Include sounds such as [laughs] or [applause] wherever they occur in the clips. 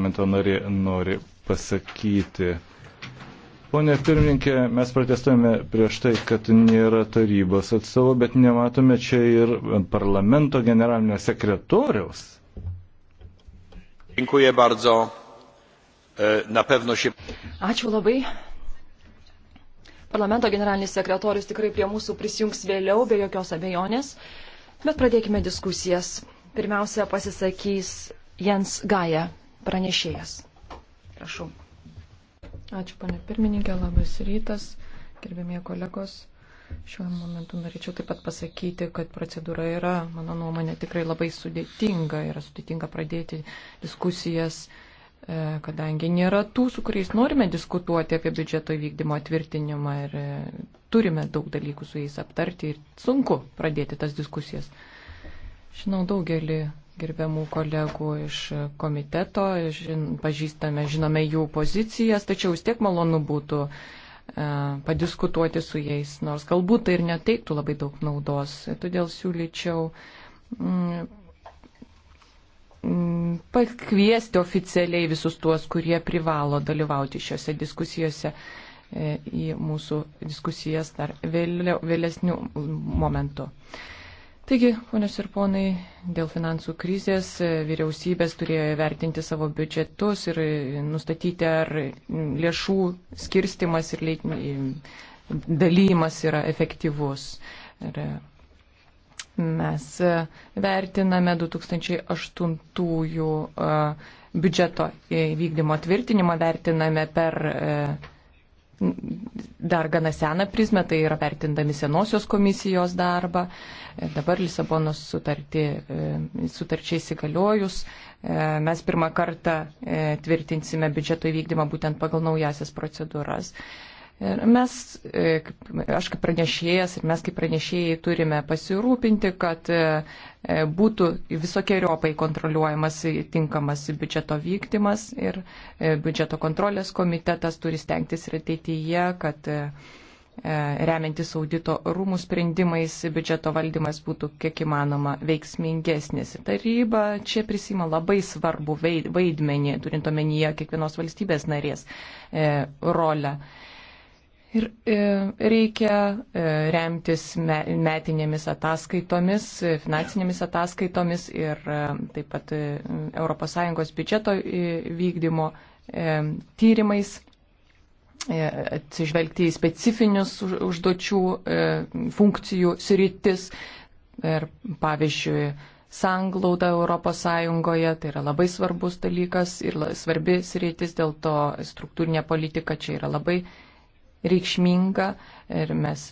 parlamento nari nori pasakyti. Pone pirmininkė, mes protestuojame prieš tai, kad nėra tarybos atstovo, bet nematome čia ir parlamento generalinio sekretoriaus. Dziękuję bardzo. E, na pewno się. Ačiū labai. Parlamento generalinis sekretorius tikrai prie mūsų prisijungs vėliau, be jokios abejonės. Bet pradėkime diskusijas. Pirmiausia, pasisakys Jens Gaja pranešėjas. Prašau. Ačiū, panė pirmininkė, labas rytas, gerbėmie kolegos. Šiuo momentu norėčiau taip pat pasakyti, kad procedūra yra, mano nuomonė, tikrai labai sudėtinga. Yra sudėtinga pradėti diskusijas, e, kadangi nėra tų, su kuriais norime diskutuoti apie biudžeto įvykdymo atvirtinimą ir e, turime daug dalykų su jais aptarti ir sunku pradėti tas diskusijas. Žinau daugelį gerbiamų kolegų iš komiteto, žin, pažįstame, žinome jų pozicijas, tačiau vis tiek malonu būtų e, padiskutuoti su jais, nors galbūt tai ir neteiktų labai daug naudos. Todėl siūlyčiau mm, mm pakviesti oficialiai visus tuos, kurie privalo dalyvauti šiuose diskusijose e, į mūsų diskusijas dar vėliau, vėlesnių momentų. Taigi, ponios ir ponai, dėl finansų krizės e, vyriausybės turėjo vertinti savo biudžetus ir e, nustatyti, ar lėšų skirstimas ir dalymas yra efektyvus. Ir e, mes vertiname 2008 biudžeto vykdymo tvirtinimą, vertiname per dar gana seną prizmę, tai yra vertindami senosios komisijos darbą. E, dabar Lisabonos sutartį, e, sutarčiai įsigaliojus, e, mes pirmą kartą tvirtinsime biudžeto įvykdymą būtent pagal naujasias procedūras. Ir mes, aš kaip pranešėjas ir mes kaip pranešėjai turime pasirūpinti, kad E, būtų visokiojopai kontroliuojamas tinkamas biudžeto vykdymas ir e, biudžeto kontrolės komitetas turi stengtis ir ateityje, kad e, remiantis audito rūmų sprendimais biudžeto valdymas būtų kiek įmanoma veiksmingesnis. Taryba čia prisima labai svarbu vaidmenį, turint omenyje kiekvienos valstybės narės rolę. Ir e, reikia e, remtis metinėmis ataskaitomis, finansinėmis ataskaitomis ir e, taip pat ES biudžeto vykdymo tyrimais, atsižvelgti į specifinius užduočių funkcijų sritis ir pavyzdžiui, sanglauda Europos Sąjungoje, tai yra labai svarbus dalykas ir svarbi sritis, dėl to struktūrinė politika čia yra labai reikšminga ir mes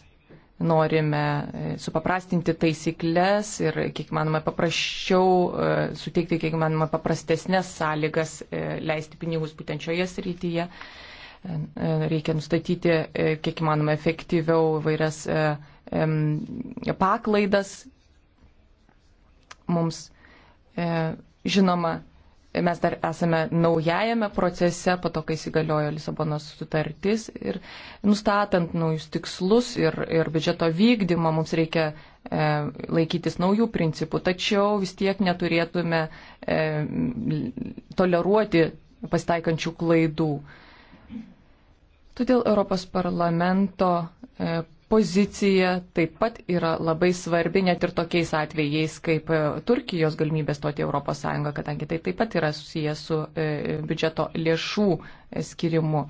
norime e, supaprastinti taisyklės ir kiek manoma paprasčiau e, suteikti kiek manoma paprastesnės sąlygas e, leisti pinigus būtent šioje srityje. Reikia nustatyti kiek manoma efektyviau vairias paklaidas mums žinoma mes dar esame naujajame procese, po to, kai įsigaliojo Lisabonos sutartis ir nustatant naujus tikslus ir, ir biudžeto vykdymą mums reikia e, laikytis naujų principų, tačiau vis tiek neturėtume e, toleruoti pasitaikančių klaidų. Todėl Europos parlamento e, pozicija taip pat yra labai svarbi net ir tokiais atvejais, kaip e, Turkijos galimybės stoti Europos Sąjungą, kadangi tai taip pat yra susijęs su e, biudžeto lėšų e, skirimu.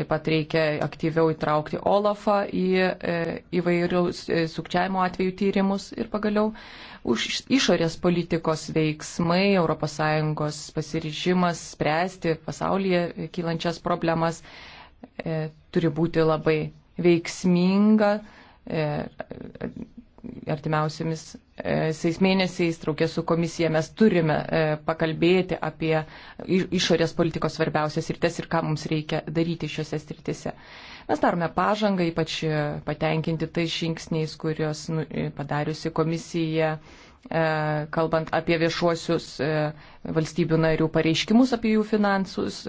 Taip pat reikia aktyviau įtraukti Olafą į įvairius sukčiavimo atvejų tyrimus ir pagaliau už išorės politikos veiksmai, ES pasiryžimas spręsti pasaulyje kylančias problemas turi būti labai veiksminga e, artimiausiamis e, seis mėnesiais traukė su komisija mes turime e, pakalbėti apie išorės politikos svarbiausias rytes ir ką mums reikia daryti šiuose sritise. Mes darome pažangą, ypač patenkinti tai žingsniais, kurios nu, padariusi komisija kalbant apie viešuosius valstybių narių pareiškimus apie jų finansus,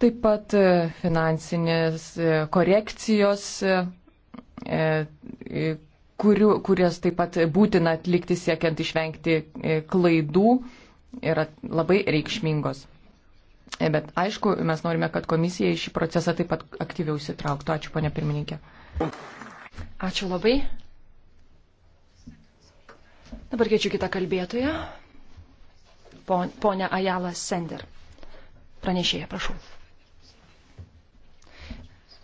Taip pat e, finansinės e, korekcijos, e, kurių, kurias taip pat būtina atlikti siekiant išvengti klaidų, yra labai reikšmingos. Bet aišku, mes norime, kad komisija į šį procesą taip pat aktyviau įsitrauktų. Ačiū, ponė pirmininkė. Ačiū labai. Dabar kviečiu kitą kalbėtoją. Pone Ajala Sender. Pranešėja, prašau.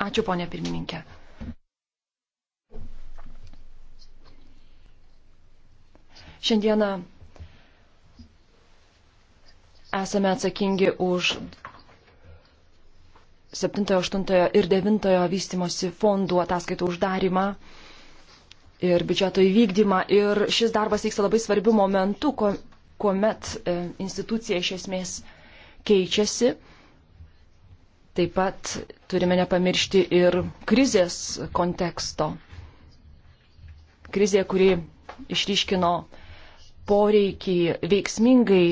Ačiū, ponė pirmininkė. Šiandieną esame atsakingi už 7, 8 ir 9 vystimosi fondų ataskaitų uždarimą ir biudžeto įvykdymą. Ir šis darbas vyksta labai svarbių momentų, kuomet e, institucija iš esmės keičiasi Taip pat turime nepamiršti ir krizės konteksto. Krizė, kuri išryškino poreikį veiksmingai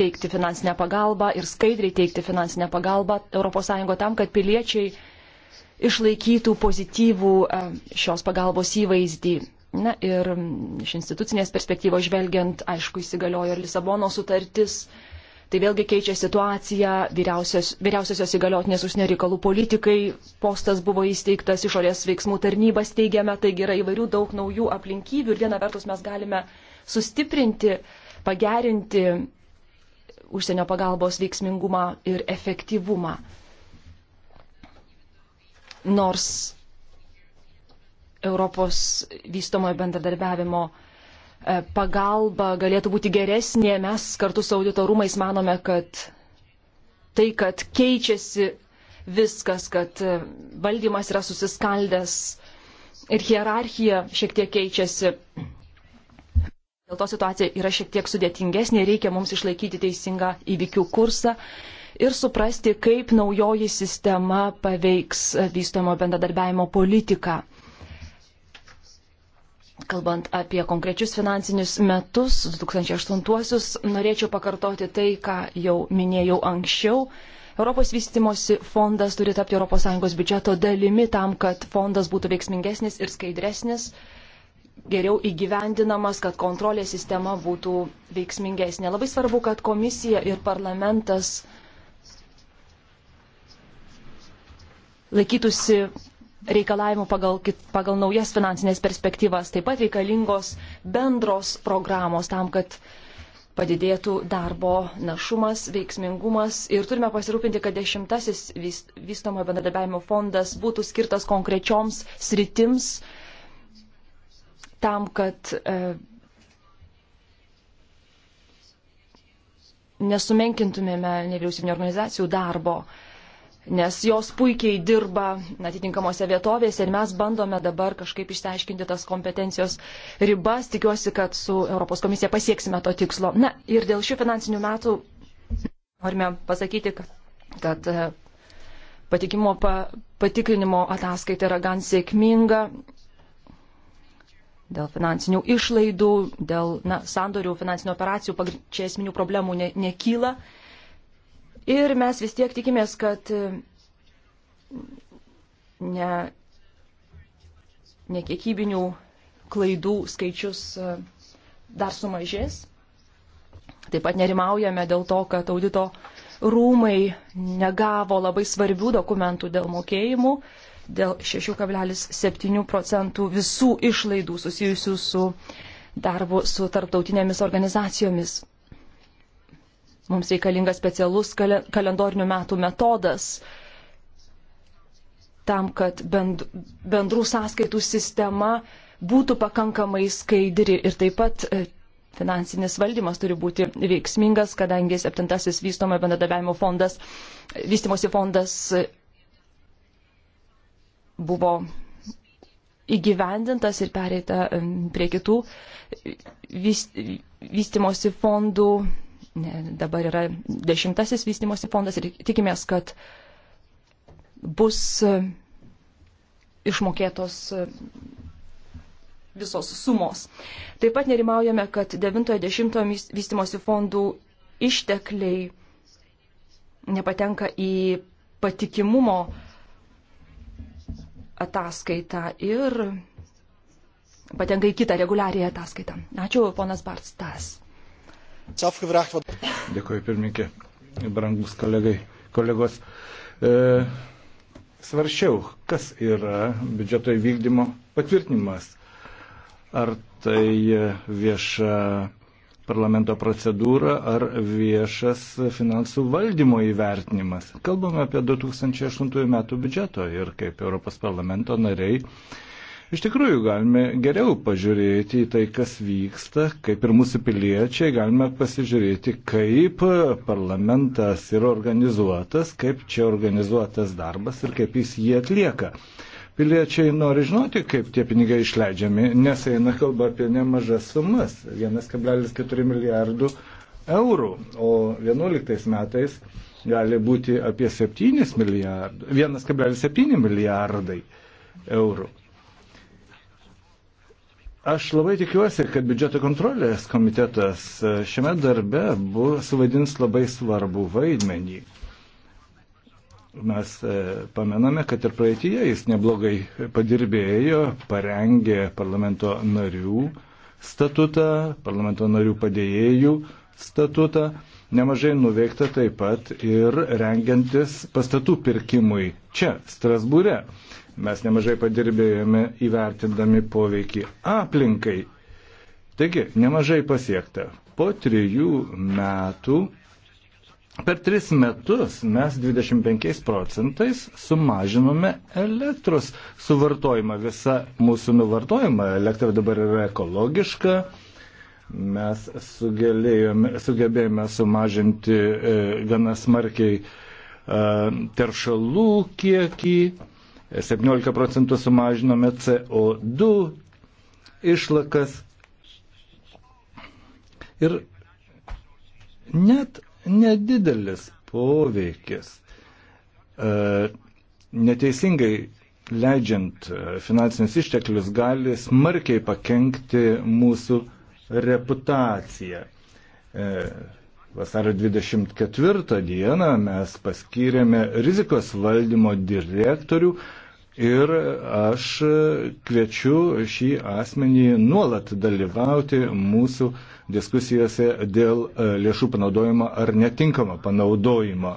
teikti finansinę pagalbą ir skaidriai teikti finansinę pagalbą ES tam, kad piliečiai išlaikytų pozityvų e, šios pagalbos įvaizdį. Na ir iš institucinės perspektyvos žvelgiant, aišku, įsigaliojo ir Lisabono sutartis, Tai vėlgi keičia situaciją, vyriausios, vyriausiosios įgaliotinės užsienio reikalų politikai, postas buvo įsteigtas, išorės veiksmų tarnybas teigiame, taigi yra įvairių daug naujų aplinkybių ir viena vertus mes galime sustiprinti, pagerinti užsienio pagalbos veiksmingumą ir efektyvumą. Nors Europos vystomojo bendradarbiavimo E, pagalba galėtų būti geresnė. Mes kartu su auditorumais manome, kad tai, kad keičiasi viskas, kad e, valdymas yra susiskaldęs ir hierarchija šiek tiek keičiasi. Dėl to situacija yra šiek tiek sudėtingesnė, reikia mums išlaikyti teisingą įvykių kursą ir suprasti, kaip naujoji sistema paveiks vystomo bendradarbiavimo politiką. Kalbant apie konkrečius finansinius metus, 2008-uosius, norėčiau pakartoti tai, ką jau minėjau anksčiau. Europos vystimosi fondas turi tapti ES biudžeto dalimi tam, kad fondas būtų veiksmingesnis ir skaidresnis, geriau įgyvendinamas, kad kontrolės sistema būtų veiksmingesnė. Labai svarbu, kad komisija ir parlamentas laikytųsi reikalavimų pagal, pagal naujas finansinės perspektyvas. Taip pat reikalingos bendros programos tam, kad padidėtų darbo našumas, veiksmingumas ir turime pasirūpinti, kad dešimtasis vystomo bendradarbiavimo fondas būtų skirtas konkrečioms sritims tam, kad e, nesumenkintumėme nevyriausybinio organizacijų darbo. E, nes jos puikiai dirba atitinkamose vietovėse ir mes bandome dabar kažkaip išsiaiškinti tas kompetencijos ribas. Tikiuosi, kad su Europos komisija pasieksime to tikslo. Na ir dėl šių finansinių metų norime pasakyti, kad, kad e, patikimo pa, patikrinimo ataskaita yra gan sėkminga dėl finansinių išlaidų, dėl na, sandorių, finansinių operacijų, čia esminių problemų ne, nekyla. Ne Ir mes vis tiek tikimės, kad e, ne, nekiekybinių klaidų skaičius e, dar sumažės. Taip pat nerimaujame dėl to, kad audito rūmai negavo labai svarbių dokumentų dėl mokėjimų, dėl 6,7 procentų visų išlaidų susijusių su darbu su tarptautinėmis organizacijomis. Mums reikalingas specialus kalendorinių metų metodas tam, kad bendrų sąskaitų sistema būtų pakankamai skaidri ir taip pat e, finansinis valdymas turi būti veiksmingas, kadangi septintasis vystomo bendradarbiavimo fondas, e, vystimosi fondas e, buvo įgyvendintas ir pereita prie kitų vystimosi fondų dabar yra dešimtasis vystimosi fondas ir tikimės, kad bus e, išmokėtos e, visos sumos. Taip pat nerimaujame, kad 90-ojo vystimosi fondų ištekliai nepatenka į patikimumo ataskaitą ir patenka į kitą reguliarią ataskaitą. Ačiū, ponas Barstas. Dėkuoju, pirmininkė, brangus kolegai, kolegos. E, svaršiau, kas yra biudžeto įvykdymo patvirtinimas. Ar tai vieša parlamento procedūra, ar viešas finansų valdymo įvertinimas. Kalbame apie 2008 metų biudžeto ir kaip Europos parlamento nariai Iš tikrųjų, galime geriau pažiūrėti į tai, kas vyksta, kaip ir mūsų piliečiai, galime pasižiūrėti, kaip parlamentas yra organizuotas, kaip čia organizuotas darbas ir kaip jis jį atlieka. Piliečiai nori žinoti, kaip tie pinigai išleidžiami, nes eina kalba apie nemažas sumas - 1,4 milijardų eurų, o 11 metais gali būti apie 7 milijardai, 1,7 milijardai eurų. Aš labai tikiuosi, kad biudžeto kontrolės komitetas e, šiame darbe bus, suvaidins labai svarbų vaidmenį. Mes e, pamename, kad ir praeitie jis neblogai padirbėjo, parengė parlamento narių statutą, parlamento narių padėjėjų statutą. Nemažai nuveikta taip pat ir rengiantis pastatų pirkimui čia, Strasbūre. Mes nemažai padirbėjome įvertindami poveikį aplinkai. Taigi, nemažai pasiekta. Po trijų metų, per tris metus mes 25 procentais sumažinome elektros suvartojimą. Visa mūsų nuvartojama elektra dabar yra ekologiška mes sugebėjome sumažinti e, gana smarkiai e, teršalų kiekį, 17 procentų sumažinome CO2 išlakas ir net nedidelis poveikis e, neteisingai leidžiant e, finansinius išteklius gali smarkiai pakengti mūsų reputaciją. E, vasario 24 dieną mes paskyrėme rizikos valdymo direktorių, Ir aš kviečiu šį asmenį nuolat dalyvauti mūsų diskusijose dėl e, lėšų panaudojimo ar netinkamo panaudojimo.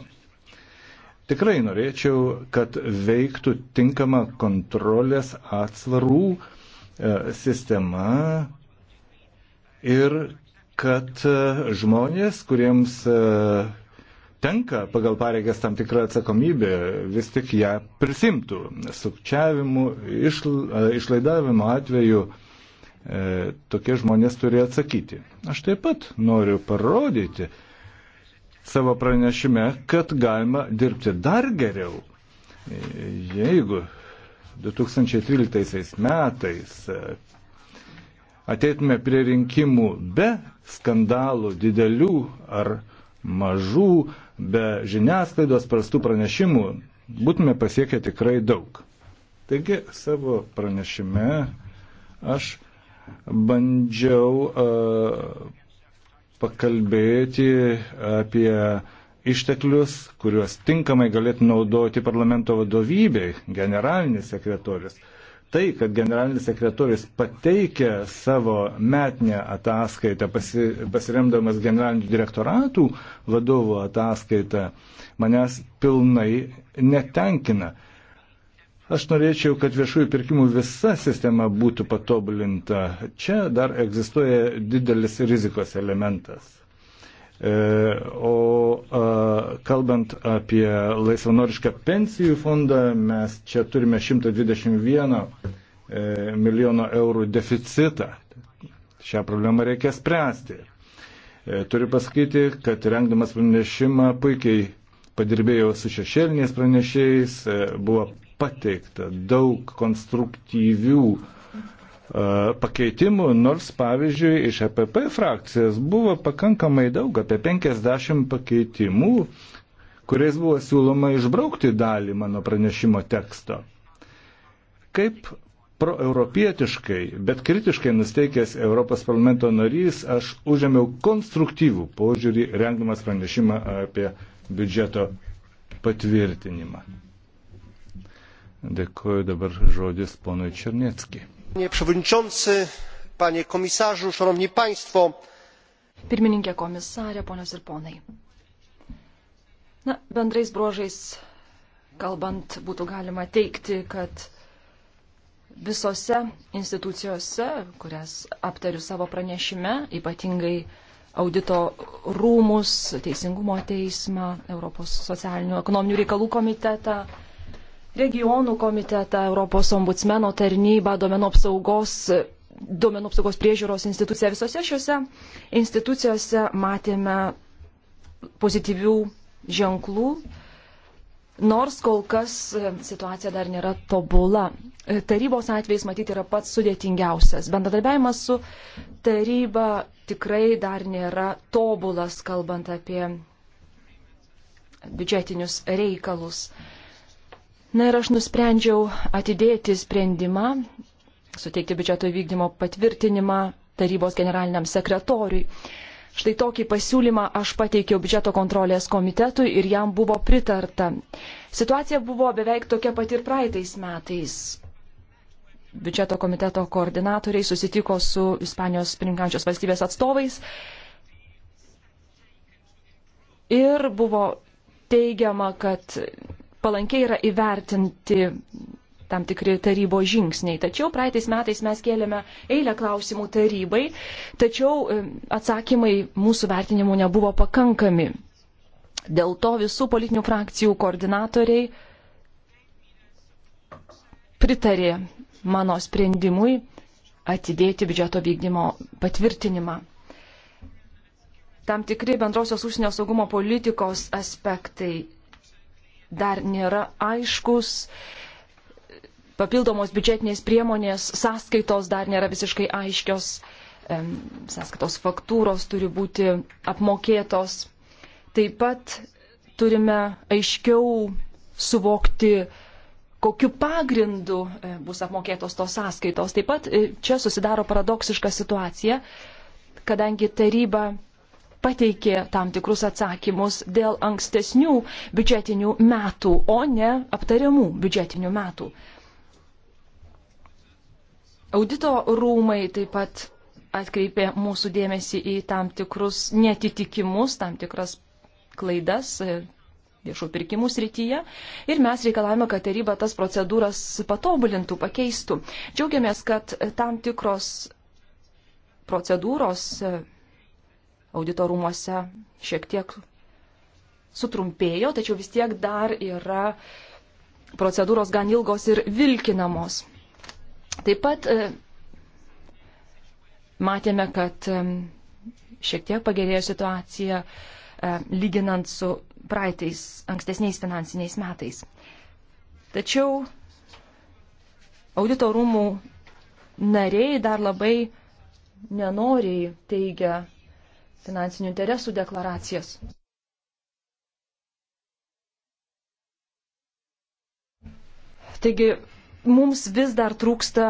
Tikrai norėčiau, kad veiktų tinkama kontrolės atsvarų e, sistema ir kad e, žmonės, kuriems tenka pagal pareigas tam tikrą atsakomybę, vis tik ją prisimtų. Sukčiavimų, išl, e, išlaidavimo atveju e, tokie žmonės turi atsakyti. Aš taip pat noriu parodyti savo pranešime, kad galima dirbti dar geriau, e, jeigu 2013 metais e, ateitume prie rinkimų be skandalų didelių ar mažų, be žiniasklaidos prastų pranešimų būtume pasiekę tikrai daug. Taigi savo pranešime aš bandžiau uh, pakalbėti apie išteklius, kuriuos tinkamai galėtų naudoti parlamento vadovybei, generalinis sekretorius. Uh, tai, kad generalinis sekretorius pateikia savo metinę ataskaitą, pasi, pasiremdamas generalinių direktoratų vadovų ataskaitą, manęs pilnai netenkina. Aš norėčiau, kad viešųjų pirkimų visa sistema būtų patobulinta. Čia dar egzistuoja didelis rizikos elementas. E, o e, kalbant apie laisvanorišką pensijų fondą, mes čia turime 121 e, milijono eurų deficitą. Šią problemą reikia spręsti. Turiu pasakyti, kad rengdamas pranešimą puikiai padirbėjau su šešėliniais pranešėjais, buvo pateikta daug konstruktyvių E, pakeitimų, nors pavyzdžiui iš EPP frakcijas buvo pakankamai daug, apie 50 pakeitimų, kuriais buvo siūloma išbraukti dalį mano pranešimo teksto. Kaip proeuropietiškai, bet kritiškai nusteikęs Europos parlamento narys, aš užėmiau konstruktyvų požiūrį, rengdamas pranešimą apie biudžeto patvirtinimą. Dėkuoju dabar žodis ponui Černieckiai panie przewodniczący panie komisarzu szanowni państwo! pirmininke komisare ponios ir ponai na bendrais bruožais kalbant būtų galima teigti kad visose institucijose kurias aptariu savo pranešime ypatingai audito rūmus teisingumo teismą europos socialinių ekonominių reikalų komitetą regionų komitetą, Europos ombudsmeno tarnybą, domenų apsaugos, domenų apsaugos priežiūros instituciją. Visose šiuose institucijose matėme pozityvių ženklų, nors kol kas situacija dar nėra tobula. Tarybos atvejs matyti yra pats sudėtingiausias. Bendradarbiavimas su taryba tikrai dar nėra tobulas, kalbant apie biudžetinius reikalus. Na ir aš nusprendžiau atidėti sprendimą, suteikti biudžeto įvykdymo patvirtinimą tarybos generaliniam sekretoriui. Štai tokį pasiūlymą aš pateikiau biudžeto kontrolės komitetui ir jam buvo pritarta. Situacija buvo beveik tokia pat ir praeitais metais. Biudžeto komiteto koordinatoriai susitiko su Ispanijos pininkančios valstybės atstovais ir buvo teigiama, kad palankiai yra įvertinti tam tikri tarybo žingsniai. Tačiau praeitais metais mes kėlėme eilę klausimų tarybai, tačiau e, atsakymai mūsų vertinimų nebuvo pakankami. Dėl to visų politinių frakcijų koordinatoriai pritarė mano sprendimui atidėti biudžeto vykdymo patvirtinimą. Tam tikri bendrosios užsienio saugumo politikos aspektai dar nėra aiškus, papildomos biudžetinės priemonės sąskaitos dar nėra visiškai aiškios, sąskaitos faktūros turi būti apmokėtos. Taip pat turime aiškiau suvokti, kokiu pagrindu e, bus apmokėtos tos sąskaitos. Taip pat e, čia susidaro paradoksiška situacija, kadangi taryba pateikė tam tikrus atsakymus dėl ankstesnių biudžetinių metų, o ne aptariamų biudžetinių metų. Audito rūmai taip pat atkreipė mūsų dėmesį į tam tikrus netitikimus, tam tikras klaidas e, viešų pirkimų srityje ir mes reikalavome, kad taryba tas procedūras patobulintų, pakeistų. Džiaugiamės, kad tam tikros procedūros e, auditorumuose šiek tiek sutrumpėjo, tačiau vis tiek dar yra procedūros gan ilgos ir vilkinamos. Taip pat e, matėme, kad e, šiek tiek pagerėjo situacija e, lyginant su praeitais ankstesniais finansiniais metais. Tačiau audito rūmų nariai dar labai nenoriai teigia finansinių interesų deklaracijas. Taigi mums vis dar trūksta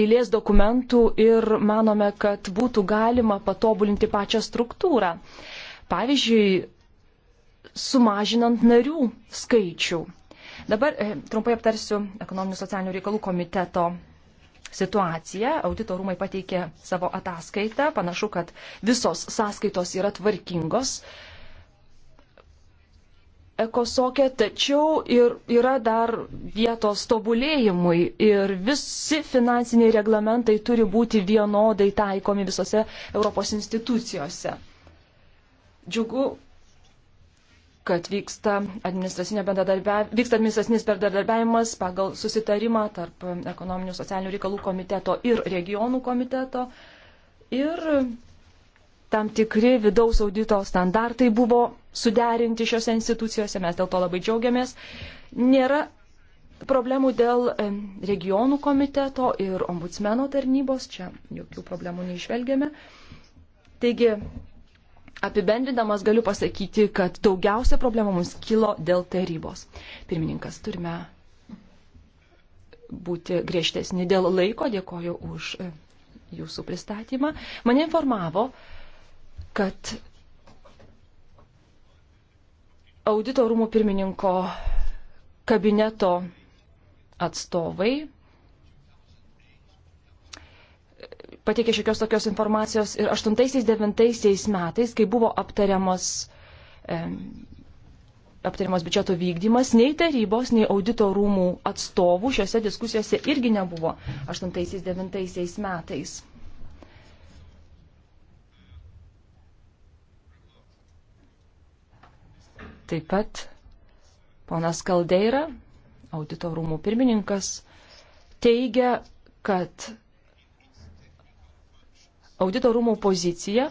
eilės dokumentų ir manome, kad būtų galima patobulinti pačią struktūrą. Pavyzdžiui, sumažinant narių skaičių. Dabar e, trumpai aptarsiu ekonominių socialinių reikalų komiteto situaciją. Audito rūmai pateikė savo ataskaitą. Panašu, kad visos sąskaitos yra tvarkingos. Ekosokė, tačiau ir yra dar vietos tobulėjimui ir visi finansiniai reglamentai turi būti vienodai taikomi visose Europos institucijose. Džiugu, kad vyksta, vyksta administracinis bendradarbiavimas pagal susitarimą tarp ekonominių socialinių reikalų komiteto ir regionų komiteto. Ir tam tikri vidaus audito standartai buvo suderinti šiuose institucijose, mes dėl to labai džiaugiamės. Nėra problemų dėl e, regionų komiteto ir ombudsmeno tarnybos, čia jokių problemų neišvelgėme. Taigi, Apibendrindamas galiu pasakyti, kad daugiausia problemų mums kilo dėl tarybos. Pirmininkas, turime būti griežtesni dėl laiko. Dėkoju už e, jūsų pristatymą. Mane informavo, kad audito rūmų pirmininko kabineto atstovai pateikė šiokios tokios informacijos ir 8-9 metais, kai buvo aptariamas, e, aptariamas biudžeto vykdymas, nei tarybos, nei audito rūmų atstovų šiuose diskusijose irgi nebuvo 8-9 metais. Taip pat ponas Kaldeira, audito rūmų pirmininkas, teigia, kad audito rūmų pozicija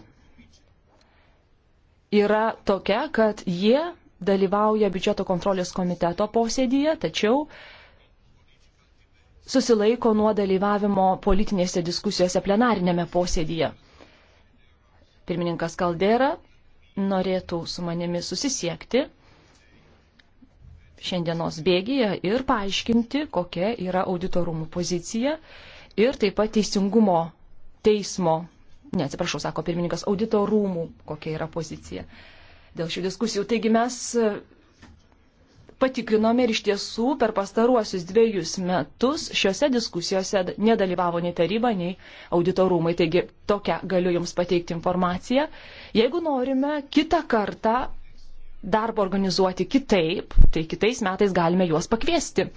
yra tokia, kad jie dalyvauja biudžeto kontrolės komiteto posėdyje, tačiau susilaiko nuo dalyvavimo politinėse diskusijose plenarinėme posėdyje. Pirmininkas Kaldera norėtų su manimi susisiekti šiandienos bėgyje ir paaiškinti, kokia yra auditorumų pozicija ir taip pat teisingumo teismo ne, atsiprašau, sako pirmininkas, audito rūmų, kokia yra pozicija dėl šių diskusijų. Taigi mes e, patikrinome ir iš tiesų per pastaruosius dviejus metus šiuose diskusijose nedalyvavo nei taryba, nei audito rūmai. Taigi tokią galiu Jums pateikti informaciją. Jeigu norime kitą kartą darbą organizuoti kitaip, tai kitais metais galime juos pakviesti.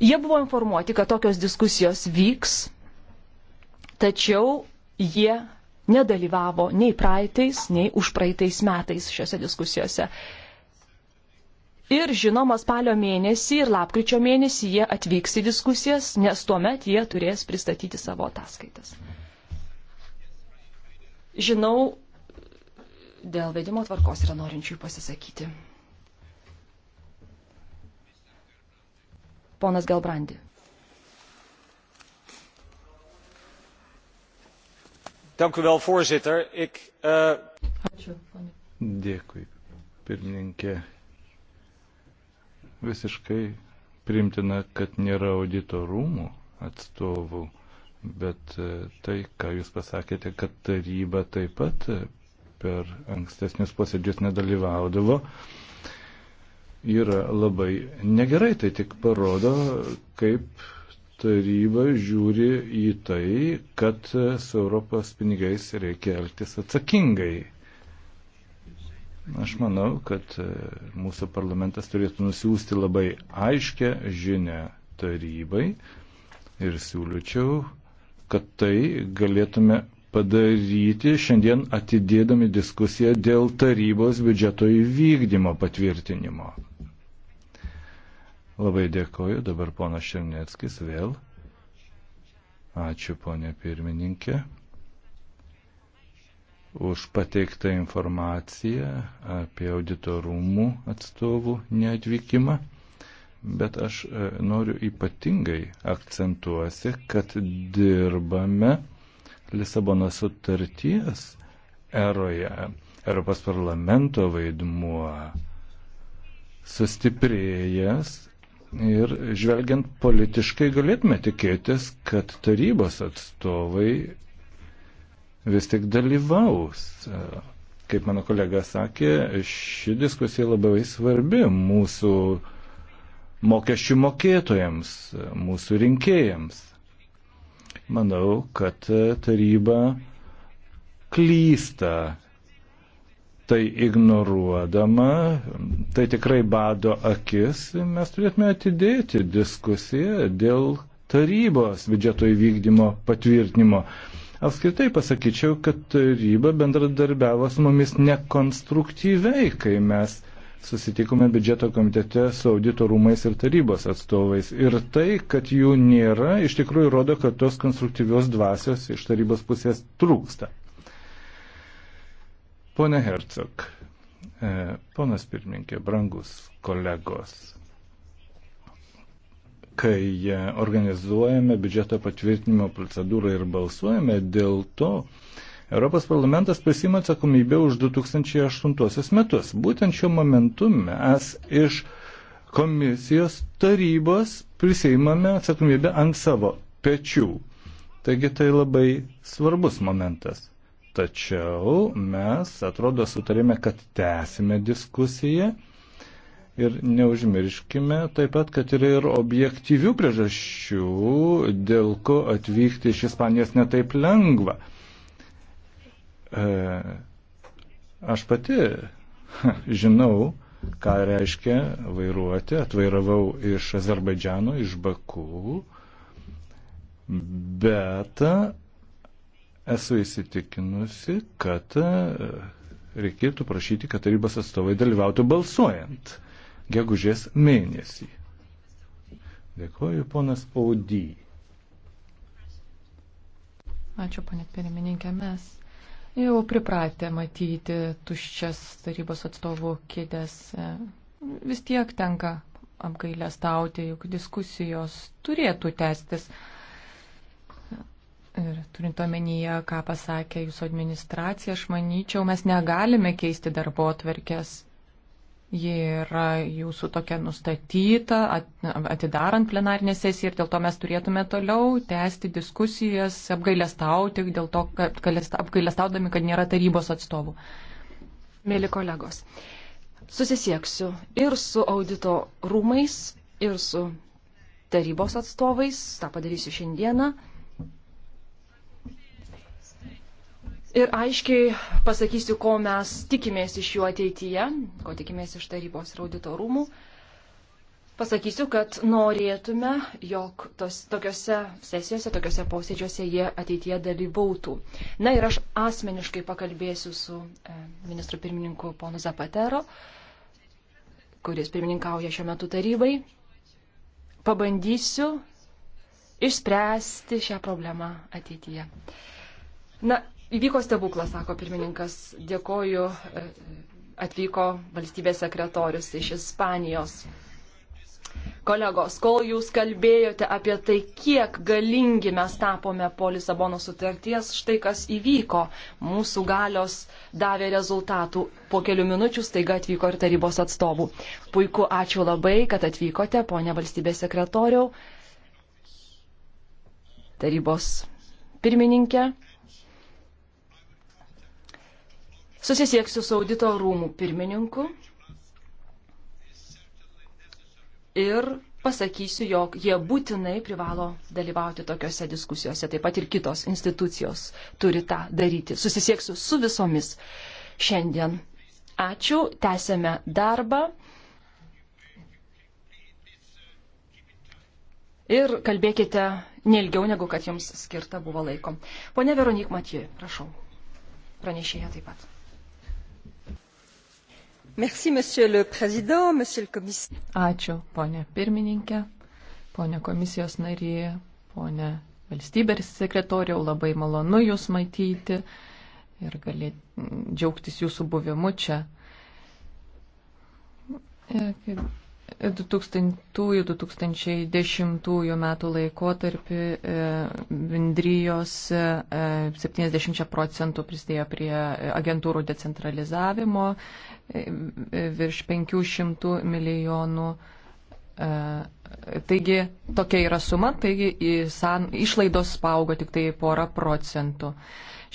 Jie buvo informuoti, kad tokios diskusijos vyks, tačiau jie nedalyvavo nei praeitais, nei užpraeitais metais šiuose diskusijose. Ir žinoma, spalio mėnesį ir lapkričio mėnesį jie atvyks į diskusijas, nes tuomet jie turės pristatyti savo ataskaitas. Žinau, dėl vedimo tvarkos yra norinčių pasisakyti. Ponas Gelbrandi. voorzitter ik. Eh, dėkui pirmininke visiškai priimtina kad nėra audito rūmų atstovų bet eh, tai ką jūs pasakėte kad taryba taip pat eh, per ankstesnius posėdžius nedalyvaudavo yra labai negerai tai tik parodo kaip taryba žiūri į tai, kad su Europos pinigais reikia elgtis atsakingai. Aš manau, kad e, mūsų parlamentas turėtų nusiųsti labai aiškę žinę tarybai ir siūlyčiau, kad tai galėtume padaryti šiandien atidėdami diskusiją dėl tarybos biudžeto įvykdymo patvirtinimo. Labai dėkoju. Dabar ponas Šernieckis vėl. Ačiū, ponė pirmininkė, už pateiktą informaciją apie auditorumų atstovų neatvykimą. Bet aš e, noriu ypatingai akcentuosi, kad dirbame Lisabono sutarties eroje. Europos parlamento vaidmuo sustiprėjęs ir žvelgiant politiškai galėtume tikėtis, kad tarybos atstovai vis tik dalyvaus. Kaip mano kolega sakė, ši diskusija labai svarbi mūsų mokesčių mokėtojams, mūsų rinkėjams. Manau, kad taryba klysta tai ignoruodama, tai tikrai bado akis, mes turėtume atidėti diskusiją dėl tarybos biudžeto įvykdymo patvirtinimo. Apskritai pasakyčiau, kad taryba bendradarbiavo su mumis nekonstruktyviai, kai mes susitikome biudžeto komitete su audito rūmais ir tarybos atstovais. Ir tai, kad jų nėra, iš tikrųjų rodo, kad tos konstruktyvios dvasios iš tarybos pusės trūksta. Pone Hercog, e, ponas pirmininkė, brangus kolegos, kai e, organizuojame biudžeto patvirtinimo procedūrą ir balsuojame dėl to, Europos parlamentas prisima atsakomybę už 2008 metus. Būtent šiuo momentu mes iš komisijos tarybos prisimame atsakomybę ant savo pečių. Taigi tai labai svarbus momentas. Tačiau mes, atrodo, sutarėme, kad tęsime diskusiją ir neužmirškime taip pat, kad yra ir objektyvių priežasčių, dėl ko atvykti iš Ispanijos netaip lengva. E, aš pati [laughs] žinau, ką reiškia vairuoti. Atvairavau iš Azerbaidžiano, iš Bakų, bet Esu įsitikinusi, kad e, reikėtų prašyti, kad tarybos atstovai dalyvautų balsuojant gegužės mėnesį. Dėkuoju, ponas Audy. Ačiū, ponė pirmininkė, mes jau pripratę matyti tuščias tarybos atstovų kėdės. E, vis tiek tenka apgailę stauti, juk diskusijos turėtų tęstis. Ir turint omenyje, ką pasakė jūsų administracija, aš manyčiau, mes negalime keisti darbo atverkės. Ji yra jūsų tokia nustatyta, atidarant plenarinę sesiją ir dėl to mes turėtume toliau tęsti diskusijas, apgailestauti, dėl to, kad apgailestaudami, kad nėra tarybos atstovų. Mėly kolegos, susisieksiu ir su audito rūmais, ir su tarybos atstovais, tą padarysiu šiandieną. ir aiškiai pasakysiu, ko mes tikimės iš jų ateityje, ko tikimės iš tarybos ir auditorumų. Pasakysiu, kad norėtume, jog tos, tokiuose sesijose, tokiuose posėdžiuose jie ateityje dalyvautų. Na ir aš asmeniškai pakalbėsiu su e, ministru pirmininku ponu Zapatero, kuris pirmininkauja šiuo metu tarybai. Pabandysiu išspręsti šią problemą ateityje. Na, Įvyko stebuklas, sako pirmininkas. Dėkoju, e, atvyko valstybės sekretorius iš Ispanijos. Kolegos, kol jūs kalbėjote apie tai, kiek galingi mes tapome po Lisabono sutarties, štai kas įvyko. Mūsų galios davė rezultatų. Po kelių minučių staiga atvyko ir tarybos atstovų. Puiku, ačiū labai, kad atvykote, ponė valstybės sekretoriau, tarybos pirmininkė. Susisieksiu su audito rūmų pirmininku ir pasakysiu, jog jie būtinai privalo dalyvauti tokiuose diskusijose. Taip pat ir kitos institucijos turi tą daryti. Susisieksiu su visomis šiandien. Ačiū, tęsėme darbą. Ir kalbėkite nelgiau, negu kad jums skirta buvo laiko. Pone Veronik Matijai, prašau. Pranešėja taip pat. Merci, monsieur le président, monsieur le commissaire. Ačiū, ponė pirmininkė, ponė komisijos narė, ponė valstybės sekretoriau, labai malonu jūs matyti ir galėti džiaugtis jūsų buvimu čia. E, kaip 2000-2010 metų laikotarpį e, bendrijos 70 e, procentų prisidėjo prie agentūrų decentralizavimo, e, virš 500 milijonų. Taigi tokia yra suma, taigi išlaidos spaugo tik tai porą procentų.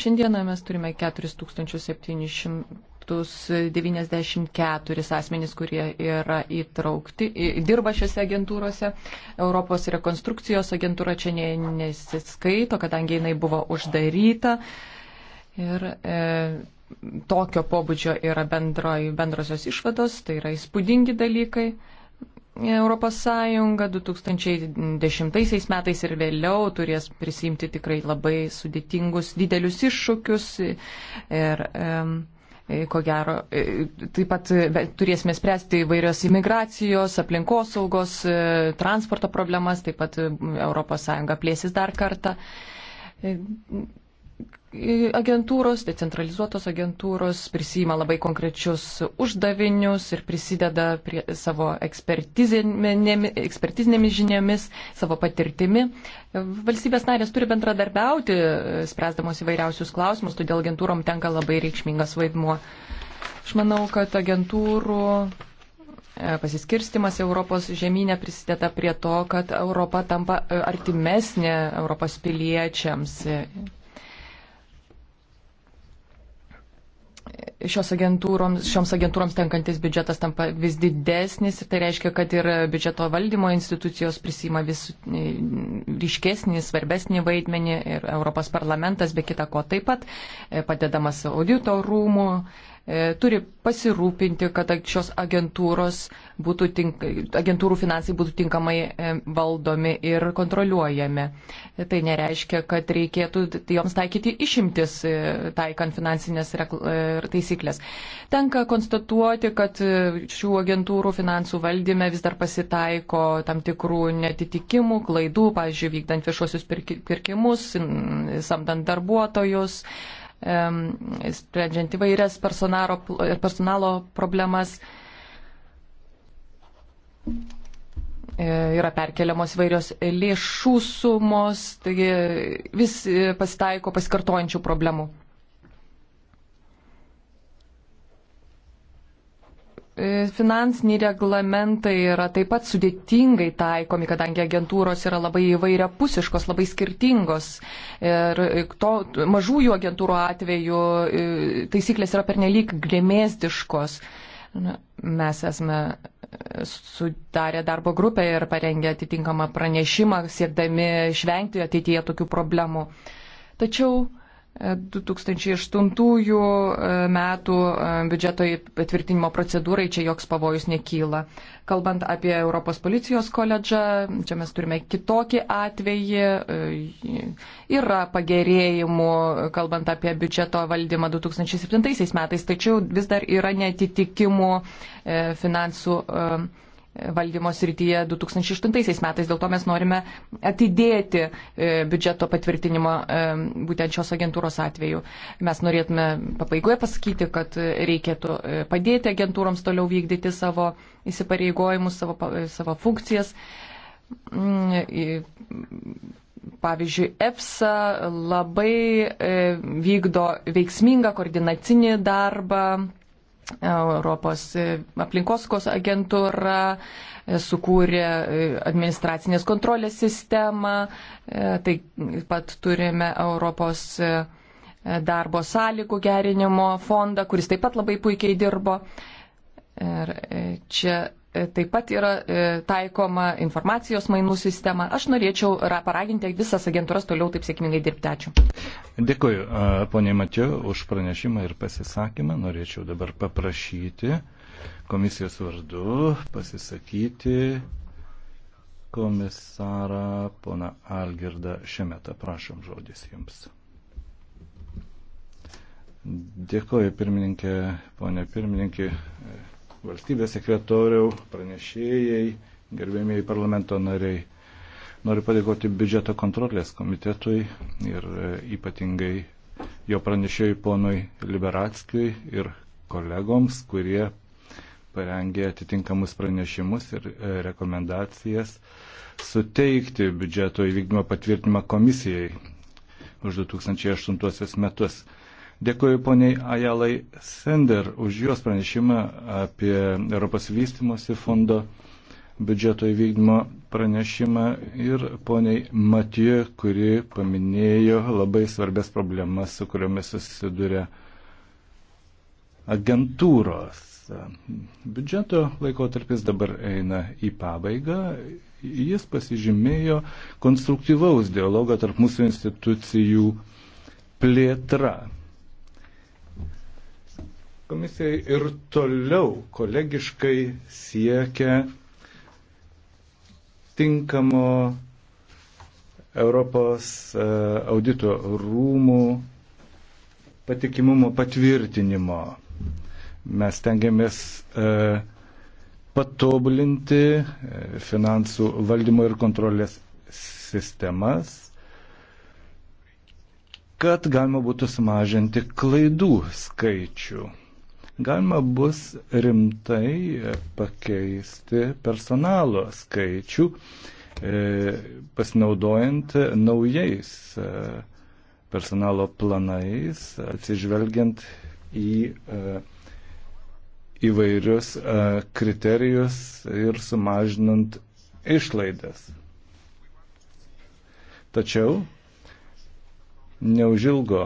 Šiandieną mes turime 4700 194 asmenys, kurie yra įtraukti, dirba šiuose agentūrose. Europos rekonstrukcijos agentūra čia nesiskaito, kadangi jinai buvo uždaryta. Ir e, tokio pobūdžio yra bendro, bendrosios išvados, tai yra įspūdingi dalykai. Europos Sąjunga 2010 metais ir vėliau turės prisimti tikrai labai sudėtingus, didelius iššūkius ir um, E, ko gero, e, taip pat e, turėsime spręsti įvairios imigracijos, aplinkosaugos, transporto problemas, taip pat ES plėsis dar kartą agentūros, decentralizuotos agentūros prisima labai konkrečius uždavinius ir prisideda prie savo ekspertizinėmis žiniomis, savo patirtimi. Valstybės narės turi bendradarbiauti, spręsdamos įvairiausius klausimus, todėl agentūrom tenka labai reikšmingas vaidmuo. Aš manau, kad agentūrų e, pasiskirstimas Europos žemynė prisideda prie to, kad Europa tampa e, artimesnė Europos piliečiams šios agentūroms, šioms agentūroms tenkantis biudžetas tampa vis didesnis ir tai reiškia, kad ir biudžeto valdymo institucijos prisima vis e, ryškesnį, svarbesnį vaidmenį ir Europos parlamentas be kita ko taip pat e, padedamas audito rūmų E, turi pasirūpinti, kad šios agentūros būtų tink, agentūrų finansai būtų tinkamai e, valdomi ir kontroliuojami. Tai nereiškia, kad reikėtų joms taikyti išimtis, e, taikant finansinės taisyklės. Tenka konstatuoti, kad šių agentūrų finansų valdyme vis dar pasitaiko tam tikrų netitikimų, klaidų, pavyzdžiui, vykdant viešuosius pirkimus, samdant darbuotojus sprendžiant įvairias personalo problemas. E, yra perkeliamos įvairios lėšų sumos, taigi vis e, pasitaiko pasikartojančių problemų. E, finansiniai reglamentai yra taip pat sudėtingai taikomi, kadangi agentūros yra labai įvairiapusiškos, labai skirtingos. Ir e, to, mažųjų agentūrų atveju e, taisyklės yra pernelyg grėmėzdiškos. Mes esame sudarę darbo grupę ir parengę atitinkamą pranešimą, siekdami išvengti ateityje tokių problemų. Tačiau 2008 e, metų e, biudžeto patvirtinimo procedūrai čia joks pavojus nekyla. Kalbant apie Europos policijos koledžą, čia mes turime kitokį atvejį. E, yra pagerėjimų, kalbant apie biudžeto valdymą 2007 metais, tačiau vis dar yra netitikimų finansų valdymo srityje 2008 metais. Dėl to mes norime atidėti e, biudžeto patvirtinimo e, būtent šios agentūros atveju. Mes norėtume pabaigoje pasakyti, kad reikėtų e, padėti agentūroms toliau vykdyti savo įsipareigojimus, savo, savo funkcijas. Mm, pavyzdžiui, EPSA labai vykdo veiksmingą koordinacinį darbą, Europos aplinkoskos agentūra e, sukūrė e, administracinės kontrolės sistemą, e, tai taip pat turime Europos darbo sąlygų gerinimo fondą, kuris taip pat labai puikiai dirbo. Ir čia E, taip pat yra e, taikoma informacijos mainų sistema. Aš norėčiau paraginti visas agentūras toliau taip sėkmingai dirbti. Ačiū. Dėkuoju, ponė Matiu, už pranešimą ir pasisakymą. Norėčiau dabar paprašyti komisijos vardu pasisakyti komisarą poną Algirdą Šemetą. Prašom žodis jums. Dėkuoju, pirmininkė, ponė pirmininkė valstybės sekretoriau, pranešėjai, gerbėmiai parlamento nariai. Noriu padėkoti biudžeto kontrolės komitetui ir e, ypatingai jo pranešėjai ponui Liberatskijui ir kolegoms, kurie parengė atitinkamus pranešimus ir e, rekomendacijas suteikti biudžeto įvykdymo patvirtinimą komisijai už 2008 metus. Dėkuoju poniai Ajalai Sender už jos pranešimą apie Europos vystimosi fondo biudžeto įvykdymo pranešimą ir poniai Matijų, kuri paminėjo labai svarbės problemas, su kuriomis susiduria agentūros. Biudžeto laikotarpis dabar eina į pabaigą. Jis pasižymėjo konstruktyvaus dialogo tarp mūsų institucijų plėtra. Komisija ir toliau kolegiškai siekia tinkamo Europos e, audito rūmų patikimumo patvirtinimo. Mes tengiamės e, patobulinti e, finansų valdymo ir kontrolės sistemas, kad galima būtų sumažinti klaidų skaičių galima bus rimtai e, pakeisti personalo skaičių, e, pasinaudojant naujais e, personalo planais, atsižvelgiant į įvairius kriterijus ir sumažinant išlaidas. Tačiau neužilgo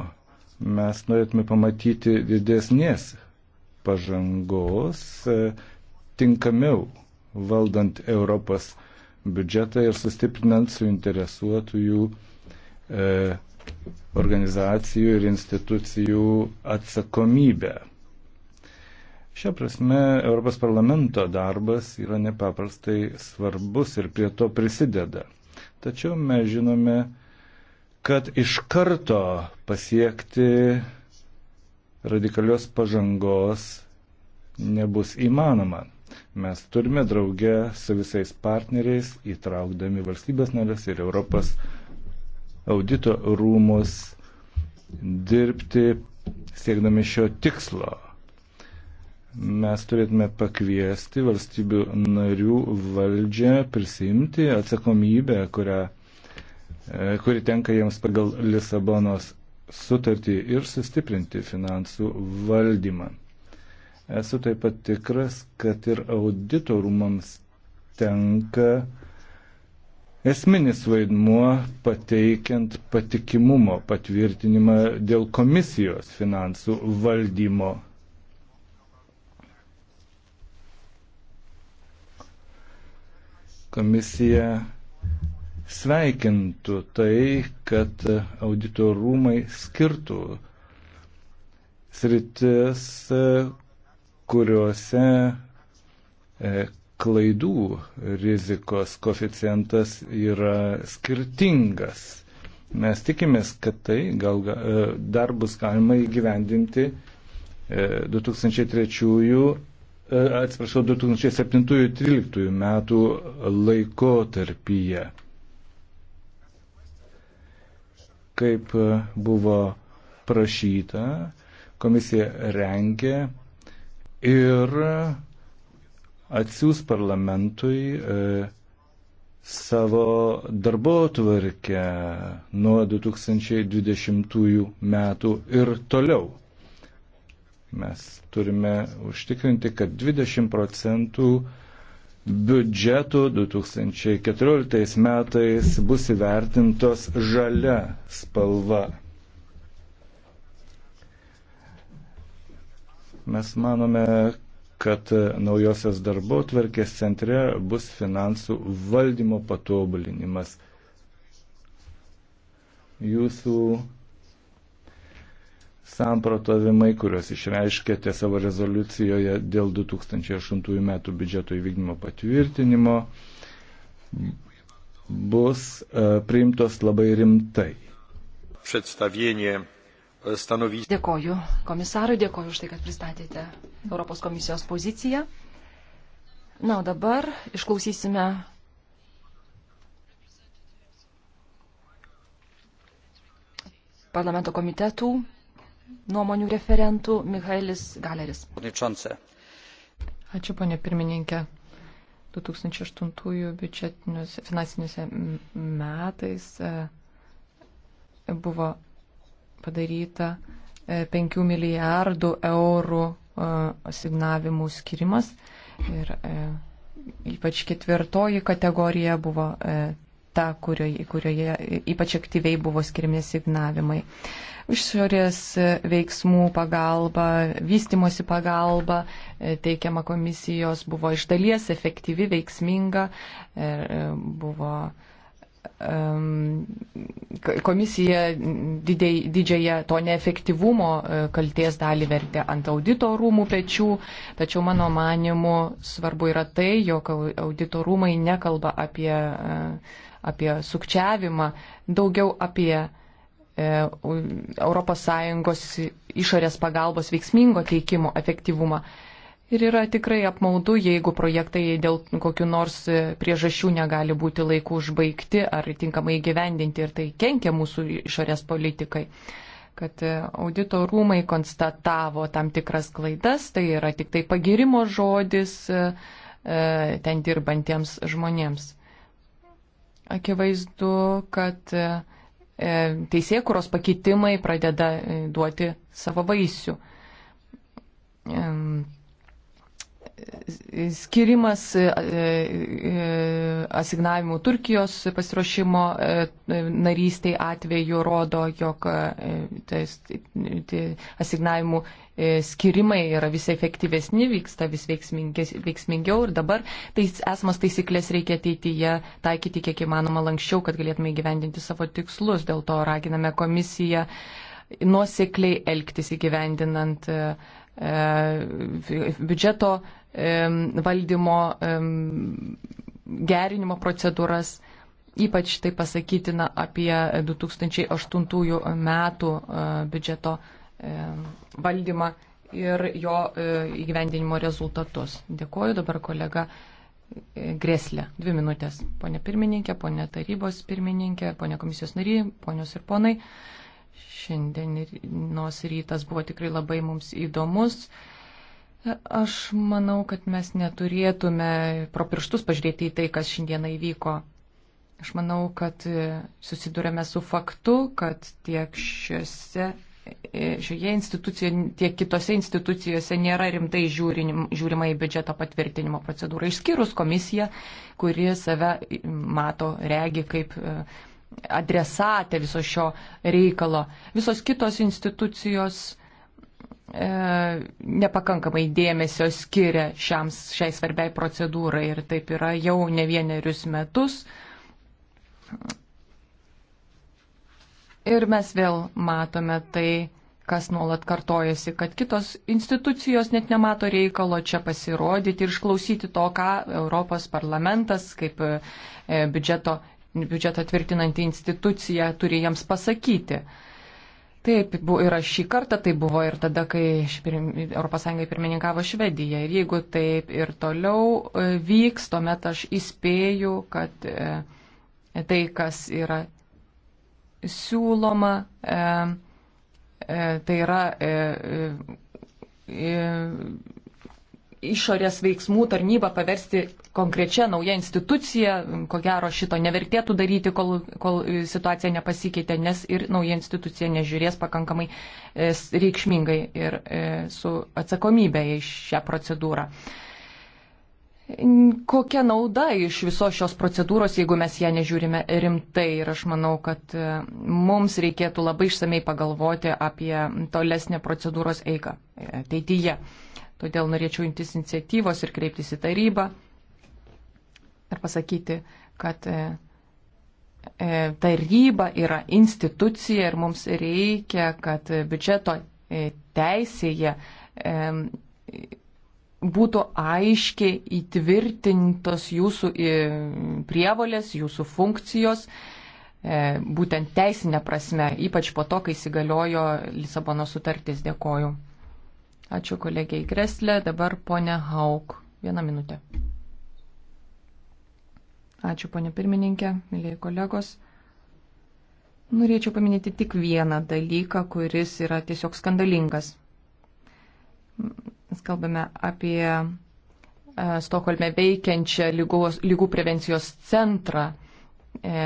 mes norėtume pamatyti didesnės pažangos e, tinkamiau valdant Europos biudžetą ir sustiprinant suinteresuotųjų e, organizacijų ir institucijų atsakomybę. Šią prasme, Europos parlamento darbas yra nepaprastai svarbus ir prie to prisideda. Tačiau mes žinome, kad iš karto pasiekti radikalios pažangos nebus įmanoma. Mes turime draugę su visais partneriais, įtraukdami valstybės narės ir Europos audito rūmus, dirbti siekdami šio tikslo. Mes turėtume pakviesti valstybių narių valdžią prisimti atsakomybę, kurią, e, kuri tenka jiems pagal Lisabonos sutartį ir sustiprinti finansų valdymą. Esu taip pat tikras, kad ir auditorumams tenka esminis vaidmuo pateikiant patikimumo patvirtinimą dėl komisijos finansų valdymo. Komisija sveikintų tai, kad audito rūmai skirtų sritis, kuriuose e, klaidų rizikos koficijantas yra skirtingas. Mes tikimės, kad tai gal e, dar bus galima įgyvendinti 2003 e, atsiprašau, 2007-2013 metų laiko tarpyje. Kaip e, buvo prašyta, komisija rengė ir atsiūs parlamentui e, savo darbo tvarkę nuo 2020 metų ir toliau. Mes turime užtikrinti, kad 20 procentų biudžetu 2014 metais bus įvertintos žalia spalva. Mes manome, kad naujosios darbo tvarkės centre bus finansų valdymo patobulinimas. Jūsų samprotavimai, kuriuos išreiškėte savo rezoliucijoje dėl 2008 metų biudžeto įvykdymo patvirtinimo, bus e, priimtos labai rimtai. E, dėkoju komisarui, dėkoju už tai, kad pristatėte Europos komisijos poziciją. Na, o dabar išklausysime. Parlamento komitetų nuomonių referentų Michaelis Galeris. Ačiū, ponė pirmininkė. 2008 biudžetinius finansiniuose metais e, buvo padaryta 5 e, milijardų eurų e, asignavimų skirimas ir ypač ketvirtoji kategorija buvo ta, kurioje, kurioje ypač aktyviai buvo skirimi signavimai. Išorės veiksmų pagalba, vystimosi pagalba e, teikiama komisijos buvo iš dalies efektyvi, veiksminga, e, e, buvo komisija didžiąją to neefektyvumo e, kalties dalį vertė ant audito rūmų pečių, tačiau mano manimu svarbu yra tai, jog audito rūmai nekalba apie, e, apie sukčiavimą, daugiau apie ES išorės pagalbos veiksmingo teikimo efektyvumą. Ir yra tikrai apmaudu, jeigu projektai dėl kokiu nors priežasčių negali būti laiku užbaigti ar tinkamai įgyvendinti ir tai kenkia mūsų išorės politikai kad e, audito rūmai konstatavo tam tikras klaidas, tai yra tik tai pagirimo žodis e, e, ten dirbantiems žmonėms. Akivaizdu, kad teisėkuros pakeitimai pradeda duoti savo vaisių skirimas e, e, asignavimų Turkijos pasiruošimo e, narystiai atveju rodo, jog tai tai asignavimų skirimai yra vis efektyvesni, vyksta vis veiksmingiau ir dabar tais, esmas taisyklės reikia ateityje taikyti kiek įmanoma lankščiau, kad galėtume įgyvendinti savo tikslus. Dėl to raginame komisiją nuosekliai elgtis įgyvendinant biudžeto valdymo gerinimo procedūras. Ypač tai pasakytina apie 2008 metų e, biudžeto valdymą ir jo e, įgyvendinimo rezultatus. Dėkuoju dabar kolega e, Greslė. Dvi minutės. Pone pirmininkė, pone tarybos pirmininkė, pone komisijos nariai, ponios ir ponai. Šiandienos rytas buvo tikrai labai mums įdomus. Aš manau, kad mes neturėtume pro pirštus pažiūrėti į tai, kas šiandieną įvyko. Aš manau, kad e, susidurėme su faktu, kad tiek šiose, e, šioje institucijoje, tiek kitose institucijose nėra rimtai žiūrim, žiūrima į biudžeto patvirtinimo procedūrą, išskyrus komisiją, kuri save mato, regi kaip e, adresatė viso šio reikalo. Visos kitos institucijos E, nepakankamai dėmesio skiria šiams, šiai svarbiai procedūrai ir taip yra jau ne vienerius metus. Ir mes vėl matome tai, kas nuolat kartojasi, kad kitos institucijos net nemato reikalo čia pasirodyti ir išklausyti to, ką Europos parlamentas kaip e, biudžeto, biudžeto tvirtinanti institucija turi jiems pasakyti. Taip, yra šį kartą, tai buvo ir tada, kai ES pirmininkavo Švedija. Ir jeigu taip ir toliau e, vyks, tuomet aš įspėju, kad e, tai, kas yra siūloma, e, tai yra išorės veiksmų tarnybą paversti konkrečia nauja institucija, ko gero šito nevertėtų daryti, kol, kol situacija nepasikeitė, nes ir nauja institucija nežiūrės pakankamai e, reikšmingai ir e, su atsakomybė į šią procedūrą. Kokia nauda iš visos šios procedūros, jeigu mes ją nežiūrime rimtai? Ir aš manau, kad e, mums reikėtų labai išsamei pagalvoti apie tolesnę procedūros eigą ateityje. Tai Todėl norėčiau imtis iniciatyvos ir kreiptis į tarybą ir pasakyti, kad e, e, taryba yra institucija ir mums reikia, kad biudžeto e, teisėje būtų aiškiai įtvirtintos jūsų prievolės, jūsų funkcijos, būtent teisinė prasme, ypač po to, kai įsigaliojo Lisabono sutartis. Dėkoju. Ačiū kolegiai Greslė. Dabar ponė Hauk. Vieną minutę. Ačiū ponė pirmininkė, mėlyje kolegos. Norėčiau paminėti tik vieną dalyką, kuris yra tiesiog skandalingas. Mes kalbame apie e, Stokholme veikiančią lygos, lygų prevencijos centrą. E,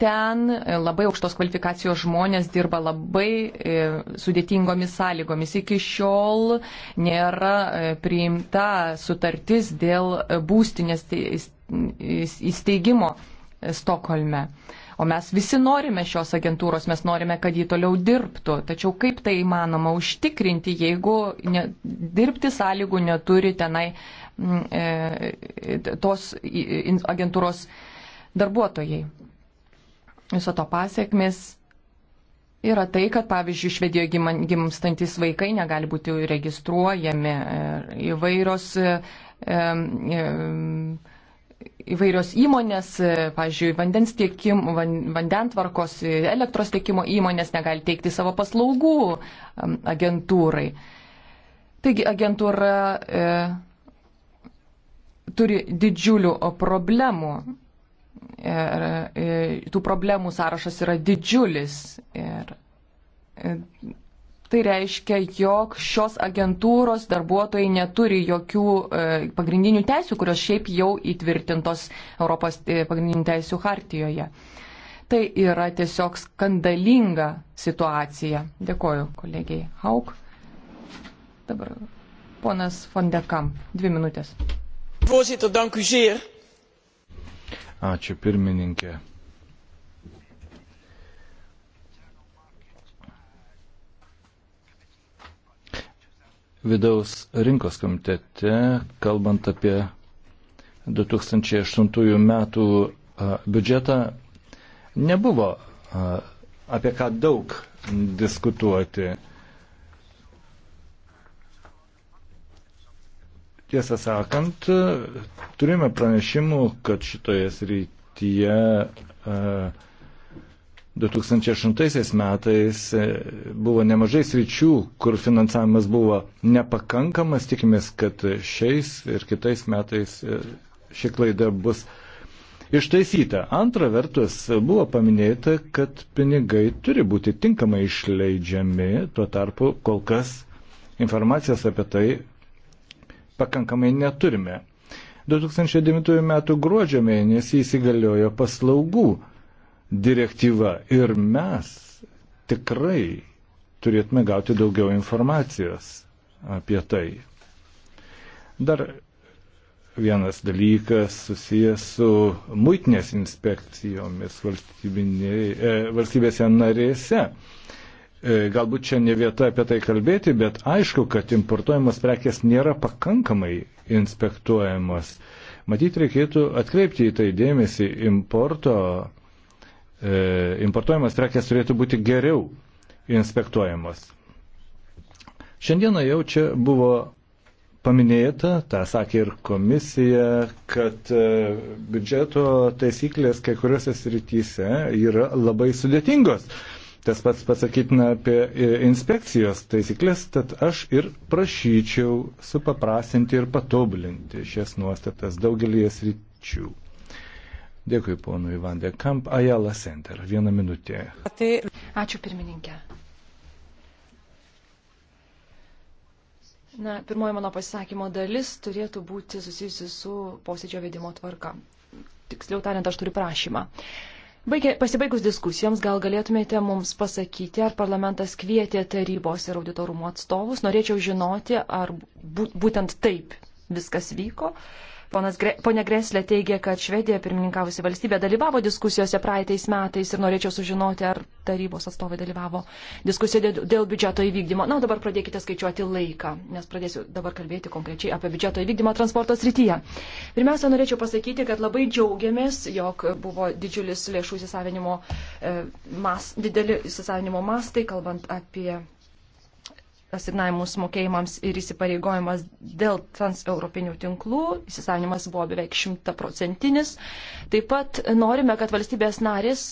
ten e, labai aukštos kvalifikacijos žmonės dirba labai e, sudėtingomis sąlygomis. Iki šiol nėra e, priimta sutartis dėl būstinės įsteigimo Stokholme. O mes visi norime šios agentūros, mes norime, kad jį toliau dirbtų. Tačiau kaip tai įmanoma užtikrinti, jeigu ne, dirbti sąlygų neturi tenai mm, e, tos agentūros darbuotojai? viso to pasiekmes yra tai, kad pavyzdžiui Švedijoje gimstantis vaikai negali būti registruojami e, įvairios, e, e, įvairios įmonės, pavyzdžiui, vandens tiekim, vandentvarkos, elektros tiekimo įmonės negali teikti savo paslaugų agentūrai. Taigi agentūra e, turi didžiulių problemų Ir, ir e, tų problemų sąrašas yra didžiulis. Ir, ir e, tai reiškia, jog šios agentūros darbuotojai neturi jokių e, pagrindinių teisių, kurios šiaip jau įtvirtintos Europos e, pagrindinių teisių hartijoje. Tai yra tiesiog skandalinga situacija. Dėkoju kolegiai Hauk. Dabar ponas Fondekamp, dvi minutės. Voorzitter, dank u zeer. Ačiū pirmininkė. Vidaus rinkos komitete, kalbant apie 2008 metų biudžetą, nebuvo apie ką daug diskutuoti. Tiesą sakant, turime pranešimų, kad šitoje srityje 2008 e, metais e, buvo nemažai sričių, kur finansavimas buvo nepakankamas. Tikimės, kad šiais ir kitais metais e, ši klaida bus ištaisyta. Antra vertus, buvo paminėta, kad pinigai turi būti tinkamai išleidžiami, tuo tarpu kol kas informacijos apie tai pakankamai neturime. 2009 m. gruodžio mėnesį įsigaliojo paslaugų direktyva ir mes tikrai turėtume gauti daugiau informacijos apie tai. Dar vienas dalykas susijęs su muitinės inspekcijomis e, valstybėse narėse. E, galbūt čia ne vieta apie tai kalbėti, bet aišku, kad importuojamos prekės nėra pakankamai inspektuojamos. Matyt, reikėtų atkreipti į tai dėmesį, importo, e, importuojamas prekės turėtų būti geriau inspektuojamos. Šiandieną jau čia buvo paminėta, tą sakė ir komisija, kad e, biudžeto taisyklės kai kuriuose srityse yra labai sudėtingos. Tas pats pasakytina apie e, inspekcijos taisyklės, tad aš ir prašyčiau supaprasinti ir patobulinti šias nuostatas daugelį sričių. Dėkui ponui Vandė Kamp, Ajala Center. Vieną minutę. Ačiū pirmininkė. Na, pirmoji mano pasisakymo dalis turėtų būti susijusi su posėdžio vedimo tvarka. Tiksliau tariant, aš turiu prašymą. Uh, Baigia, pasibaigus diskusijoms, gal galėtumėte mums pasakyti, ar parlamentas kvietė tarybos ir auditorumo atstovus. Norėčiau žinoti, ar būtent taip viskas vyko. Uh, Gre, Pone Greslė teigia, kad Švedija pirmininkavusi valstybė dalyvavo diskusijose praeitais metais ir norėčiau sužinoti, ar tarybos atstovai dalyvavo diskusijoje dėl, dėl biudžeto įvykdymo. Na, dabar pradėkite skaičiuoti laiką, nes pradėsiu dabar kalbėti konkrečiai apie biudžeto įvykdymą transporto srityje. Pirmiausia, norėčiau pasakyti, kad labai džiaugiamės, jog buvo didžiulis lėšų įsisavinimo, e, mas, dideli įsisavinimo mastai, kalbant apie asignavimus mokėjimams ir įsipareigojimas dėl transeuropinių tinklų, įsisavinimas buvo beveik šimtaprocentinis. Taip pat norime, kad valstybės narės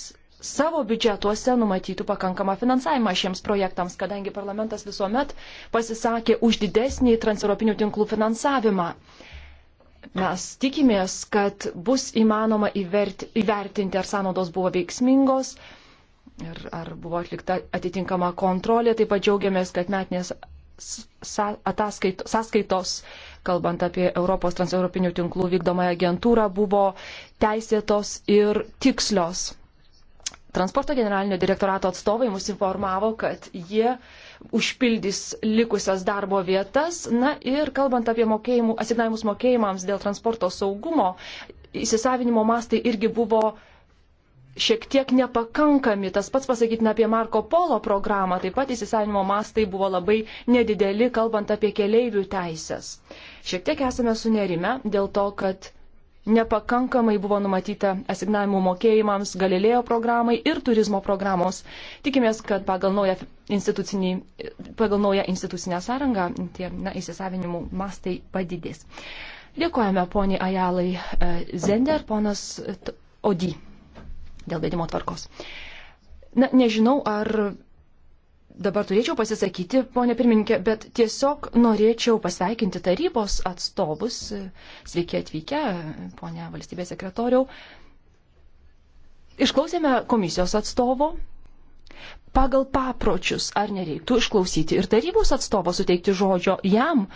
savo biudžetuose numatytų pakankamą finansavimą šiems projektams, kadangi parlamentas visuomet pasisakė už didesnį transeuropinių tinklų finansavimą. Mes tikimės, kad bus įmanoma įvertinti, ar sąnaudos buvo veiksmingos, ir ar buvo atlikta atitinkama kontrolė. Taip pat džiaugiamės, kad metinės ataskaitos, sąskaitos, kalbant apie Europos transeuropinių tinklų vykdomąją agentūrą, buvo teisėtos ir tikslios. Transporto generalinio direktorato atstovai mus informavo, kad jie užpildys likusias darbo vietas. Na ir kalbant apie mokėjimų, asignavimus mokėjimams dėl transporto saugumo, įsisavinimo mastai irgi buvo šiek tiek nepakankami. Tas pats pasakytina apie Marko Polo programą, taip pat įsisavinimo mastai buvo labai nedideli, kalbant apie keleivių teisės. Šiek tiek esame sunerime dėl to, kad nepakankamai buvo numatyta asignavimų mokėjimams, Galilėjo programai ir turizmo programos. Tikimės, kad pagal naują, pagal naują institucinę sąrangą tie na, įsisavinimų mastai padidės. Dėkojame poniai Ajalai e, Zender, ponas Odi dėl vedimo tvarkos. Na, nežinau, ar dabar turėčiau pasisakyti, ponė pirmininkė, bet tiesiog norėčiau pasveikinti tarybos atstovus. Sveiki atvykę, ponė valstybės sekretoriau. Išklausėme komisijos atstovo. Pagal papročius, ar nereiktų išklausyti ir tarybos atstovo suteikti žodžio jam,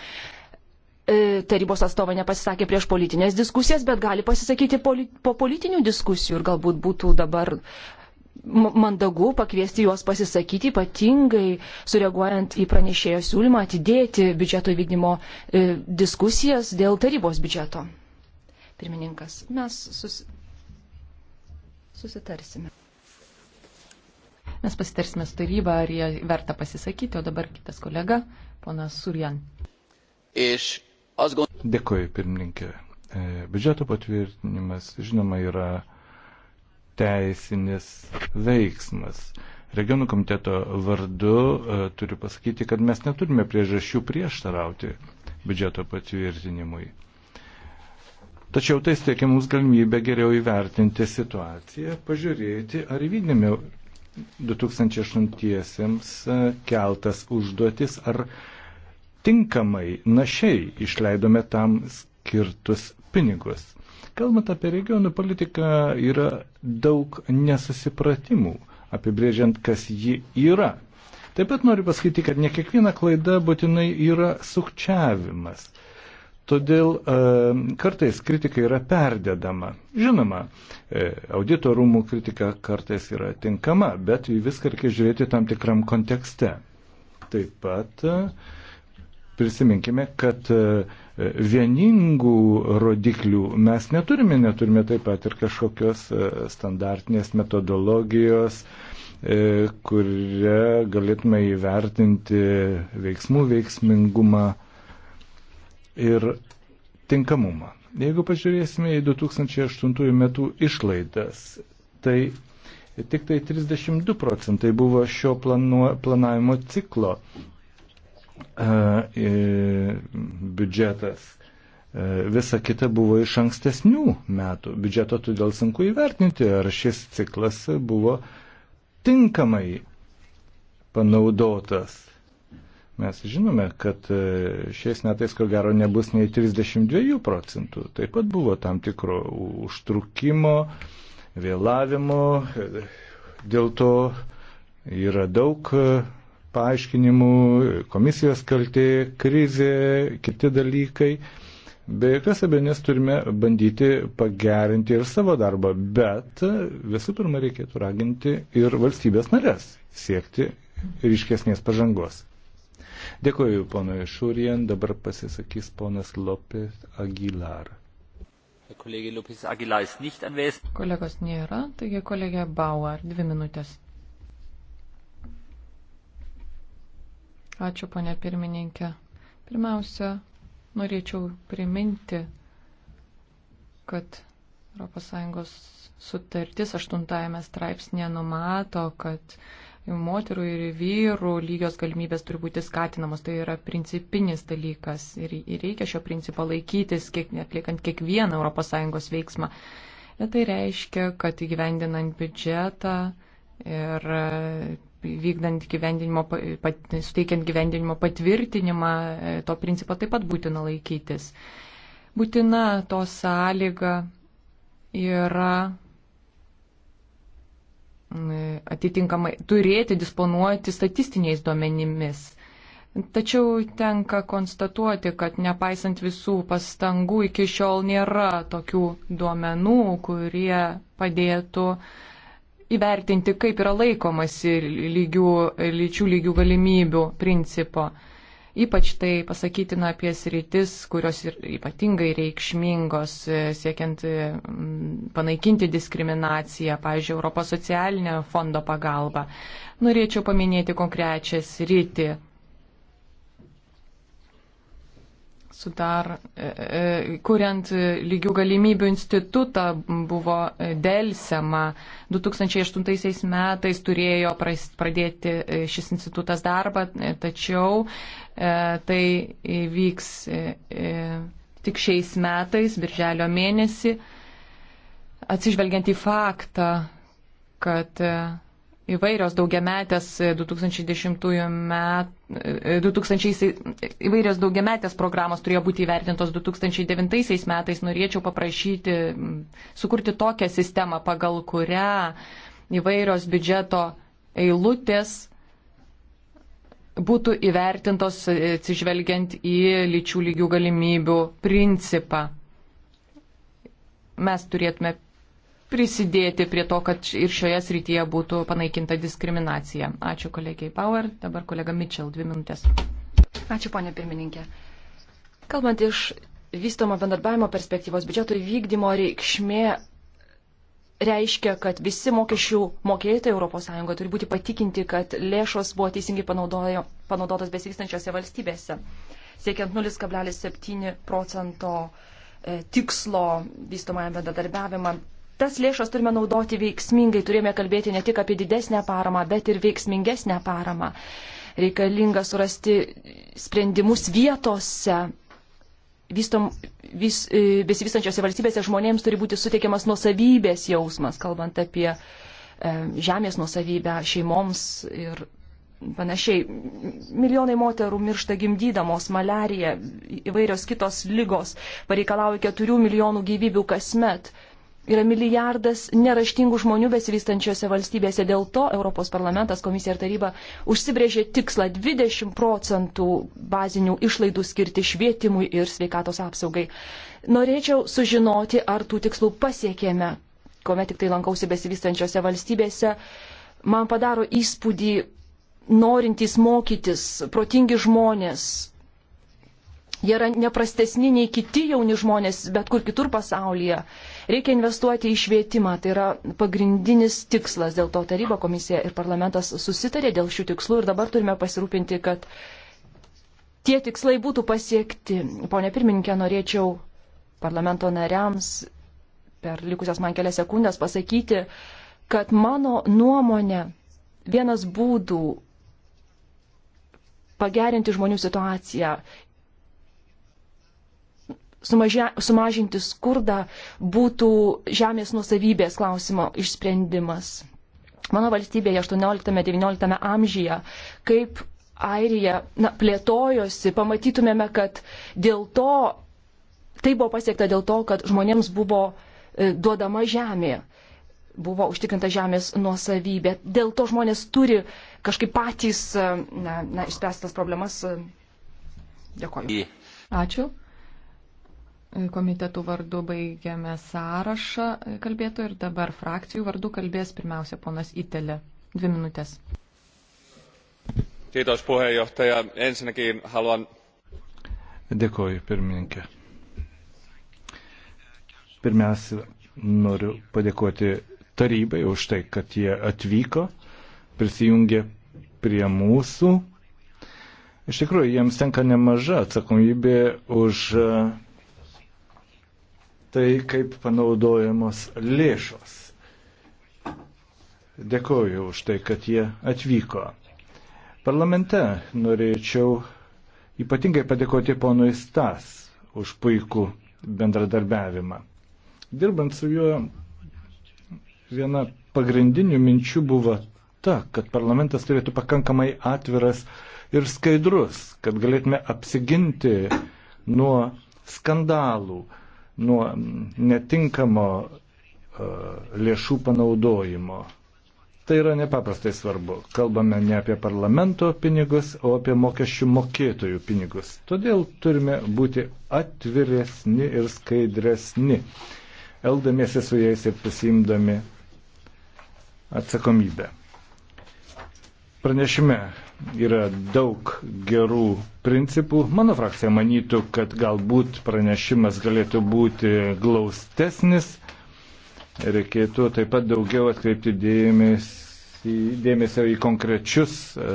E, tarybos atstovai nepasisakė prieš politinės diskusijas, bet gali pasisakyti poli po politinių diskusijų ir galbūt būtų dabar mandagu pakviesti juos pasisakyti, ypatingai sureaguojant į pranešėjo siūlymą atidėti biudžeto įvykdymo e, diskusijas dėl tarybos biudžeto. Pirmininkas, mes sus... susitarsime. Mes pasitarsime su taryba, ar jie verta pasisakyti, o dabar kitas kolega, ponas Surjan. Iš Dėkoju, pirmininkė. E, biudžeto patvirtinimas, žinoma, yra teisinis veiksmas. Regionų komiteto vardu e, turiu pasakyti, kad mes neturime priežasčių prieštarauti biudžeto patvirtinimui. Tačiau tai suteikia mums galimybę geriau įvertinti situaciją, pažiūrėti, ar įvykdėme 2008-iesiems e, keltas užduotis, ar tinkamai, našiai išleidome tam skirtus pinigus. Kalbant apie regionų politiką, yra daug nesusipratimų, apibrėžiant, kas ji yra. Taip pat noriu pasakyti, kad ne kiekviena klaida būtinai yra sukčiavimas. Todėl e, kartais kritika yra perdedama. Žinoma, e, audito rūmų kritika kartais yra tinkama, bet į viską reikia žiūrėti tam tikram kontekste. Taip pat e, prisiminkime, kad e, vieningų rodiklių mes neturime, neturime taip pat ir kažkokios e, standartinės metodologijos, e, kuria galėtume įvertinti veiksmų veiksmingumą ir tinkamumą. Jeigu pažiūrėsime į 2008 metų išlaidas, tai tik tai 32 procentai buvo šio planu, planavimo ciklo E, biudžetas. E, visa kita buvo iš ankstesnių metų biudžeto, todėl sunku įvertinti, ar šis ciklas buvo tinkamai panaudotas. Mes žinome, kad e, šiais metais ko gero nebus nei 32 procentų. Taip pat buvo tam tikro užtrukimo, vėlavimo, dėl to yra daug paaiškinimų, komisijos kaltė, krizė, kiti dalykai. Be jokios abejonės turime bandyti pagerinti ir savo darbą, bet visų pirma reikėtų raginti ir valstybės narės siekti ryškesnės pažangos. Dėkuoju ponui Šurien, dabar pasisakys ponas Lopez Aguilar. Kolegos nėra, taigi kolegė Bauer, dvi minutės. Ačiū, ponė pirmininkė. Pirmiausia, norėčiau priminti, kad ES sutartis aštuntajame straipsnėje numato, kad moterų ir vyrų lygios galimybės turi būti skatinamos. Tai yra principinis dalykas ir, ir reikia šio principo laikytis, kiek, atliekant kiekvieną ES veiksmą. Ir tai reiškia, kad įgyvendinant biudžetą ir vykdant gyvendinimo, pat, suteikiant gyvendinimo patvirtinimą, e, to principo taip pat būtina laikytis. Būtina to sąlyga yra atitinkamai turėti, disponuoti statistiniais duomenimis. Tačiau tenka konstatuoti, kad nepaisant visų pastangų iki šiol nėra tokių duomenų, kurie padėtų uh, įvertinti, kaip yra laikomasi lygių, lyčių lygių galimybių principo. Ypač tai pasakytina apie sritis, kurios ypatingai reikšmingos e, siekiant e, panaikinti diskriminaciją, pavyzdžiui, Europos socialinio fondo pagalba. Norėčiau paminėti konkrečią sritį sudar, e, e, kuriant lygių galimybių institutą buvo dėlsiama. 2008 metais turėjo pradėti e, šis institutas darbą, tačiau tai vyks tik šiais metais, birželio mėnesį, atsižvelgiant į faktą, kad įvairios daugiametės 2010 metų, 2000, įvairios daugiametės programos turėjo būti įvertintos 2009 metais. Norėčiau paprašyti sukurti tokią sistemą, pagal kurią įvairios biudžeto eilutės būtų įvertintos e, atsižvelgiant į lyčių lygių galimybių principą. Mes turėtume prisidėti prie to, kad ir šioje srityje būtų panaikinta diskriminacija. Ačiū kolegiai Power, dabar kolega Mitchell, dvi minutės. Ačiū, ponė pirmininkė. Kalbant iš vystomo bendarbiavimo perspektyvos, biudžeto įvykdymo reikšmė reiškia, kad visi mokesčių mokėtojai ES turi būti patikinti, kad lėšos buvo teisingai panaudotos besivykstančiose valstybėse, siekiant 0,7 procento e, tikslo vystomąją bendradarbiavimą tas lėšas turime naudoti veiksmingai, turime kalbėti ne tik apie didesnę paramą, bet ir veiksmingesnę paramą. Reikalinga surasti sprendimus vietose. Vystom, vis, e, besivystančiose valstybėse žmonėms turi būti suteikiamas nuosavybės jausmas, kalbant apie e, žemės nuosavybę šeimoms ir panašiai. Milijonai moterų miršta gimdydamos, malerija, įvairios kitos lygos pareikalauja 4 milijonų gyvybių kasmet. E, yra milijardas neraštingų žmonių besivystančiose valstybėse. Dėl to Europos parlamentas, komisija ir taryba užsibrėžė tikslą 20 procentų bazinių išlaidų skirti švietimui ir sveikatos apsaugai. Norėčiau sužinoti, ar tų tikslų pasiekėme, kuomet tik tai lankausi besivystančiose valstybėse. Man padaro įspūdį norintys mokytis, protingi žmonės, jie yra neprastesni nei kiti jauni žmonės bet kur kitur pasaulyje. Reikia investuoti į švietimą, tai yra pagrindinis tikslas, dėl to taryba, komisija ir parlamentas susitarė dėl šių tikslų ir dabar turime pasirūpinti, kad tie tikslai būtų pasiekti. Pone pirmininkė, norėčiau parlamento nariams per likusias man kelias sekundės pasakyti, kad mano nuomonė vienas būdų pagerinti žmonių situaciją sumažia, sumažinti skurdą būtų žemės nusavybės klausimo išsprendimas. Mano valstybėje 18-19 amžyje, kaip Airija na, plėtojosi, pamatytumėme, kad dėl to, tai buvo pasiekta dėl to, kad žmonėms buvo e, duodama žemė, buvo užtikrinta žemės nuosavybė. Dėl to žmonės turi kažkaip patys e, na, na, išspręstas problemas. E, dėkoju. Ačiū. Komitetų vardu baigiame sąrašą kalbėtų ir dabar frakcijų vardu kalbės pirmiausia ponas Itelė. Dvi minutės. Kiitos puheenjohtaja. Ensinnäkin haluan... Dėkoju, pirmininkė. Pirmiausia, noriu padėkoti tarybai už tai, kad jie atvyko, prisijungė prie mūsų. Iš tikrųjų, jiems tenka nemaža atsakomybė už tai, kaip panaudojamos lėšos. Dėkoju už tai, kad jie atvyko. Parlamente norėčiau ypatingai padėkoti ponui Stas už puikų bendradarbiavimą. Dirbant su juo, viena pagrindinių minčių buvo ta, kad parlamentas turėtų pakankamai atviras ir skaidrus, kad galėtume apsiginti nuo skandalų, nuo netinkamo e, lėšų panaudojimo. Tai yra nepaprastai svarbu. Kalbame ne apie parlamento pinigus, o apie mokesčių mokėtojų pinigus. Todėl turime būti atviresni ir skaidresni, eldamiesi su jais ir prisimdami atsakomybę. Pranešime yra daug gerų principų. Mano frakcija manytų, kad galbūt pranešimas galėtų būti glaustesnis. Reikėtų taip pat daugiau atkreipti dėmesį, dėmesio į konkrečius e,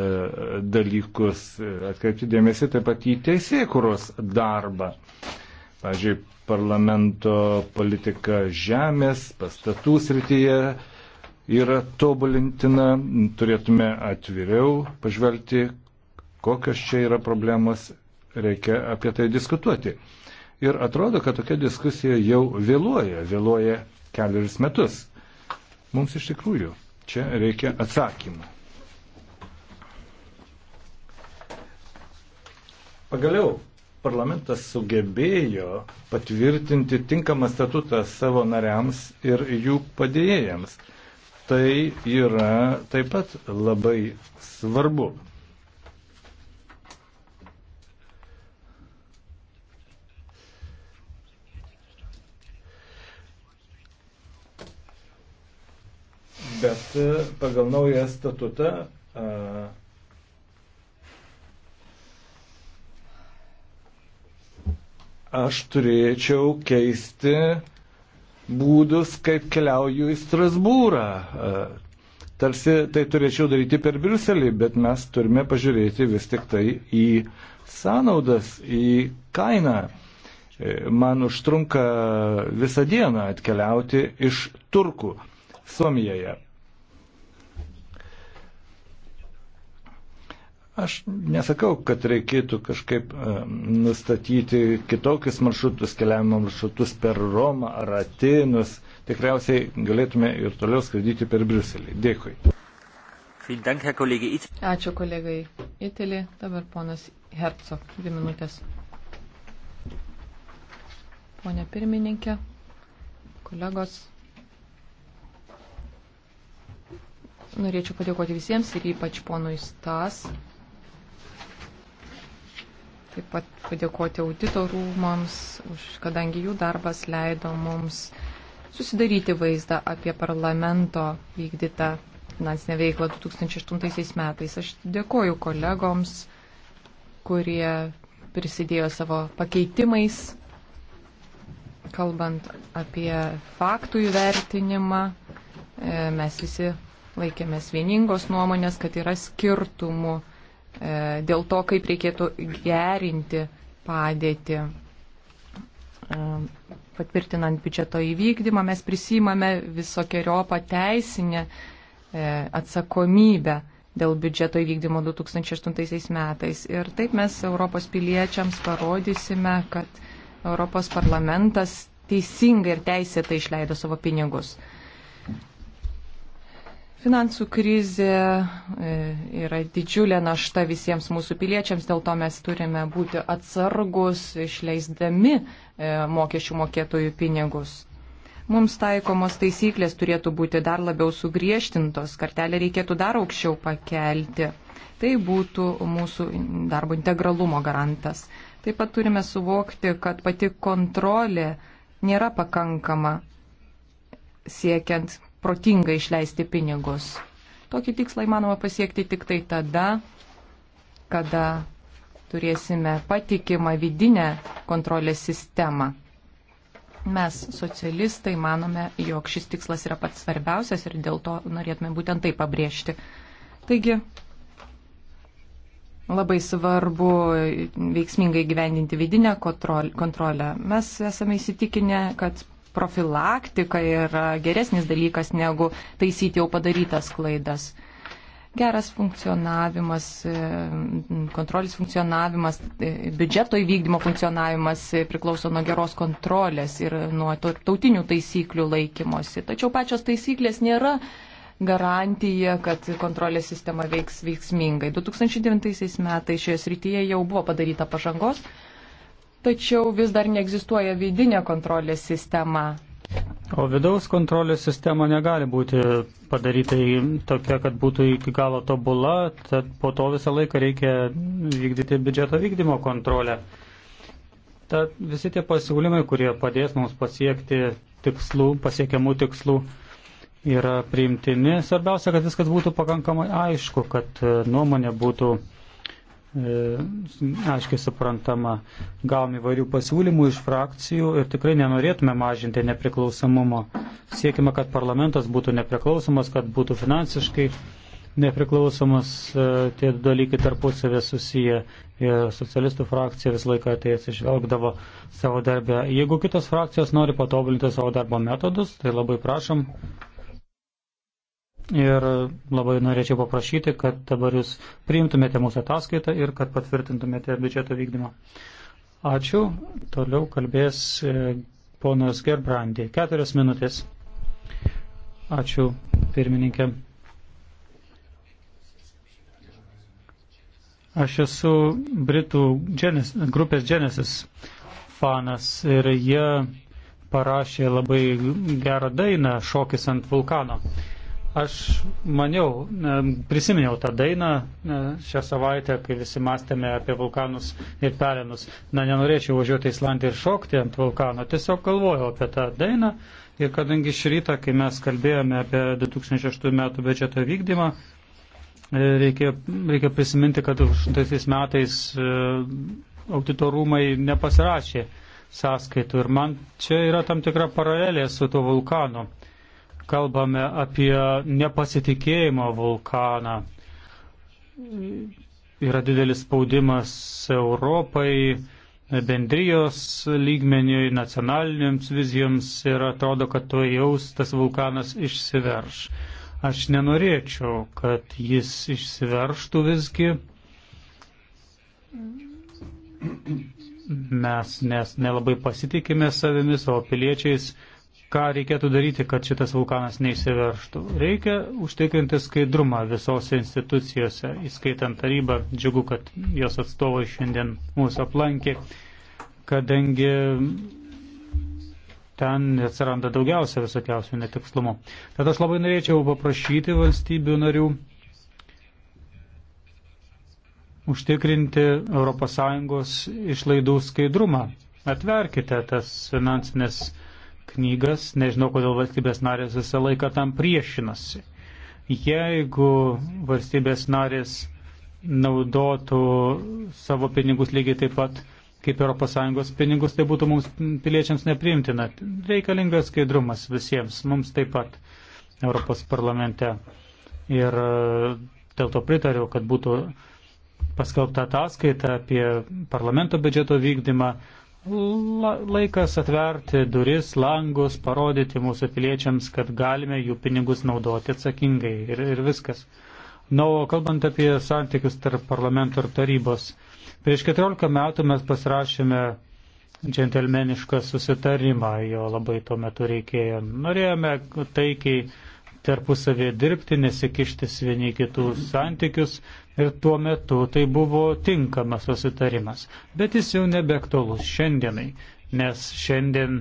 dalykus, e, atkreipti dėmesį taip pat į teisėkuros darbą. Pavyzdžiui, parlamento politika žemės, pastatų srityje, yra tobulintina, turėtume atviriau pažvelgti, kokios čia yra problemos, reikia apie tai diskutuoti. Ir atrodo, kad tokia diskusija jau vėluoja, vėluoja kelius metus. Mums iš tikrųjų čia reikia atsakymų. Pagaliau, parlamentas sugebėjo patvirtinti tinkamą statutą savo nariams ir jų padėjėjams tai yra taip pat labai svarbu. Bet e, pagal naują statutą a, e, aš turėčiau keisti būdus, kaip keliauju į Strasbūrą. E, tarsi tai turėčiau daryti per Briuselį, bet mes turime pažiūrėti vis tik tai į sąnaudas, į kainą. E, man užtrunka visą dieną atkeliauti iš Turkų Suomijoje. Aš nesakau, kad reikėtų kažkaip e, nustatyti kitokius maršrutus, keliavimo maršrutus per Romą ar Atenus. Tikriausiai galėtume ir toliau skraidyti per Briuselį. Dėkui. Ačiū kolegai Itelį. Dabar ponas Herco, dvi minutės. Pone pirmininkė, kolegos. Norėčiau padėkoti visiems ir ypač ponui Stas taip pat padėkoti auditorumams, kadangi jų darbas leido mums susidaryti vaizdą apie parlamento vykdytą finansinę veiklą 2008 metais. Aš dėkoju kolegoms, kurie prisidėjo savo pakeitimais, kalbant apie faktų įvertinimą. E, mes visi laikėmės vieningos nuomonės, kad yra skirtumų E, dėl to, kaip reikėtų gerinti padėtį. E, patvirtinant biudžeto įvykdymą mes prisimame visokiojo pateisinę e, atsakomybę dėl biudžeto įvykdymo 2008 metais. Ir taip mes Europos piliečiams parodysime, kad Europos parlamentas teisingai ir teisėtai išleido savo pinigus. Finansų krizė e, yra didžiulė našta visiems mūsų piliečiams, dėl to mes turime būti atsargus išleisdami e, mokesčių mokėtojų pinigus. Mums taikomos taisyklės turėtų būti dar labiau sugriežtintos, kartelę reikėtų dar aukščiau pakelti. Tai būtų mūsų darbo integralumo garantas. Taip pat turime suvokti, kad pati kontrolė nėra pakankama siekiant protingai išleisti pinigus. Tokį tikslą įmanoma pasiekti tik tai tada, kada turėsime patikimą vidinę kontrolės sistemą. Mes, socialistai, manome, jog šis tikslas yra pats svarbiausias ir dėl to norėtume būtent tai pabrėžti. Taigi, labai svarbu veiksmingai gyvendinti vidinę kontrolę. Mes esame įsitikinę, kad profilaktika yra geresnis dalykas negu taisyti jau padarytas klaidas. Geras funkcionavimas, e, kontrolės funkcionavimas, e, biudžeto įvykdymo funkcionavimas e, priklauso nuo geros kontrolės ir nuo tautinių taisyklių laikymosi. Tačiau pačios taisyklės nėra garantija, kad kontrolės sistema veiks veiksmingai. 2009 metais šioje srityje jau buvo padaryta pažangos, tačiau vis dar neegzistuoja vidinė kontrolės sistema. O vidaus kontrolės sistema negali būti padaryta tokia, kad būtų iki galo tobula, tad po to visą laiką reikia vykdyti biudžeto vykdymo kontrolę. Tad visi tie pasiūlymai, kurie padės mums pasiekti tikslų, pasiekiamų tikslų, yra priimtini. Svarbiausia, kad viskas būtų pakankamai aišku, kad nuomonė būtų E, aiškiai suprantama. Gavom įvairių pasiūlymų iš frakcijų ir tikrai nenorėtume mažinti nepriklausomumo. Siekime, kad parlamentas būtų nepriklausomas, kad būtų finansiškai nepriklausomas e, tie dalykai tarpusavė susiję. Ir socialistų frakcija visą laiką tai atsižvelgdavo savo darbę. Jeigu kitos frakcijos nori patobulinti savo darbo metodus, tai labai prašom Ir labai norėčiau paprašyti, kad dabar jūs priimtumėte mūsų ataskaitą ir kad patvirtintumėte biudžeto vykdymą. Ačiū. Toliau kalbės e, ponas Gerbrandi. Keturias minutės. Ačiū, pirmininkė. Aš esu Britų Genesis, grupės Genesis fanas ir jie parašė labai gerą dainą Šokis ant vulkano. Aš maniau, prisiminiau tą dainą šią savaitę, kai visi mąstėme apie vulkanus ir pelenus. Na, nenorėčiau važiuoti į Islandiją ir šokti ant vulkano, tiesiog galvojau apie tą dainą. Ir kadangi šį rytą, kai mes kalbėjome apie 2006 metų biudžeto vykdymą, reikia, reikia prisiminti, kad 2000 metais e, auditorumai nepasirašė sąskaitų. Ir man čia yra tam tikra paralelė su tuo vulkanu kalbame apie nepasitikėjimo vulkaną. Yra didelis spaudimas Europai, bendrijos lygmeniui, nacionalinėms vizijoms ir atrodo, kad tuo jaus tas vulkanas išsiverš. Aš nenorėčiau, kad jis išsiverštų visgi. Mes nes nelabai pasitikime savimis, o piliečiais ką reikėtų daryti, kad šitas vulkanas neįsiverštų. Reikia užtikrinti skaidrumą visose institucijose, įskaitant tarybą. Džiugu, kad jos atstovai šiandien mūsų aplankė, kadangi ten atsiranda daugiausia visokiausių netikslumų. Tad aš labai norėčiau paprašyti valstybių narių užtikrinti ES išlaidų skaidrumą. Atverkite tas finansinės knygas, nežinau, kodėl valstybės narės visą laiką tam priešinasi. Jeigu valstybės narės naudotų savo pinigus lygiai taip pat kaip ES pinigus, tai būtų mums piliečiams nepriimtina. Reikalingas skaidrumas visiems, mums taip pat Europos parlamente. Ir e, dėl to pritariu, kad būtų paskelbta ataskaita apie parlamento biudžeto vykdymą laikas atverti duris, langus, parodyti mūsų piliečiams, kad galime jų pinigus naudoti atsakingai ir, ir viskas. Na, o kalbant apie santykius tarp parlamento ir tarybos, prieš 14 metų mes pasirašėme džentelmenišką susitarimą, jo labai tuo metu reikėjo. Norėjome taikiai tarpusavėje dirbti, nesikištis vieni kitų santykius, ir tuo metu tai buvo tinkamas susitarimas. Bet jis jau nebeaktualus šiandienai, nes šiandien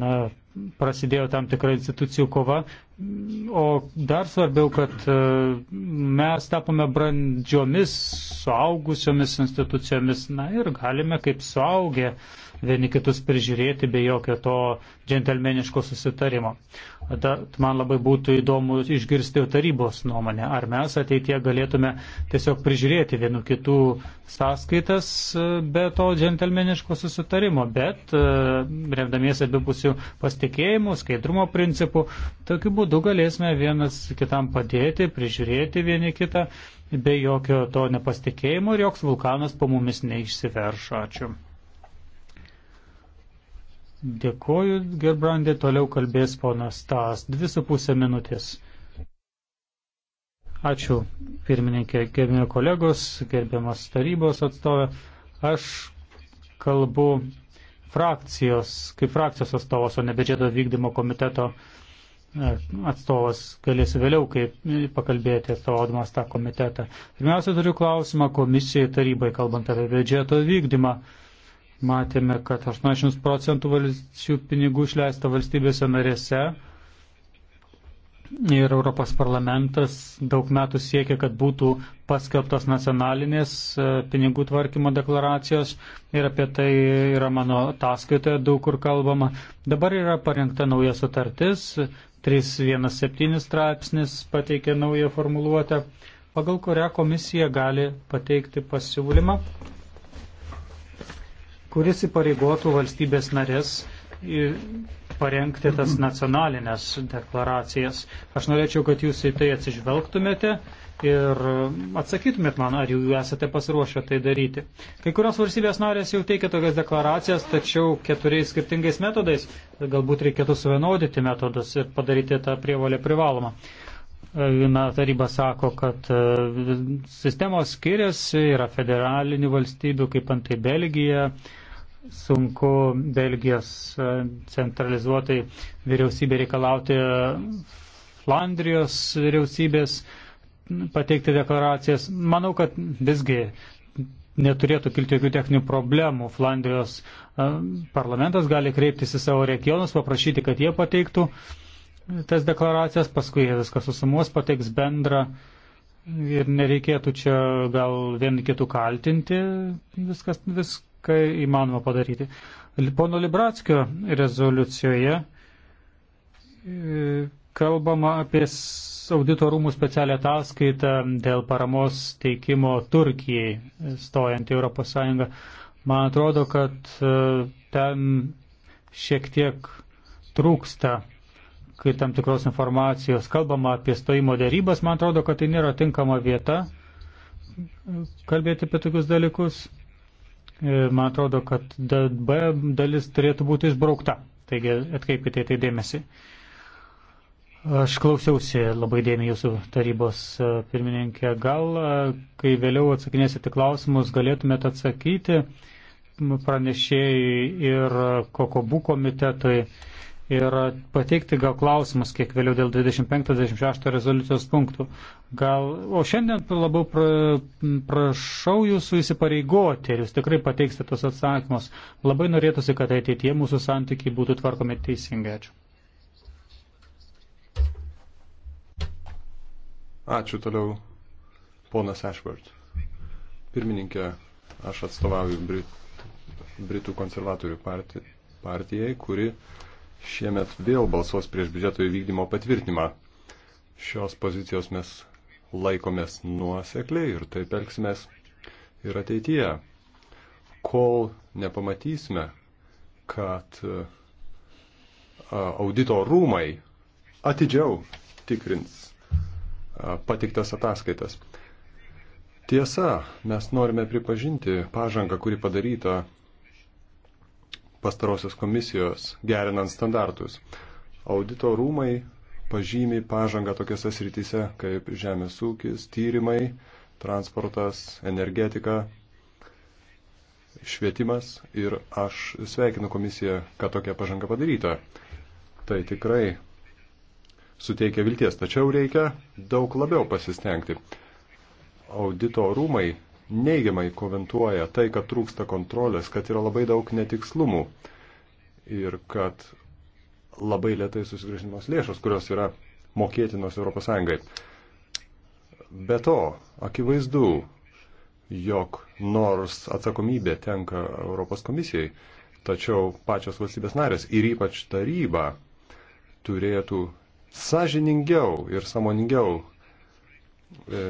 na, prasidėjo tam tikra institucijų kova, o dar svarbiau, kad e, mes tapome brandžiomis, suaugusiomis institucijomis, na ir galime kaip suaugę uh, vieni kitus prižiūrėti be jokio to džentelmeniško susitarimo. Tad man labai būtų įdomu išgirsti tarybos nuomonę, ar mes ateitie galėtume tiesiog prižiūrėti vienų kitų sąskaitas e, be to džentelmeniško susitarimo, bet e, remdamiesi abipusių pasitikėjimų, skaidrumo principų, tokiu būdu galėsime vienas kitam padėti, prižiūrėti vieni kitą be jokio to nepasitikėjimo ir joks vulkanas po mumis neišsiverš. Ačiū. Dėkuoju, Gerbrandė, toliau kalbės ponas Tas. Dvi su pusė minutės. Ačiū, pirmininkė, gerbimi kolegos, gerbiamas tarybos atstovė. Aš kalbu frakcijos, kaip frakcijos atstovas, o ne biudžeto vykdymo komiteto e, atstovas galės vėliau kaip pakalbėti atstovaudamas tą komitetą. Pirmiausia, turiu klausimą komisijai tarybai, kalbant apie biudžeto vykdymą. Matėme, kad 80 procentų šių pinigų išleista valstybėse narėse ir Europos parlamentas daug metų siekia, kad būtų paskelbtas nacionalinės e, pinigų tvarkymo deklaracijos ir apie tai yra mano ataskaitoje daug kur kalbama. Dabar yra parengta nauja sutartis, 317 straipsnis pateikė naują formuluotę, pagal kurią komisija gali pateikti pasiūlymą kuris įpareigotų valstybės narės parengti tas nacionalinės deklaracijas. Aš norėčiau, kad jūs į tai atsižvelgtumėte ir atsakytumėt man, ar jūs esate pasiruošę tai daryti. Kai kurios valstybės narės jau teikia tokias deklaracijas, tačiau keturiais skirtingais metodais galbūt reikėtų suvienodyti metodus ir padaryti tą prievalę privalomą. Na, taryba sako, kad e, sistemos skiriasi, yra federalinių valstybių, kaip antai Belgija, sunku Belgijos e, centralizuotai vyriausybė reikalauti Flandrijos vyriausybės pateikti deklaracijas. Manau, kad visgi neturėtų kilti jokių techninių problemų. Flandrijos e, parlamentas gali kreiptis į savo regionus, paprašyti, kad jie pateiktų tas deklaracijas, paskui jie viską susumuos, pateiks bendrą. Ir nereikėtų čia gal vieni kitų kaltinti, viskas, vis, kai įmanoma padaryti. Pono Libratskio rezoliucijoje e, kalbama apie audito rūmų specialią ataskaitą dėl paramos teikimo Turkijai e, stojant į ES. Man atrodo, kad e, ten šiek tiek trūksta kai tam tikros informacijos. Kalbama apie stojimo dėrybas, man atrodo, kad tai nėra tinkama vieta kalbėti apie tokius dalykus. E, man atrodo, kad B dalis turėtų būti išbraukta. Taigi atkreipkite į tai dėmesį. Aš klausiausi labai dėmiai jūsų tarybos e, pirmininkė. Gal, e, kai vėliau atsakinėsite klausimus, galėtumėte atsakyti pranešėjai ir kokobų komitetui ir pateikti gal klausimus kiek vėliau dėl 25-26 rezoliucijos punktų. Gal, o šiandien labiau pra, prašau jūsų įsipareigoti ir jūs tikrai pateiksite tos atsakymus. Labai norėtųsi, kad ateitie mūsų santykiai būtų tvarkomi teisingai. Ačiū. Ačiū toliau, ponas Ashworth. Pirmininkė, aš atstovauju Brit, Britų konservatorių partijai, partijai kuri uh, šiemet vėl balsuos prieš biudžeto įvykdymo patvirtinimą. Šios pozicijos mes laikomės nuosekliai ir taip elgsimės ir ateityje, kol nepamatysime, kad e, audito rūmai atidžiau tikrins e, patiktas ataskaitas. Tiesa, mes norime pripažinti pažangą, kuri padaryta pastarosios komisijos, gerinant standartus. Audito rūmai pažymi pažangą tokiuose srityse kaip žemės ūkis, tyrimai, transportas, energetika, švietimas ir aš sveikinu komisiją, kad tokia pažanga padaryta. Tai tikrai suteikia vilties, tačiau reikia daug labiau pasistengti. Audito rūmai neigiamai komentuoja tai, kad trūksta kontrolės, kad yra labai daug netikslumų ir kad labai lietai susigrįžimos lėšos, kurios yra mokėtinos ES. Be to, akivaizdu, jog nors atsakomybė tenka Europos komisijai, tačiau pačios valstybės narės ir ypač taryba turėtų sažiningiau ir samoningiau e,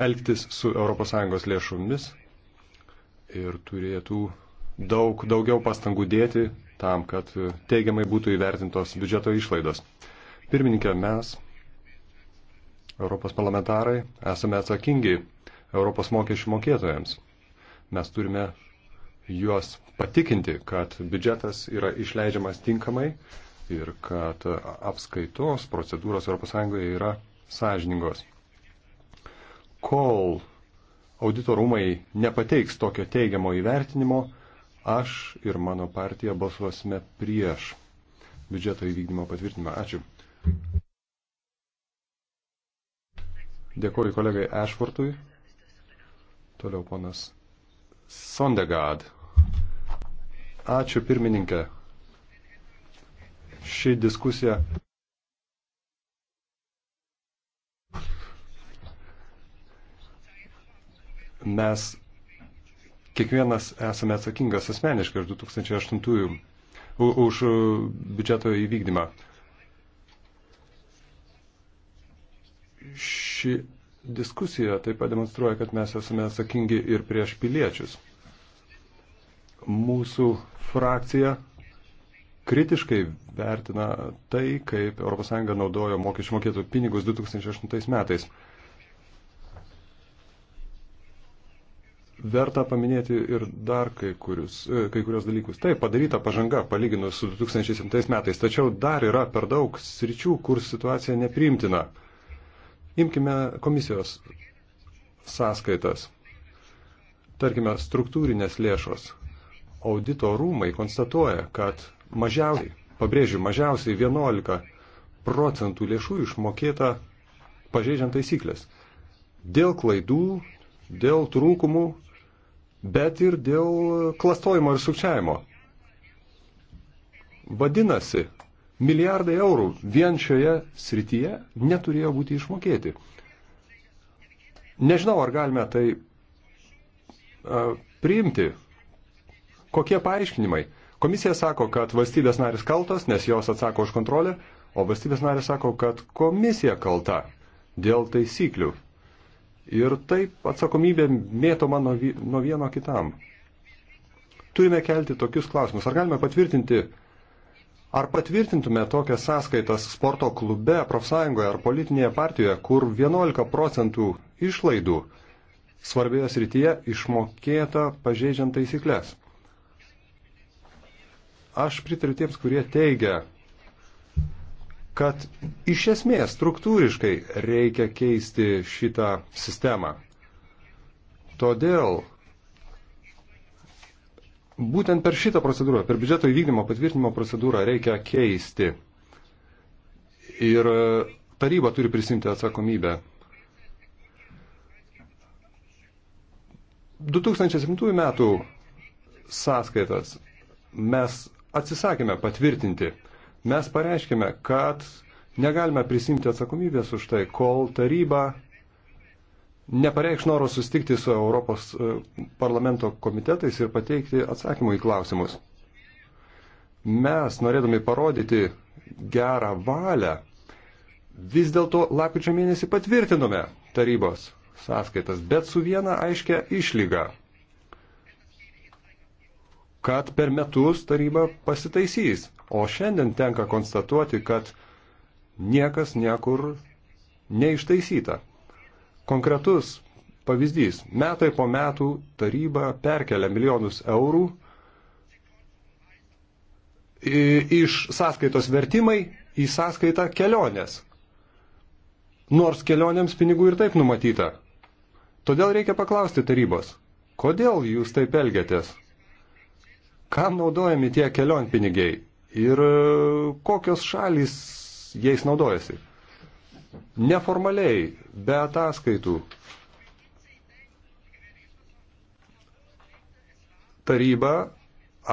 elgtis su ES lėšomis ir turėtų daug daugiau pastangų dėti tam, kad teigiamai būtų įvertintos biudžeto išlaidos. Pirmininkė, mes, Europos parlamentarai, esame atsakingi Europos mokesčių mokėtojams. Mes turime juos patikinti, kad biudžetas yra išleidžiamas tinkamai ir kad apskaitos procedūros ES yra sąžiningos kol audito rūmai nepateiks tokio teigiamo įvertinimo, aš ir mano partija balsuosime prieš biudžeto įvykdymo patvirtinimą. Ačiū. Dėkuoju kolegai Ešvartui. Toliau ponas Sondegad. Ačiū pirmininkė. Ši diskusija mes kiekvienas esame atsakingas asmeniškai už 2008 už biudžeto įvykdymą. Ši diskusija taip pat demonstruoja, kad mes esame atsakingi ir prieš piliečius. Mūsų frakcija kritiškai vertina tai, kaip ES naudojo mokesčių mokėtų pinigus 2008 metais. Verta paminėti ir dar kai, kurius, e, kai kurios dalykus. Taip, padaryta pažanga palyginus su 2007 metais, tačiau dar yra per daug sričių, kur situacija nepriimtina. Imkime komisijos sąskaitas. Tarkime, struktūrinės lėšos. Audito rūmai konstatuoja, kad mažiausiai, pabrėžiu, mažiausiai 11 procentų lėšų išmokėta pažeidžiant taisyklės. Dėl klaidų, dėl trūkumų bet ir dėl klastojimo ir sukčiavimo. Vadinasi, milijardai eurų vien šioje srityje neturėjo būti išmokėti. Nežinau, ar galime tai a, priimti. Kokie paaiškinimai? Komisija sako, kad valstybės narės kaltos, nes jos atsako už kontrolę, o valstybės narės sako, kad komisija kalta dėl taisyklių. Ir taip atsakomybė mėtoma nuo, nuo vieno kitam. Turime kelti tokius klausimus. Ar galime patvirtinti, ar patvirtintume tokias sąskaitas sporto klube, profsąjungoje ar politinėje partijoje, kur 11 procentų išlaidų svarbioje srityje išmokėta pažeidžiant taisyklės? Aš pritariu tiems, kurie teigia, kad iš esmės struktūriškai reikia keisti šitą sistemą. Todėl būtent per šitą procedūrą, per biudžeto įvykdymo patvirtinimo procedūrą reikia keisti. Ir e, taryba turi prisimti atsakomybę. 2007 metų sąskaitas mes atsisakėme patvirtinti Mes pareiškime, kad negalime prisimti atsakomybės už tai, kol taryba nepareikš noro sustikti su Europos e, parlamento komitetais ir pateikti atsakymų į klausimus. Mes, norėdami parodyti gerą valią, vis dėlto lapkričio mėnesį patvirtinome tarybos sąskaitas, bet su viena aiškia išlyga kad per metus taryba pasitaisys. O šiandien tenka konstatuoti, kad niekas niekur neištaisyta. Konkretus pavyzdys. Metai po metų taryba perkelia milijonus eurų iš sąskaitos vertimai į sąskaitą kelionės. Nors kelionėms pinigų ir taip numatyta. Todėl reikia paklausti tarybos, kodėl jūs taip elgiatės? Kam naudojami tie kelionpinigiai ir e, kokios šalys jais naudojasi? Neformaliai, be ataskaitų. Taryba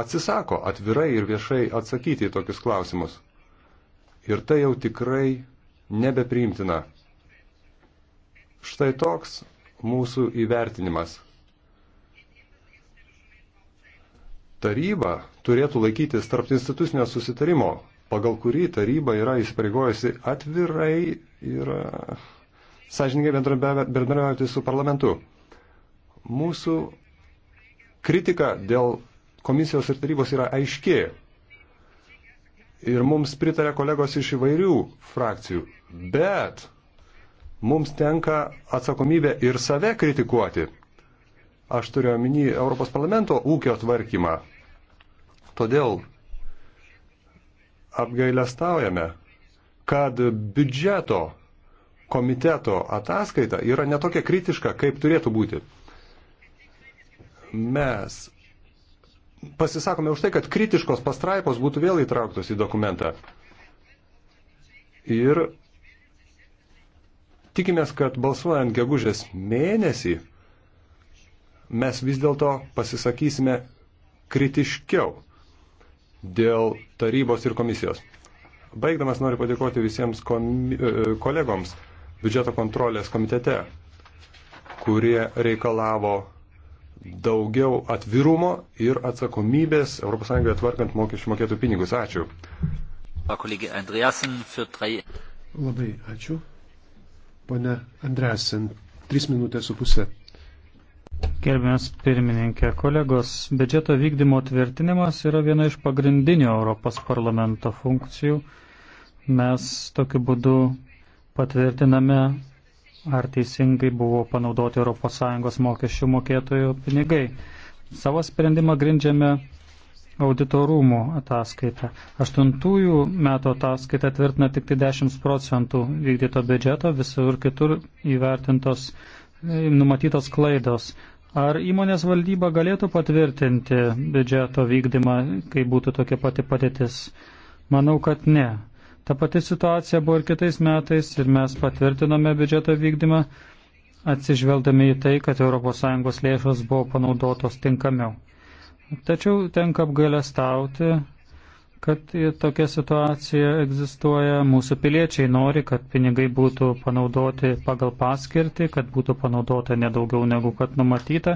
atsisako atvirai ir viešai atsakyti į tokius klausimus. Ir tai jau tikrai nebepriimtina. Štai toks mūsų įvertinimas. taryba turėtų laikytis tarp institucinio susitarimo, pagal kurį taryba yra įsipareigojusi atvirai ir e, sąžininkai bendradarbiauti su parlamentu. Mūsų kritika dėl komisijos ir tarybos yra aiški. Ir mums pritarė kolegos iš įvairių frakcijų. Bet mums tenka atsakomybė ir save kritikuoti. Aš turiu omeny Europos parlamento ūkio tvarkymą. Todėl apgailestaujame, kad biudžeto komiteto ataskaita yra netokia kritiška, kaip turėtų būti. Mes pasisakome už tai, kad kritiškos pastraipos būtų vėl įtrauktos į dokumentą. Ir tikimės, kad balsuojant gegužės mėnesį mes vis dėlto pasisakysime kritiškiau dėl tarybos ir komisijos. Baigdamas noriu padėkoti visiems komi, e, kolegoms biudžeto kontrolės komitete, kurie reikalavo daugiau atvirumo ir atsakomybės ES tvarkant mokesčių mokėtų pinigus. Ačiū. Labai ačiū. Pone Andresen, 3 minutės su pusė. Gerbiamas pirmininkė, kolegos, biudžeto vykdymo tvirtinimas yra viena iš pagrindinių Europos parlamento funkcijų. Mes tokiu būdu patvirtiname, ar teisingai buvo panaudoti ES mokesčių mokėtojų pinigai. Savo sprendimą grindžiame auditorumų ataskaitą. Aštuntųjų metų ataskaita tvirtina tik tai 10 procentų vykdyto biudžeto, visur kitur įvertintos numatytos klaidos. Ar įmonės valdyba galėtų patvirtinti biudžeto vykdymą, kai būtų tokia pati padėtis? Manau, kad ne. Ta pati situacija buvo ir kitais metais ir mes patvirtinome biudžeto vykdymą, atsižvelgdami į tai, kad ES lėšos buvo panaudotos tinkamiau. Tačiau tenka apgailestauti, kad tokia situacija egzistuoja. Mūsų piliečiai nori, kad pinigai būtų panaudoti pagal paskirtį, kad būtų panaudota nedaugiau negu kad numatyta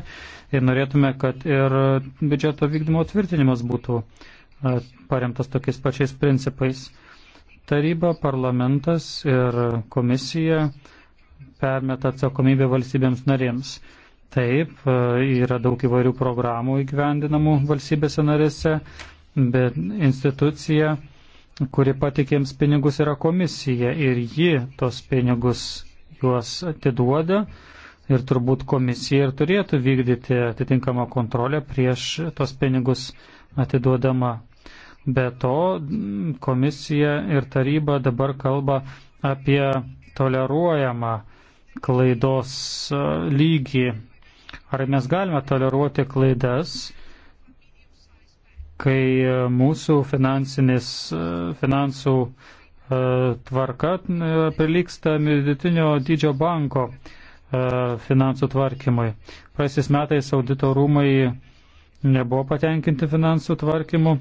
ir norėtume, kad ir biudžeto vykdymo tvirtinimas būtų e, paremtas tokiais pačiais principais. Taryba, parlamentas ir komisija permeta atsakomybę valstybėms narėms. Taip, e, yra daug įvairių programų įgyvendinamų valstybėse narėse, bet institucija, kuri patikėms pinigus yra komisija ir ji tos pinigus juos atiduoda ir turbūt komisija ir turėtų vykdyti atitinkamą kontrolę prieš tos pinigus atiduodama. Be to, komisija ir taryba dabar kalba apie toleruojamą klaidos e, lygį. Ar mes galime toleruoti klaidas? kai e, mūsų e, finansų e, tvarka priliksta vidutinio dydžio banko finansų tvarkymui. Praeisiais metais audito rūmai nebuvo patenkinti finansų tvarkymu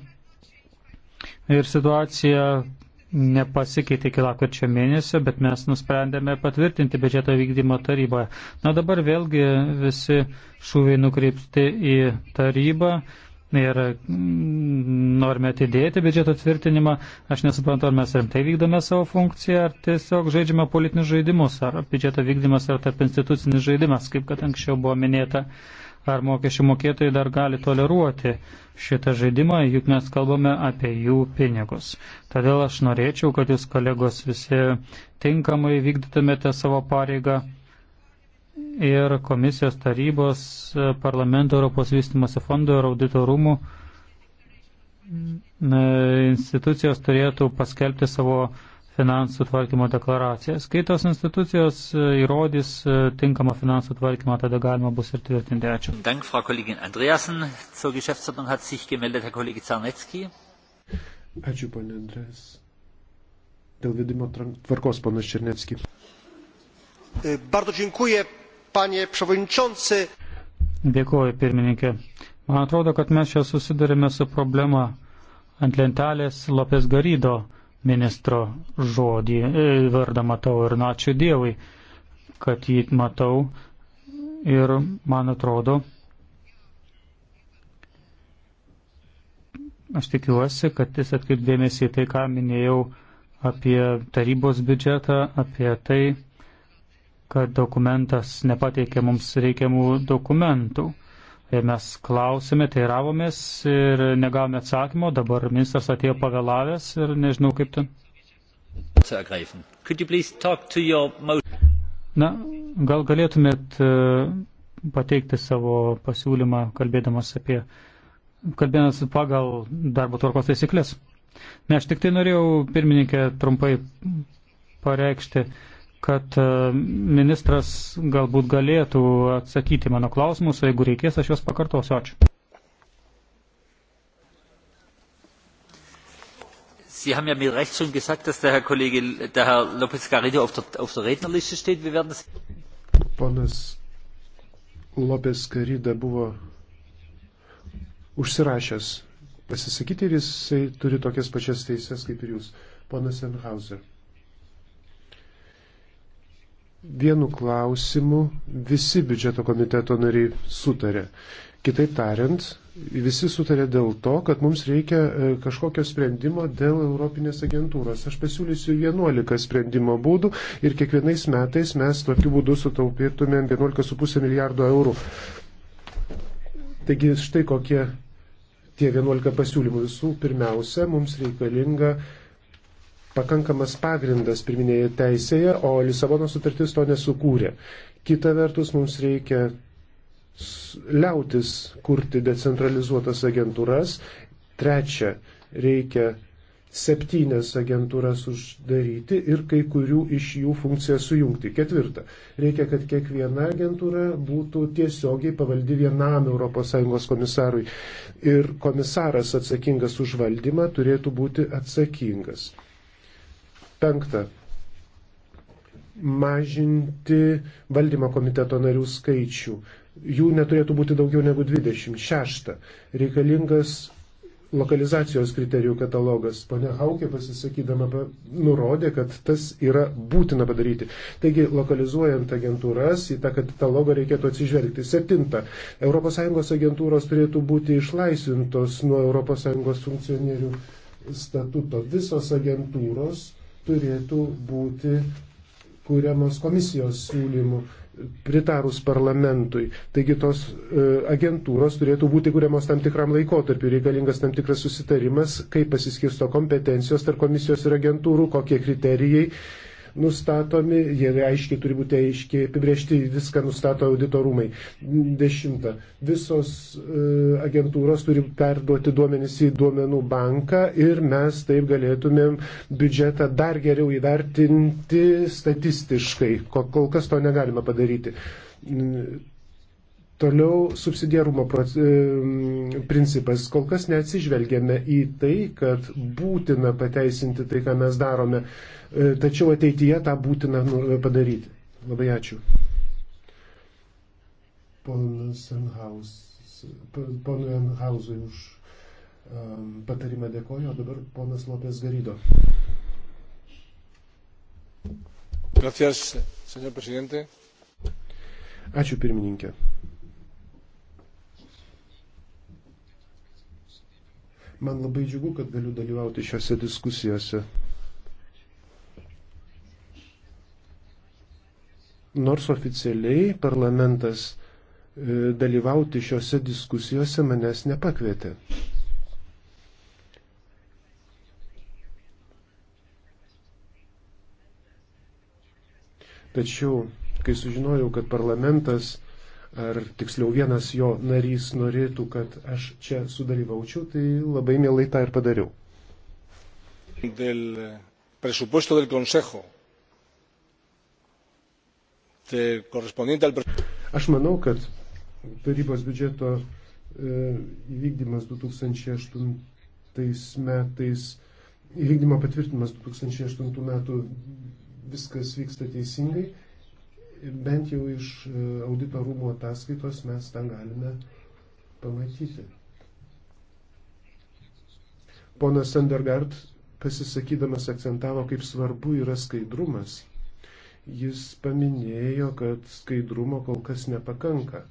ir situacija nepasikeitė iki lakvačio mėnesio, bet mes nusprendėme patvirtinti biudžeto vykdymo taryboje. Na dabar vėlgi visi šūviai nukreipti į tarybą, ir mm, norime atidėti biudžeto tvirtinimą. Aš nesuprantu, ar mes rimtai vykdome savo funkciją, ar tiesiog žaidžiame politinius žaidimus, ar biudžeto vykdymas yra tarp institucinis žaidimas, kaip kad anksčiau buvo minėta. Ar mokesčių mokėtojai dar gali toleruoti šitą žaidimą, juk mes kalbame apie jų pinigus. Todėl aš norėčiau, kad jūs kolegos visi tinkamai vykdytumėte savo pareigą ir komisijos tarybos, parlamento Europos vystimosi fondo ir auditorumų institucijos turėtų paskelbti savo finansų tvarkymo deklaracijas. Kai tos institucijos e, įrodys e, tinkamą finansų tvarkymą, tada galima bus ir tvirtinti. Ačiū. Dank, Frau Kollegin Andreasen. Zur Geschäftsordnung hat sich gemeldet Herr Kollege Zarnecki. Ačiū, ponė Andrės. Dėl vedimo tvarkos, panas Černecki. E, bardzo dziękuję panie przewodniczący. Dėkuoju, pirmininkė. Man atrodo, kad mes čia susidurime su problema ant lentelės Lopės Garydo ministro žodį, e, vardą matau ir na, ačiū Dievui, kad jį matau ir man atrodo, aš tikiuosi, kad jis atkreipdėmėsi į tai, ką minėjau apie tarybos biudžetą, apie tai, kad dokumentas nepateikė mums reikiamų dokumentų. Ir mes klausėme, teiravomės ir negavome atsakymo, dabar ministras atėjo pavėlavęs ir nežinau kaip ten. Na, gal galėtumėt e, pateikti savo pasiūlymą, kalbėdamas apie, kalbėdamas pagal darbo tvarkos taisyklės. Ne, aš tik tai norėjau pirmininkę trumpai pareikšti kad e, ministras galbūt galėtų atsakyti mano klausimus, o jeigu reikės, aš juos pakartosiu. Ačiū. Sie haben ja mit Recht schon gesagt, dass der Herr Kollege, der Herr López Garrido auf der, auf der Rednerliste steht. Wir werden das. Ponas López Garrida buvo užsirašęs pasisakyti ir jisai turi tokias pačias teises kaip ir jūs. Ponas Enhauser vienu klausimu visi biudžeto komiteto nariai sutarė. Kitaip tariant, visi sutarė dėl to, kad mums reikia e, kažkokio sprendimo dėl Europinės agentūros. Aš pasiūlysiu 11 sprendimo būdų ir kiekvienais metais mes tokiu būdu sutaupytumėm 11,5 milijardo eurų. Taigi štai kokie tie 11 pasiūlymų. Visų pirmiausia, mums reikalinga uh, pakankamas pagrindas pirminėje teisėje, o Lisabono sutartis to nesukūrė. Kita vertus, mums reikia liautis kurti decentralizuotas agentūras. Trečia, reikia septynias agentūras uždaryti ir kai kurių iš jų funkciją sujungti. Ketvirta, reikia, kad kiekviena agentūra būtų tiesiogiai pavaldi vienam ES komisarui ir komisaras atsakingas už valdymą turėtų būti atsakingas. Penkta. Mažinti valdymo komiteto narių skaičių. Jų neturėtų būti daugiau negu 20. Šešta. Reikalingas lokalizacijos kriterijų katalogas. Pane Haukė pasisakydama nurodė, kad tas yra būtina padaryti. Taigi, lokalizuojant agentūras, į tą katalogą reikėtų atsižvelgti. Septinta. ES agentūros turėtų būti išlaisvintos nuo ES funkcionierių statuto. Visos agentūros turėtų būti kūriamos komisijos siūlymų pritarus parlamentui. Taigi tos e, agentūros turėtų būti kuriamos tam tikram laikotarpiu, reikalingas tam tikras susitarimas, kaip pasiskirsto kompetencijos tarp komisijos ir agentūrų, kokie kriterijai nustatomi, jie aiškiai turi būti aiškiai apibriešti, viską nustato auditorumai. Dešimta. Visos e, agentūros turi perduoti duomenys į duomenų banką ir mes taip galėtumėm biudžetą dar geriau įvertinti statistiškai. Kol kas to negalima padaryti Toliau subsidiarumo principas. Kol kas neatsižvelgiame į tai, kad būtina pateisinti tai, ką mes darome, e, tačiau ateityje tą būtina nu, padaryti. Labai ačiū. Ponas Enhaus, ponui Enhausui už um, patarimą dėkoju, o dabar ponas Lopės Garydo. Gracias, señor presidente. Ačiū pirmininkė. Man labai džiugu, kad galiu dalyvauti šiuose diskusijose. Nors oficialiai parlamentas e, dalyvauti šiuose diskusijose manęs nepakvietė. Tačiau, kai sužinojau, kad parlamentas ar tiksliau vienas jo narys norėtų, kad aš čia sudalyvaučiau, tai labai mielai tą ir padariau. Del presupuesto del Consejo. De correspondiente al... Aš manau, kad tarybos biudžeto e, įvykdymas 2008 metais, įvykdymo patvirtinimas 2008 metų, viskas vyksta teisingai bent jau iš e, audito rūmų ataskaitos mes tą galime pamatyti. Ponas Sandergaard pasisakydamas akcentavo, kaip svarbu yra skaidrumas. Jis paminėjo, kad skaidrumo kol kas nepakanka.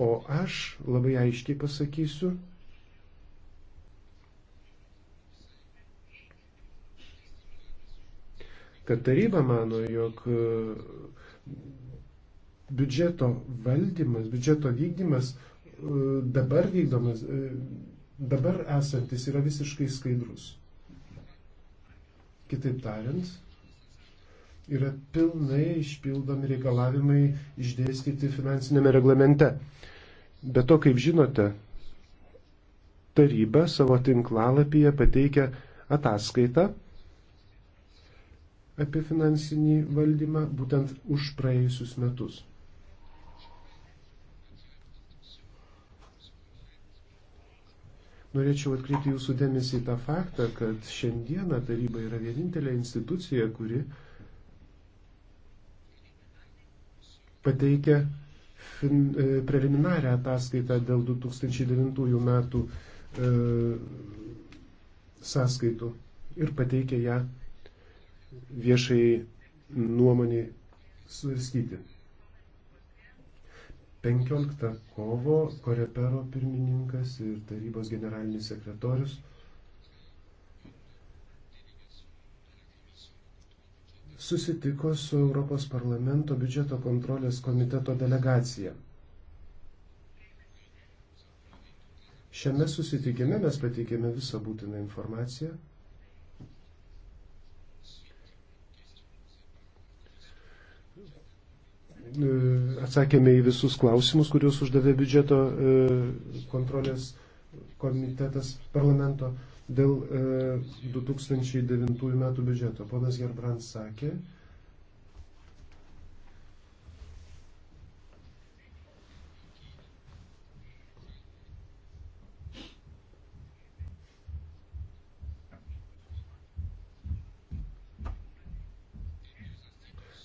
O aš labai aiškiai pasakysiu, kad taryba mano, jog biudžeto valdymas, biudžeto vykdymas e, dabar vykdomas, e, dabar esantis yra visiškai skaidrus. Kitaip tariant, yra pilnai išpildomi reikalavimai išdėstyti finansinėme reglamente. Be to, kaip žinote, taryba savo tinklalapyje pateikia ataskaitą apie finansinį valdymą būtent už praėjusius metus. Norėčiau atkreipti jūsų dėmesį į tą faktą, kad šiandieną taryba yra vienintelė institucija, kuri pateikia fin, e, preliminarią ataskaitą dėl 2009 metų e, sąskaitų ir pateikia ją viešai nuomonį svarstyti. 15 kovo Korepero pirmininkas ir tarybos generalinis sekretorius susitiko su Europos parlamento biudžeto kontrolės komiteto delegacija. Šiame susitikime mes pateikėme visą būtiną informaciją E, atsakėme į visus klausimus, kuriuos uždavė biudžeto e, kontrolės komitetas parlamento dėl 2009 e, metų biudžeto. Ponas Gerbrand sakė,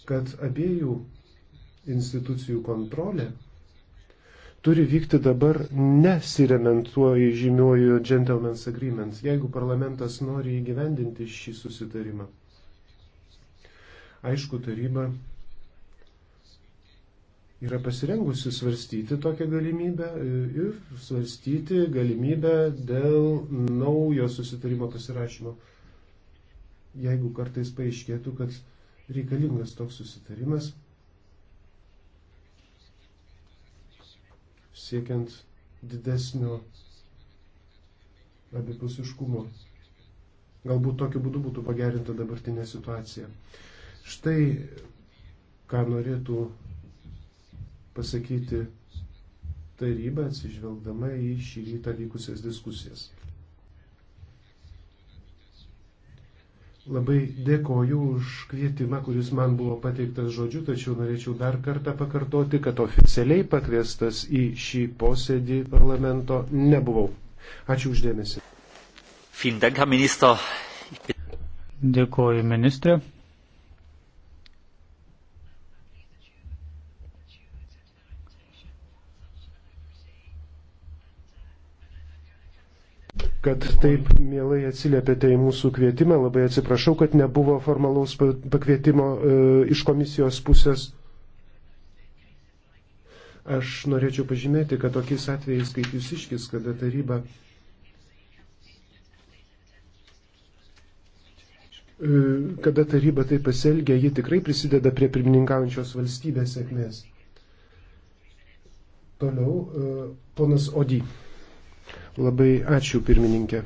kad abiejų institucijų kontrolė turi vykti dabar nesirementuoji žymiuoju gentleman's agreements, jeigu parlamentas nori įgyvendinti šį susitarimą. Aišku, taryba yra pasirengusi svarstyti tokią galimybę ir svarstyti galimybę dėl naujo susitarimo pasirašymo. Jeigu kartais paaiškėtų, kad reikalingas toks susitarimas, siekiant didesnio abipusiškumo. Galbūt tokiu būdu būtų pagerinta dabartinė situacija. Štai ką norėtų pasakyti taryba atsižvelgdama į šį rytą vykusias diskusijas. Labai dėkoju už kvietimą, kuris man buvo pateiktas žodžiu, tačiau norėčiau dar kartą pakartoti, kad oficialiai pakviestas į šį posėdį parlamento nebuvau. Ačiū uždėmesi. Dėkoju, ministrė. kad taip mielai atsiliepėte į mūsų kvietimą. Labai atsiprašau, kad nebuvo formalaus pakvietimo e, iš komisijos pusės. Aš norėčiau pažymėti, kad tokiais atvejais, kaip jūs iškis, kada taryba e, kada taryba taip pasielgia, ji tikrai prisideda prie pirmininkaujančios valstybės sėkmės. Toliau, e, ponas Odį. Labai ačiū pirmininkė.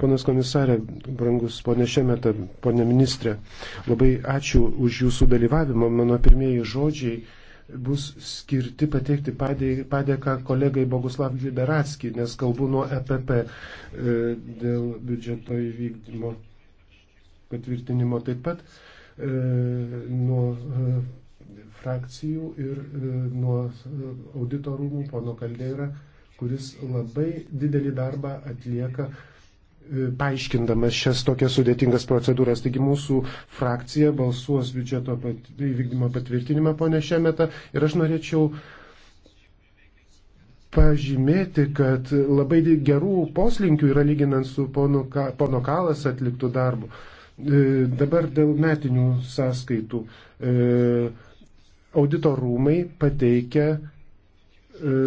Ponas komisarė, brangus ponė Šemeta, ponė ministrė, labai ačiū už jūsų dalyvavimą. Mano pirmieji žodžiai bus skirti pateikti padėką kolegai Boguslav Liberatski, nes kalbu nuo EPP e, dėl biudžeto įvykdymo patvirtinimo taip pat e, nuo e, frakcijų ir e, nuo e, audito rūmų pono Kaldeira, kuris labai didelį darbą atlieka e, paaiškindamas šias tokias sudėtingas procedūras. Taigi mūsų frakcija balsuos biudžeto pat, įvykdymo patvirtinimą, ponė Šemeta, ir aš norėčiau pažymėti, kad labai gerų poslinkių yra lyginant su ponu, pono Kalas atliktų darbų. Dabar dėl metinių sąskaitų. E, audito rūmai pateikia e,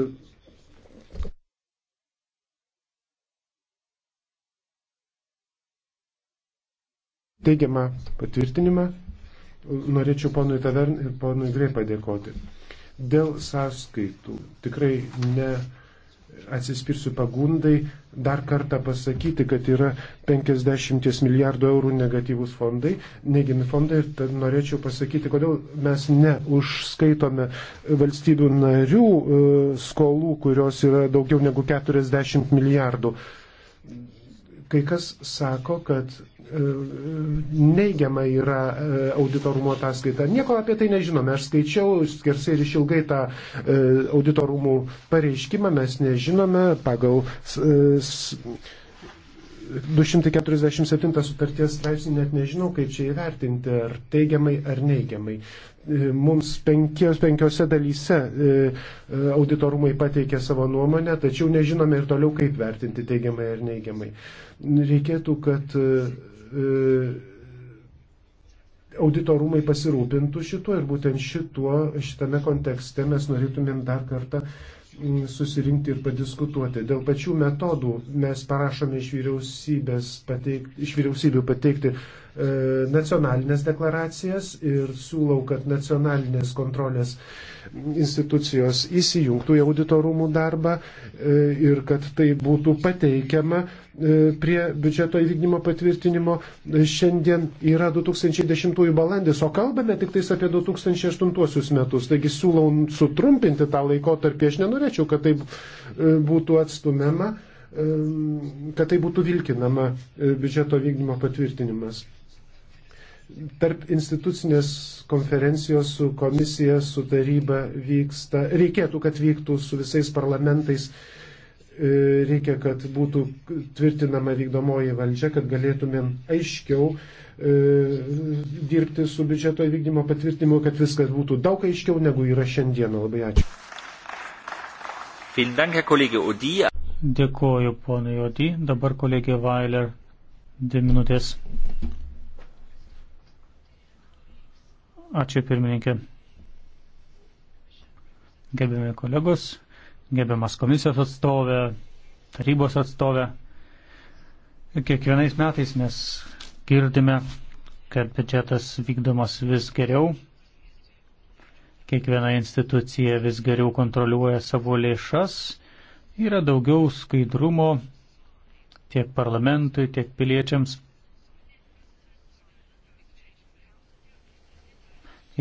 teigiamą patvirtinimą. Norėčiau ponui Tavern ir ponui Grei padėkoti. Dėl sąskaitų tikrai ne atsispirsiu pagundai dar kartą pasakyti, kad yra 50 milijardų eurų negatyvus fondai, neigiami fondai ir norėčiau pasakyti, kodėl mes neužskaitome valstybių narių e, skolų, kurios yra daugiau negu 40 milijardų. Kai kas sako, kad e, neigiama yra e, auditorumo ataskaita. Nieko apie tai nežinome. Aš skaičiau skersai ir išilgai tą e, auditorumų pareiškimą. Mes nežinome pagal 247 sutarties straipsnį net nežinau, kaip čia įvertinti, ar teigiamai ar neigiamai. E, mums penkios, penkiose dalyse e, e, auditorumai pateikė savo nuomonę, tačiau nežinome ir toliau, kaip vertinti teigiamai ar neigiamai. Reikėtų, kad auditorumai pasirūpintų šituo ir būtent šituo, šitame kontekste mes norėtumėm dar kartą uh, susirinkti ir padiskutuoti. Dėl pačių metodų mes parašome iš, pateikti, iš vyriausybių pateikti E, nacionalinės deklaracijas ir siūlau, kad nacionalinės kontrolės institucijos įsijungtų į auditorumų darbą e, ir kad tai būtų pateikiama e, prie biudžeto įvykdymo patvirtinimo. Šiandien yra 2010 balandis, o kalbame tik tais apie 2008 metus. Taigi siūlau sutrumpinti tą laikotarpį. Aš nenorėčiau, kad tai būtų atstumiama kad tai būtų vilkinama biudžeto vykdymo patvirtinimas tarp institucinės konferencijos su komisija, su taryba vyksta. Reikėtų, kad vyktų su visais parlamentais. E, reikia, kad būtų tvirtinama vykdomoji valdžia, kad galėtumėm aiškiau e, dirbti su biudžeto įvykdymo patvirtinimu, kad viskas būtų daug aiškiau negu yra šiandieną. Labai ačiū. Dėkuoju ponui Odį. Dabar kolegė Vailer. Dvi minutės. Ačiū pirmininkė. Gerbiami kolegos, gerbiamas komisijos atstovė, tarybos atstovė. Kiekvienais metais mes girdime, kad biudžetas vykdomas vis geriau, kiekviena institucija vis geriau kontroliuoja savo lėšas, yra daugiau skaidrumo tiek parlamentui, tiek piliečiams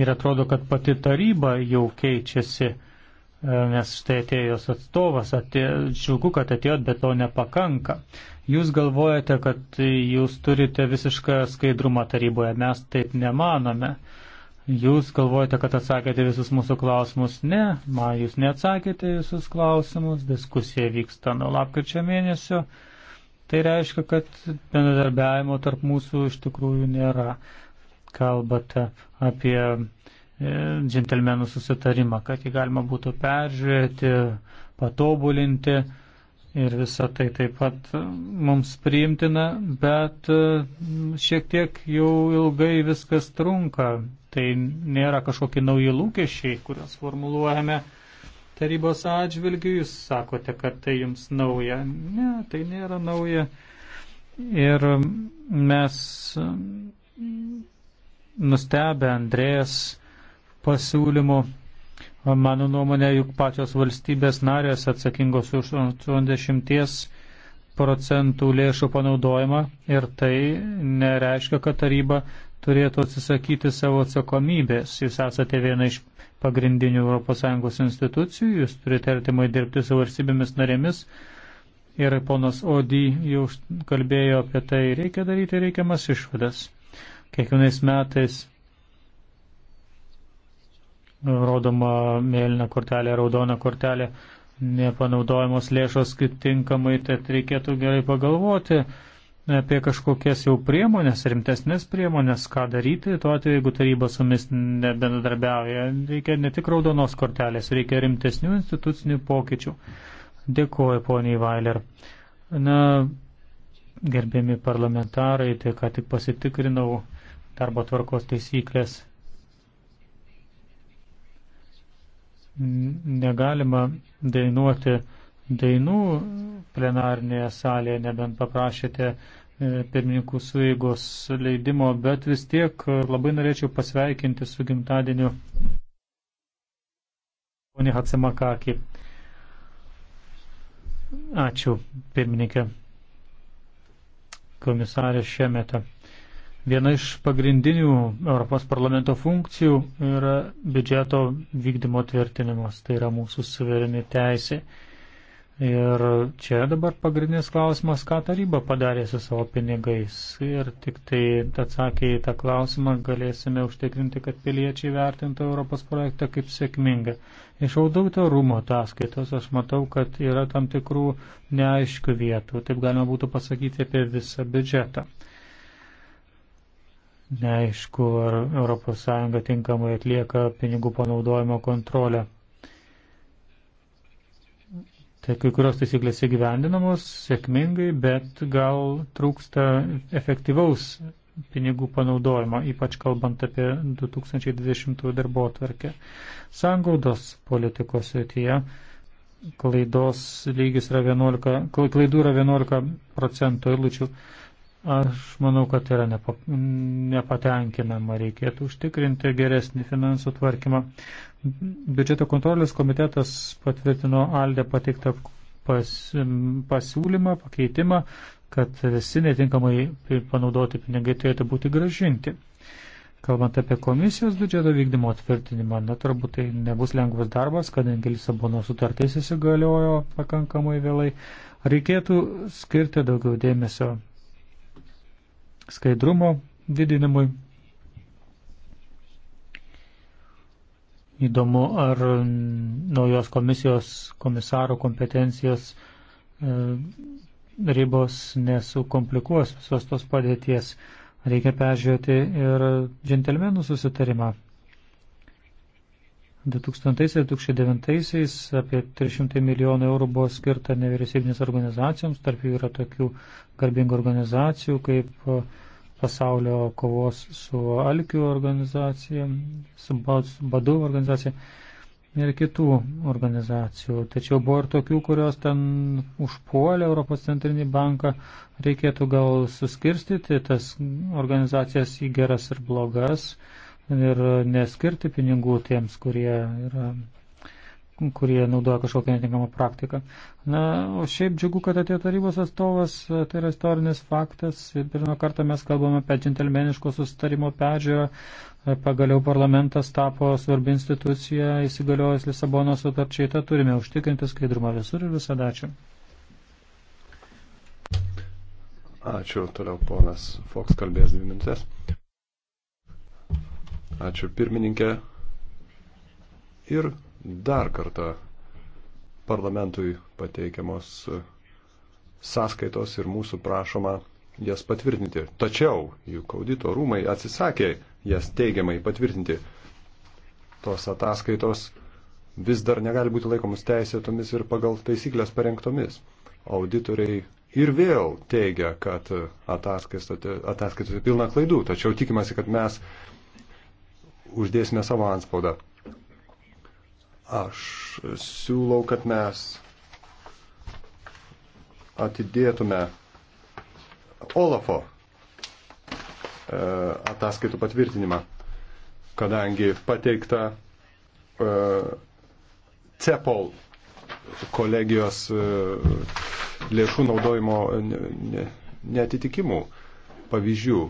ir atrodo, kad pati taryba jau keičiasi, e, nes štai atėjo atstovas, atėjo, džiugu, kad atėjot, bet to nepakanka. Jūs galvojate, kad jūs turite visišką skaidrumą taryboje, mes taip nemanome. Jūs galvojate, kad atsakėte visus mūsų klausimus? Ne, man jūs neatsakėte visus klausimus, diskusija vyksta nuo lapkričio mėnesio. Tai reiškia, kad bendradarbiavimo tarp mūsų iš tikrųjų nėra kalbate apie e, džentelmenų susitarimą, kad jį galima būtų peržiūrėti, patobulinti ir visa tai taip pat mums priimtina, bet e, šiek tiek jau ilgai viskas trunka. Tai nėra kažkokie nauji lūkesčiai, kuriuos formuluojame tarybos atžvilgių. Jūs sakote, kad tai jums nauja. Ne, tai nėra nauja. Ir mes nustebę Andrėjas pasiūlymu. Mano nuomonė, juk pačios valstybės narės atsakingos už 80 procentų lėšų panaudojimą ir tai nereiškia, kad taryba turėtų atsisakyti savo atsakomybės. Jūs esate viena iš pagrindinių ES institucijų, jūs turite artimai dirbti su valstybėmis narėmis. Ir ponas Odi jau kalbėjo apie tai, reikia daryti reikiamas išvadas. Kiekvienais metais rodoma mėlyna kortelė, raudona kortelė, nepanaudojamos lėšos tinkamai, tad reikėtų gerai pagalvoti apie kažkokias jau priemonės, rimtesnės priemonės, ką daryti, tuo atveju, jeigu taryba su mumis nebendradarbiauja, reikia ne tik raudonos kortelės, reikia rimtesnių institucinių pokyčių. Dėkuoju, poniai Vailer. Na, gerbiami parlamentarai, tai ką tik pasitikrinau darbo tvarkos taisyklės. Negalima dainuoti dainų plenarnėje salėje, nebent paprašėte e, pirmininkų sueigos leidimo, bet vis tiek e, labai norėčiau pasveikinti su gimtadieniu ponį Hatsimakakį. Ačiū, pirmininkė, komisarė Šemetą. Viena iš pagrindinių Europos parlamento funkcijų yra biudžeto vykdymo tvirtinimas, tai yra mūsų suvereni teisė. Ir čia dabar pagrindinis klausimas, ką taryba padarė su savo pinigais. Ir tik tai atsakę į tą klausimą galėsime užtikrinti, kad piliečiai vertintų Europos projektą kaip sėkmingą. Iš audito rūmo ataskaitos aš matau, kad yra tam tikrų neaiškių vietų. Taip galima būtų pasakyti apie visą biudžetą. Neaišku, ar ES tinkamai atlieka pinigų panaudojimo kontrolę. Tai kai kurios taisyklės įgyvendinamos sėkmingai, bet gal trūksta efektyvaus pinigų panaudojimo, ypač kalbant apie 2020 darbo atvarkę. Sangaudos politikos srityje klaidos lygis yra 11, klaidų yra 11 procentų eilučių Aš manau, kad tai yra nepa, nepatenkinama, reikėtų užtikrinti geresnį finansų tvarkymą. Biudžeto kontrolės komitetas patvirtino Aldė pateiktą pas, pasiūlymą, pakeitimą, kad visi netinkamai panaudoti pinigai turėtų būti gražinti. Kalbant apie komisijos biudžeto vykdymo tvirtinimą, neturbūt tai nebus lengvas darbas, kadangi Lisabono sutartis įsigaliojo pakankamai vėlai. Reikėtų skirti daugiau dėmesio skaidrumo didinimui. Įdomu, ar naujos komisijos komisaro kompetencijos e, ribos nesukomplikuos visos tos padėties. Reikia peržiūrėti ir džentelmenų susitarimą. 2000 ir 2009 apie 300 milijonų eurų buvo skirta nevyriausybinės organizacijoms, tarp jų yra tokių garbingų organizacijų kaip e, pasaulio kovos su Alkiu organizacija, su Badu organizacija ir kitų organizacijų. Tačiau buvo ir tokių, kurios ten užpuolė Europos centrinį banką. Reikėtų gal suskirstyti tas organizacijas į geras ir blogas. Uh, ir neskirti pinigų tiems, kurie, yra, kurie naudoja kažkokią netinkamą praktiką. Na, o šiaip džiugu, kad atėjo tarybos atstovas, tai yra istorinis faktas. Pirmą kartą mes kalbame apie džentelmeniško sustarimo peržiūrą. Pagaliau parlamentas tapo svarbi institucija, įsigaliojus Lisabono sutarčiai, tą turime užtikrinti skaidrumą visur ir visada ačiū. Ačiū, toliau ponas Foks kalbės dvi minutės. Ačiū pirmininkė. Ir dar kartą parlamentui pateikiamos sąskaitos ir mūsų prašoma jas patvirtinti. Tačiau juk audito rūmai atsisakė jas teigiamai patvirtinti. Tos ataskaitos vis dar negali būti laikomus teisėtomis ir pagal taisyklės parengtomis. Auditoriai ir vėl teigia, kad ataskaitose pilna klaidų, tačiau tikimasi, kad mes uždėsime savo anspaudą. Aš siūlau, kad mes atidėtume Olafo e, ataskaitų patvirtinimą, kadangi pateikta e, CEPOL kolegijos e, lėšų naudojimo netitikimų pavyzdžių.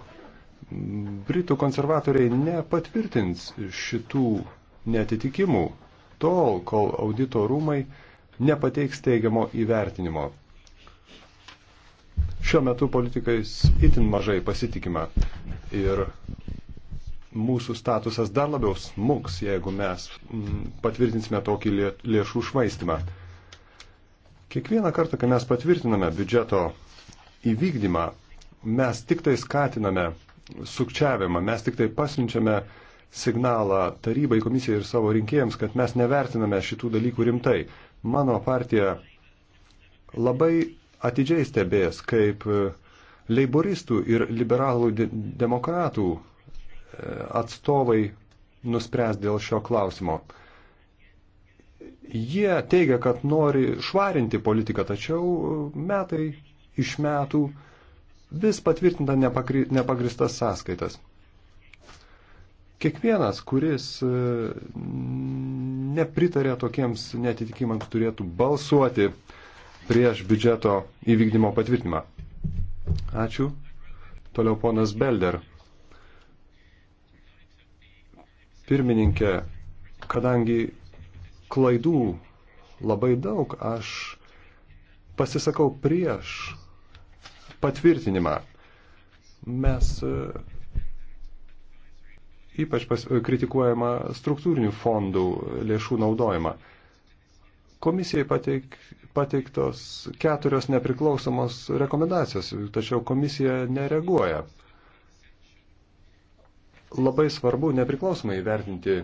Britų konservatoriai nepatvirtins šitų netitikimų tol, kol audito rūmai nepateiks teigiamo įvertinimo. Šiuo metu politikais itin mažai pasitikima ir mūsų statusas dar labiau smuks, jeigu mes mm, patvirtinsime tokį lėšų švaistimą. Kiekvieną kartą, kai mes patvirtiname biudžeto įvykdymą, mes tik tai skatiname sukčiavimą. Mes tik tai pasiunčiame signalą tarybai, komisijai ir savo rinkėjams, kad mes nevertiname šitų dalykų rimtai. Mano partija labai atidžiai stebės, kaip leiboristų ir liberalų de demokratų e, atstovai nuspręs dėl šio klausimo. Jie teigia, kad nori švarinti politiką, tačiau metai iš metų uh, vis patvirtinta nepagri, nepagristas sąskaitas. Kiekvienas, kuris e, nepritarė tokiems netitikimams, turėtų balsuoti prieš biudžeto įvykdymo patvirtinimą. Ačiū. Toliau ponas Belder. Pirmininkė, kadangi klaidų labai daug, aš pasisakau prieš patvirtinimą. Mes e, ypač pas, e, kritikuojama struktūrinių fondų lėšų naudojimą. Komisijai pateik, pateiktos keturios nepriklausomos rekomendacijos, tačiau komisija nereaguoja. Labai svarbu nepriklausomai vertinti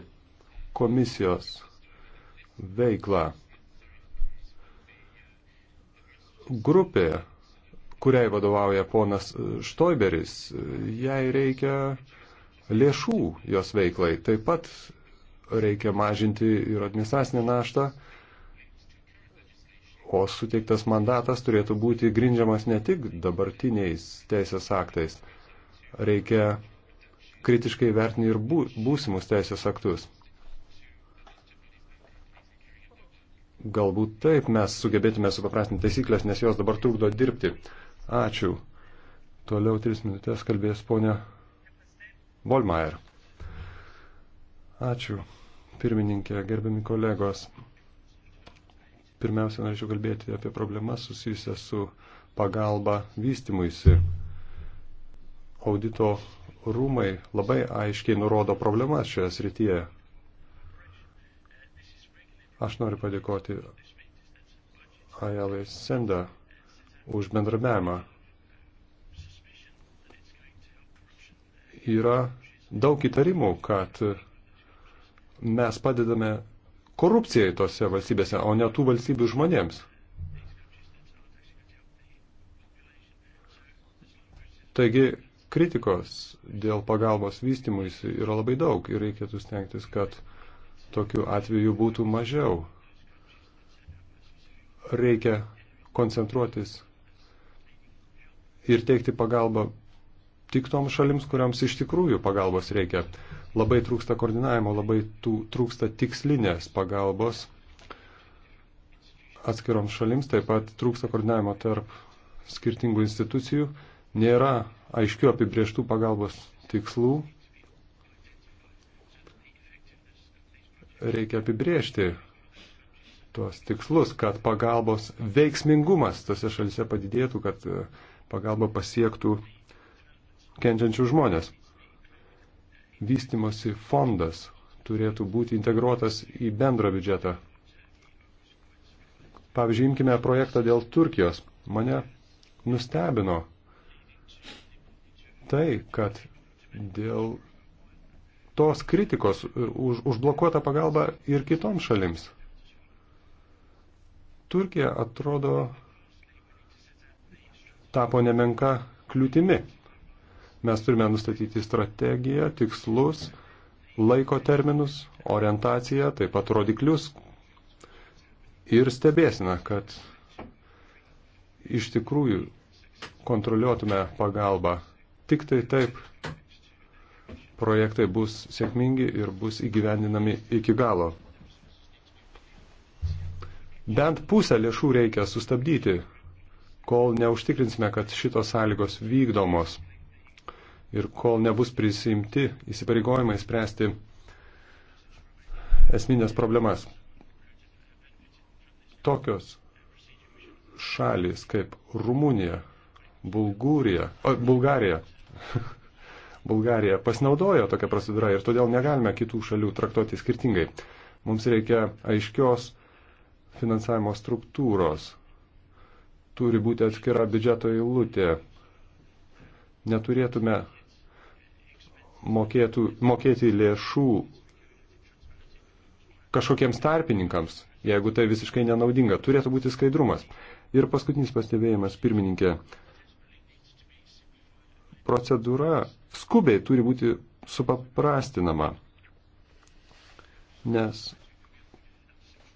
komisijos veiklą. Grupė kuriai vadovauja ponas Štoiberis, jai reikia lėšų jos veiklai. Taip pat reikia mažinti ir administracinę naštą, o suteiktas mandatas turėtų būti grindžiamas ne tik dabartiniais teisės aktais. Reikia kritiškai vertinti ir būsimus teisės aktus. Galbūt taip mes sugebėtume supaprastinti taisyklės, nes jos dabar trukdo dirbti. Ačiū. Toliau tris minutės kalbės ponia Volmaier. Ačiū, pirmininkė, gerbiami kolegos. Pirmiausia, norėčiau kalbėti apie problemas susijusią su pagalba vystimuisi. Audito rūmai labai aiškiai nurodo problemas šioje srityje. Aš noriu padėkoti Ajalai Senda už bendrabiavimą. Yra daug įtarimų, kad mes padedame korupcijai tose valstybėse, o ne tų valstybių žmonėms. Taigi kritikos dėl pagalbos vystimuis yra labai daug ir reikėtų stengtis, kad tokių atvejų būtų mažiau. Reikia koncentruotis ir teikti pagalbą tik toms šalims, kuriams iš tikrųjų pagalbos reikia. Labai trūksta koordinavimo, labai tų, trūksta tikslinės pagalbos atskiroms šalims, taip pat trūksta koordinavimo tarp skirtingų institucijų, nėra aiškių apibrieštų pagalbos tikslų. Reikia apibriežti tuos tikslus, kad pagalbos veiksmingumas tose šalise padidėtų, kad uh, pagalba pasiektų kenčiančių žmonės. Vystimosi fondas turėtų būti integruotas į bendrą biudžetą. Pavyzdžiui, imkime projektą dėl Turkijos. Mane nustebino tai, kad dėl tos kritikos už, užblokuota pagalba ir kitoms šalims. Turkija atrodo tapo nemenka kliūtimi. Mes turime nustatyti strategiją, tikslus, laiko terminus, orientaciją, taip pat rodiklius ir stebėsime, kad iš tikrųjų kontroliuotume pagalbą. Tik tai taip projektai bus sėkmingi ir bus įgyvendinami iki galo. Bent pusę lėšų reikia sustabdyti kol neužtikrinsime, kad šitos sąlygos vykdomos ir kol nebus prisimti įsipareigojimai spręsti esminės problemas. Tokios šalis kaip Rumunija, Bulgūrija, o, Bulgarija, [laughs] Bulgarija pasinaudojo tokią procedūrą ir todėl negalime kitų šalių traktuoti skirtingai. Mums reikia aiškios finansavimo struktūros turi būti atskira biudžeto eilutė. Neturėtume mokėtų, mokėti lėšų kažkokiems tarpininkams, jeigu tai visiškai nenaudinga. Turėtų būti skaidrumas. Ir paskutinis pastebėjimas, pirmininkė. Procedūra skubiai turi būti supaprastinama, nes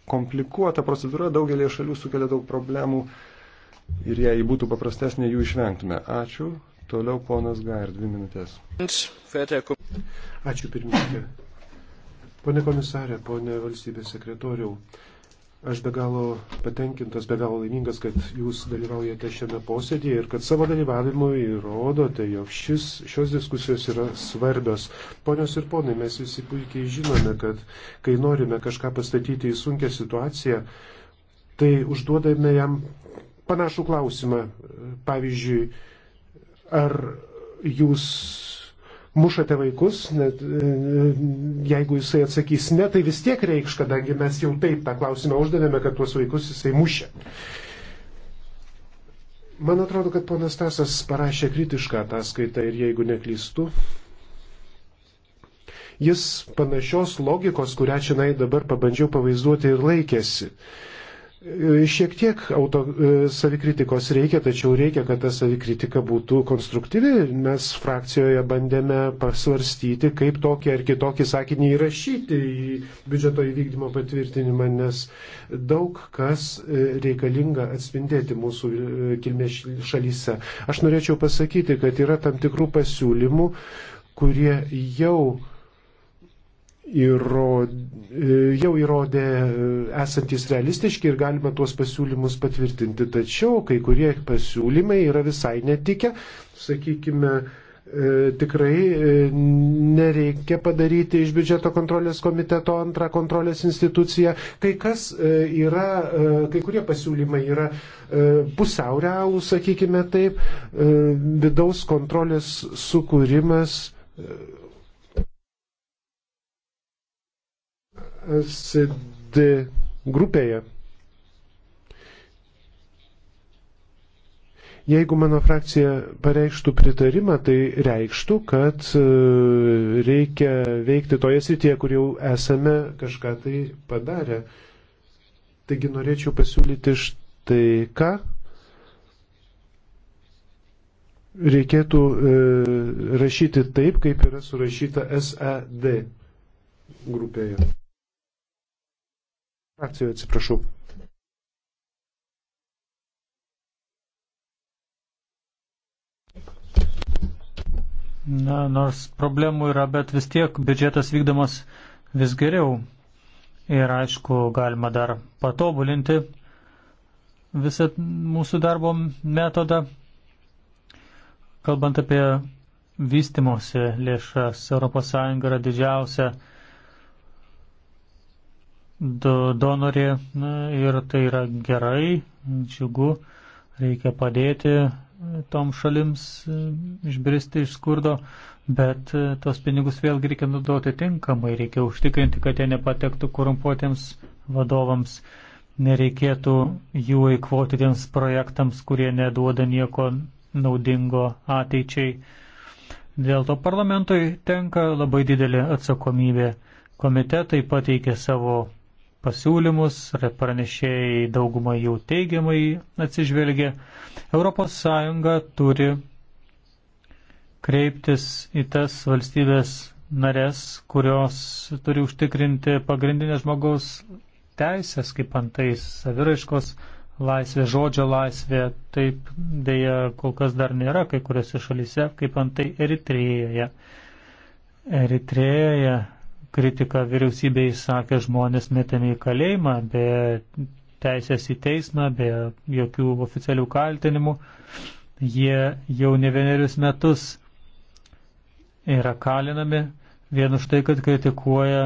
komplikuota procedūra daugelį šalių sukelia daug problemų ir jei ji būtų paprastesnė, jų išvengtume. Ačiū. Toliau ponas Gair, dvi minutės. Ačiū pirmininkė. Pone komisarė, pone valstybės sekretoriau, aš be galo patenkintas, be galo laimingas, kad jūs dalyvaujate šiame posėdėje ir kad savo dalyvavimu įrodote, jog šis, šios diskusijos yra svarbios. Ponios ir ponai, mes visi puikiai žinome, kad kai norime kažką pastatyti į sunkę situaciją, tai užduodame jam panašų klausimą. Pavyzdžiui, ar jūs mušate vaikus, net, jeigu jisai atsakys ne, tai vis tiek reikš, kadangi mes jau taip tą klausimą uždavėme, kad tuos vaikus jisai mušė. Man atrodo, kad ponas Tasas parašė kritišką ataskaitą ir jeigu neklystu, jis panašios logikos, kurią čia dabar pabandžiau pavaizduoti ir laikėsi. Uh, E, šiek tiek auto e, savikritikos reikia, tačiau reikia, kad ta savikritika būtų konstruktyvi. Mes frakcijoje bandėme pasvarstyti, kaip tokį ar kitokį sakinį įrašyti į biudžeto įvykdymo patvirtinimą, nes daug kas e, reikalinga atspindėti mūsų kilmės šalyse. Aš norėčiau pasakyti, kad yra tam tikrų pasiūlymų, kurie jau įrod, e, jau įrodė e, esantis realistiški ir galima tuos pasiūlymus patvirtinti. Tačiau kai kurie pasiūlymai yra visai netikę. Sakykime, e, tikrai nereikia padaryti iš biudžeto kontrolės komiteto antrą kontrolės instituciją. Kai, kas yra, kai kurie pasiūlymai yra pusiau realūs, sakykime taip, vidaus kontrolės sukūrimas SID grupėje. Jeigu mano frakcija pareikštų pritarimą, tai reikštų, kad e, reikia veikti toje srityje, kur jau esame kažką tai padarę. Taigi norėčiau pasiūlyti štai ką. Reikėtų e, rašyti taip, kaip yra surašyta SED grupėje. Frakcijų atsiprašau. Na, nors problemų yra, bet vis tiek biudžetas vykdomas vis geriau. Ir aišku, galima dar patobulinti visą mūsų darbo metodą. Kalbant apie vystimosi lėšas, ES yra didžiausia donorė na, ir tai yra gerai, džiugu, reikia padėti tom šalims e, išbristi iš skurdo, bet e, tos pinigus vėlgi reikia naudoti tinkamai, reikia užtikrinti, kad jie nepatektų korumpuotiems vadovams, nereikėtų jų eikvoti tiems projektams, kurie neduoda nieko naudingo ateičiai. Dėl to parlamentui tenka labai didelė atsakomybė. Komitetai pateikė savo pasiūlymus, pranešėjai daugumą jau teigiamai atsižvelgia. ES turi kreiptis į tas valstybės narės, kurios turi užtikrinti pagrindinės žmogaus teisės, kaip antais saviraiškos laisvė, žodžio laisvė, taip dėja kol kas dar nėra kai kuriuose šalyse, kaip antai Eritrėjoje. Eritrėjoje kritiką vyriausybei sakė žmonės metami į kalėjimą be teisės į teismą, be jokių oficialių kaltinimų. Jie jau ne vienerius metus yra kalinami vien už tai, kad kritikuoja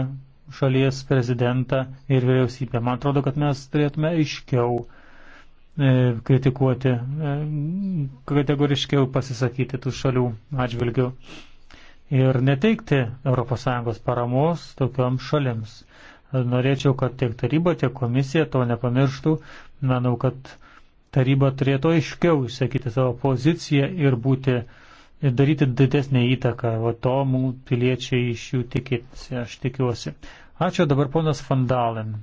šalies prezidentą ir vyriausybę. Man atrodo, kad mes turėtume aiškiau e, kritikuoti, e, kategoriškiau pasisakyti tų šalių atžvilgių ir neteikti ES paramos tokiam šalims. Norėčiau, kad tiek taryba, tiek komisija to nepamirštų. Manau, kad taryba turėtų aiškiau išsakyti savo poziciją ir būti ir daryti didesnį įtaką. O to mūsų piliečiai iš jų tikėsi, aš tikiuosi. Ačiū dabar ponas Fandalin.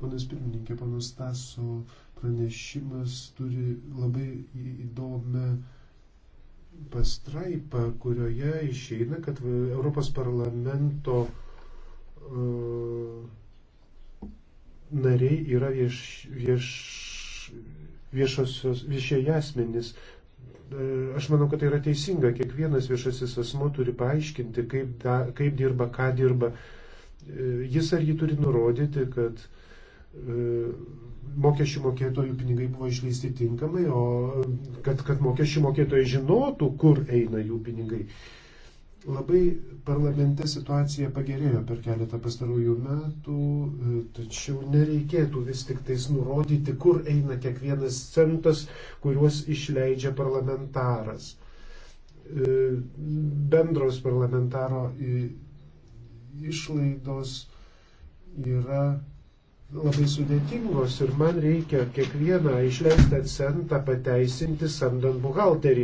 Ponas pirmininkė, ponas Tasu. Taso Pranešimas turi labai įdomią pastraipą, kurioje išeina, kad Europos parlamento uh, nariai yra vieš, vieš, viešosios, viešieji asmenys. E, aš manau, kad tai yra teisinga. Kiekvienas viešasis asmo turi paaiškinti, kaip, da, kaip dirba, ką dirba. E, jis ar jį turi nurodyti, kad uh, E, mokesčių mokėtojų pinigai buvo išleisti tinkamai, o e, kad, kad mokesčių mokėtojai žinotų, kur eina jų pinigai. Labai parlamente situacija pagerėjo per keletą pastarųjų metų, e, tačiau nereikėtų vis tik tais nurodyti, kur eina kiekvienas centas, kuriuos išleidžia parlamentaras. Bendros parlamentaro išlaidos yra labai sudėtingos ir man reikia kiekvieną išleistą centą pateisinti samdant buhalterį.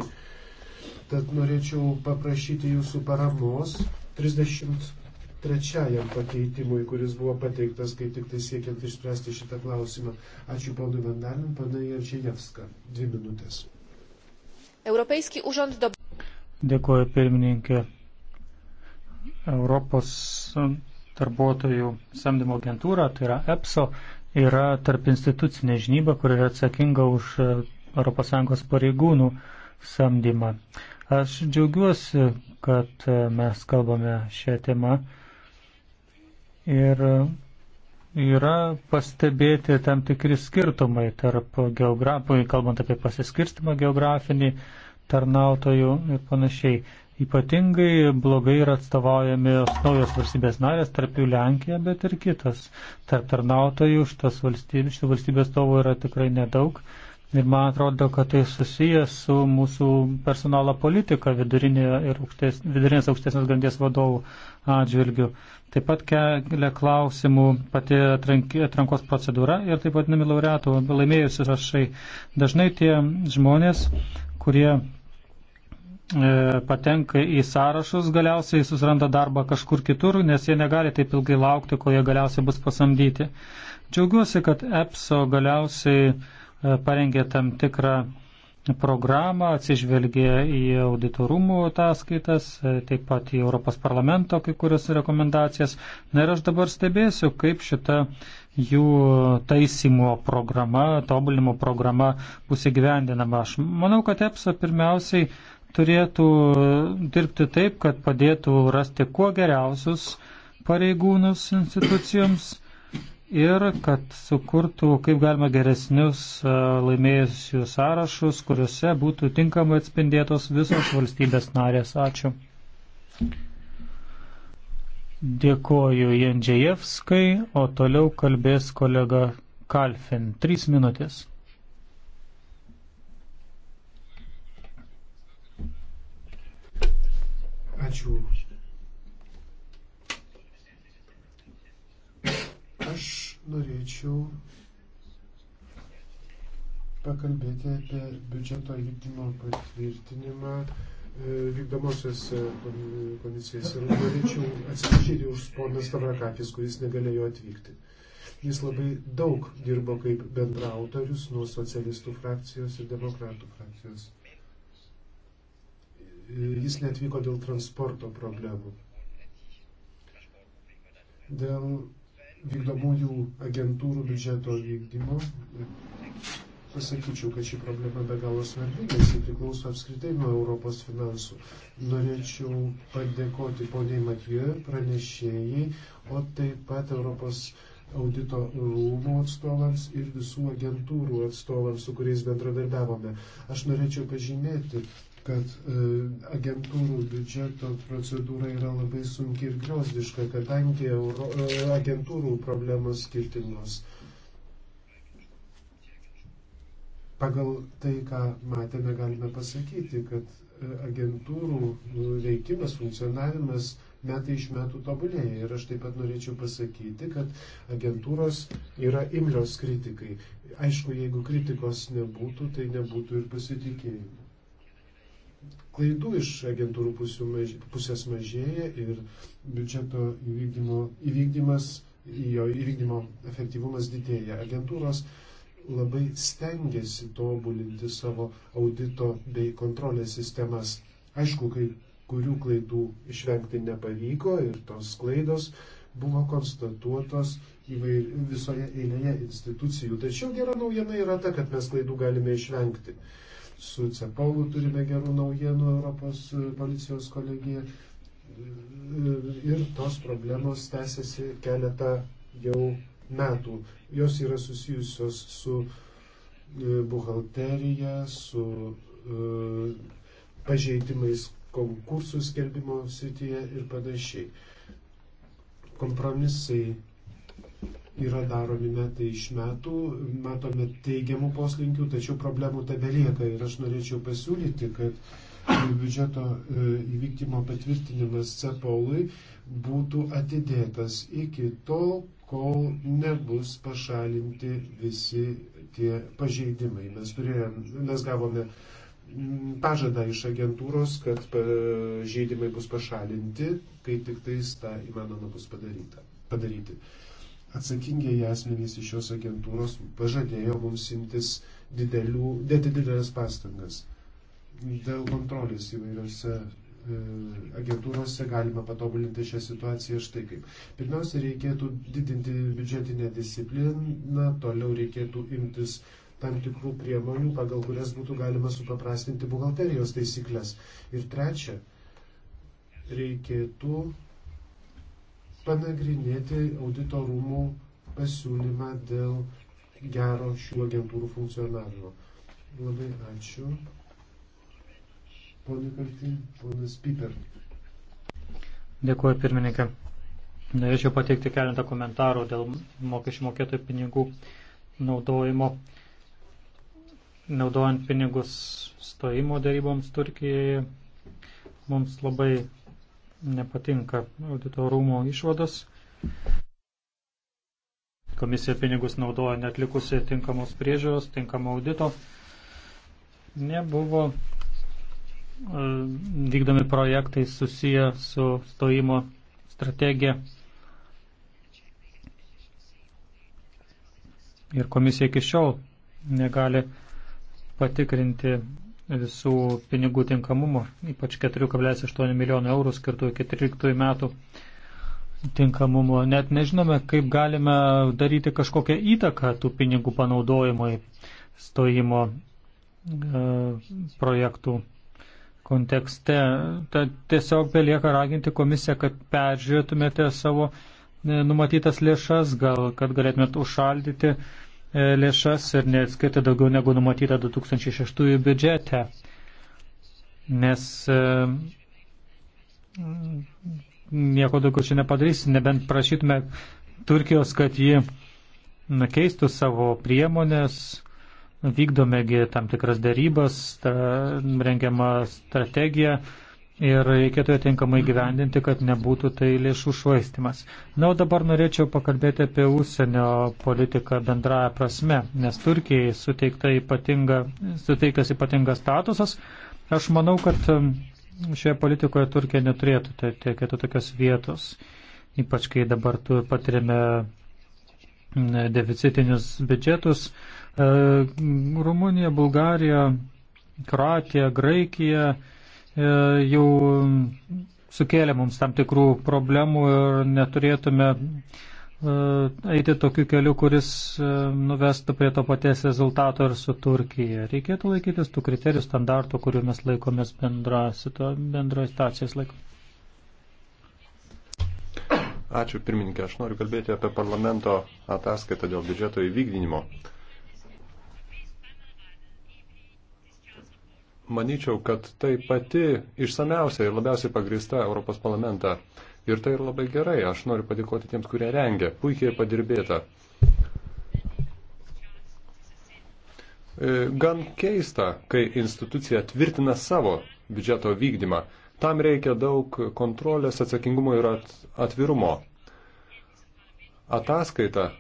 Tad norėčiau paprašyti jūsų paramos 33 pakeitimui, kuris buvo pateiktas, kai tik tai siekiant išspręsti šitą klausimą. Ačiū ponui Vandalin, panai Jačiajevska. Dvi minutės. Europejski užant do... Dėkuoju pirmininkė. Europos darbuotojų samdymo agentūra, tai yra EPSO, yra tarp institucinė žinyba, kuri yra atsakinga už e, ES pareigūnų samdymą. Aš džiaugiuosi, kad e, mes kalbame šią temą ir e, yra pastebėti tam tikri skirtumai tarp geografų, kalbant apie pasiskirstimą geografinį, tarnautojų ir panašiai. Ypatingai blogai yra atstovaujami naujos valstybės narės, tarp jų Lenkija, bet ir kitas. Tarp tarnautojų šitas valstybės, šitų valstybės tovų yra tikrai nedaug. Ir man atrodo, kad tai susijęs su mūsų personalo politika vidurinė ir aukštės, vidurinės aukštesnės grandies vadovų atžvilgių. Taip pat kelia klausimų pati atrank, atrankos procedūra ir taip pat nami laureatų laimėjusi rašai. Dažnai tie žmonės, kurie E, patenka į sąrašus, galiausiai susiranda darbą kažkur kitur, nes jie negali taip ilgai laukti, kol jie galiausiai bus pasamdyti. Džiaugiuosi, kad EPSO galiausiai e, parengė tam tikrą programą, atsižvelgė į auditorumų ataskaitas, e, taip pat į Europos parlamento kai kurias rekomendacijas. Na ir aš dabar stebėsiu, kaip šita jų taisymo programa, tobulinimo programa bus įgyvendinama. Aš manau, kad EPSO pirmiausiai turėtų dirbti taip, kad padėtų rasti kuo geriausius pareigūnus institucijoms ir kad sukurtų kaip galima geresnius e, laimėjusių sąrašus, kuriuose būtų tinkamai atspindėtos visos valstybės narės. Ačiū. Dėkoju Jendžiejevskai, o toliau kalbės kolega Kalfin. Trys minutės. Ačiū. Aš norėčiau pakalbėti apie biudžeto vykdymo patvirtinimą e, vykdomosios e, komisijos. Ir norėčiau atsiprašyti už ponas Tavrakakis, kuris negalėjo atvykti. Jis labai daug dirbo kaip bendrautorius nuo socialistų frakcijos ir demokratų frakcijos jis netvyko dėl transporto problemų. Dėl vykdomųjų agentūrų biudžeto vykdymo pasakyčiau, kad ši problema be galo svarbi, nes ji priklauso apskritai nuo Europos finansų. Norėčiau padėkoti poniai Matijoje, pranešėjai, o taip pat Europos audito rūmų atstovams ir visų agentūrų atstovams, su kuriais bendradarbiavome. Aš norėčiau pažymėti, kad e, agentūrų biudžeto procedūra yra labai sunki ir griozdiška, kadangi e, agentūrų problemos skirtingos. Pagal tai, ką matėme, galime pasakyti, kad e, agentūrų veikimas, funkcionavimas metai iš metų tobulėja. Ir aš taip pat norėčiau pasakyti, kad agentūros yra imlios kritikai. Aišku, jeigu kritikos nebūtų, tai nebūtų ir pasitikėjimo klaidų iš agentūrų maž, pusės mažėja ir biudžeto įvykdymo, įvykdymas, jo įvykdymo efektyvumas didėja. Agentūros labai stengiasi tobulinti savo audito bei kontrolės sistemas. Aišku, kai kurių klaidų išvengti nepavyko ir tos klaidos buvo konstatuotos įvair, visoje eilėje institucijų. Tačiau gera naujiena yra ta, kad mes klaidų galime išvengti. Uh, su Cepolu turime gerų naujienų Europos policijos kolegija ir tos problemos tęsiasi keletą jau metų. Jos yra susijusios su e, buhalterija, su e, pažeidimais konkursų skelbimo srityje ir panašiai. Kompromisai yra daromi metai iš metų, matome teigiamų poslinkių, tačiau problemų tebelieka ir aš norėčiau pasiūlyti, kad biudžeto e, įvykdymo patvirtinimas CEPOLui būtų atidėtas iki tol, kol nebus pašalinti visi tie pažeidimai. Mes, turėjom, mes gavome mm, pažadą iš agentūros, kad žaidimai bus pašalinti, kai tik tais tą įmanoma bus padaryta, padaryti. Atsakingieji asmenys iš šios agentūros pažadėjo mums imtis didelių, dėti didelės pastangas. Dėl kontrolės įvairiose e, agentūrose galima patobulinti šią situaciją štai kaip. Pirmiausia, reikėtų didinti biudžetinę discipliną, toliau reikėtų imtis tam tikrų priemonių, pagal kurias būtų galima supaprastinti buhalterijos taisyklės. Ir trečia, reikėtų panagrinėti auditorumų pasiūlymą dėl gero šių agentūrų funkcionavimo. Labai ačiū. Pone Kartin, ponas Piper. Dėkuoju pirmininkė. Norėčiau pateikti keletą komentarų dėl mokesčių mokėtojų pinigų naudojimo. Naudojant pinigus stojimo daryboms Turkijoje, mums labai nepatinka auditorumo išvados. Komisija pinigus naudoja netlikusi tinkamos priežiūros, tinkamo audito. Nebuvo e, vykdomi projektai susiję su stojimo strategija. Ir komisija iki šiol negali patikrinti visų pinigų tinkamumo, ypač 4,8 milijonų eurų skirtų iki 13 metų tinkamumo. Net nežinome, kaip galime daryti kažkokią įtaką tų pinigų panaudojimui stojimo e, projektų kontekste. Tad tiesiog belieka raginti komisiją, kad peržiūrėtumėte savo e, numatytas lėšas, gal kad galėtumėt užšaldyti uh, E, lėšas ir neskirti daugiau negu numatyta 2006 biudžete, nes e, nieko daugiau čia nepadarysi, nebent prašytume Turkijos, kad ji keistų savo priemonės, vykdomegi tam tikras darybas, ta, rengiama strategija ir reikėtų ją tinkamai gyvendinti, kad nebūtų tai lėšų švaistimas. Na, o dabar norėčiau pakalbėti apie užsienio politiką bendrąją prasme, nes Turkijai suteikta ypatinga, suteiktas ypatingas statusas. Aš manau, kad um, šioje politikoje Turkija neturėtų tiekėtų tokios vietos, ypač kai dabar tu patiriame deficitinius biudžetus. E, Rumunija, Bulgarija, Kroatija, Graikija, E, jau sukėlė mums tam tikrų problemų ir neturėtume e, eiti tokiu keliu, kuris e, nuvestų prie to paties rezultato ir su Turkija. Reikėtų laikytis tų kriterijų standartų, kurių mes laikomės bendra, bendra situacijos laikom. Ačiū pirmininkė, aš noriu kalbėti apie parlamento ataskaitą dėl biudžeto įvykdinimo. manyčiau, kad tai pati išsameusia ir labiausiai pagrįsta Europos parlamentą. Ir tai yra labai gerai. Aš noriu padėkoti tiems, kurie rengia. Puikiai padirbėta. E, gan keista, kai institucija tvirtina savo biudžeto vykdymą. Tam reikia daug kontrolės, atsakingumo ir atvirumo. Ataskaita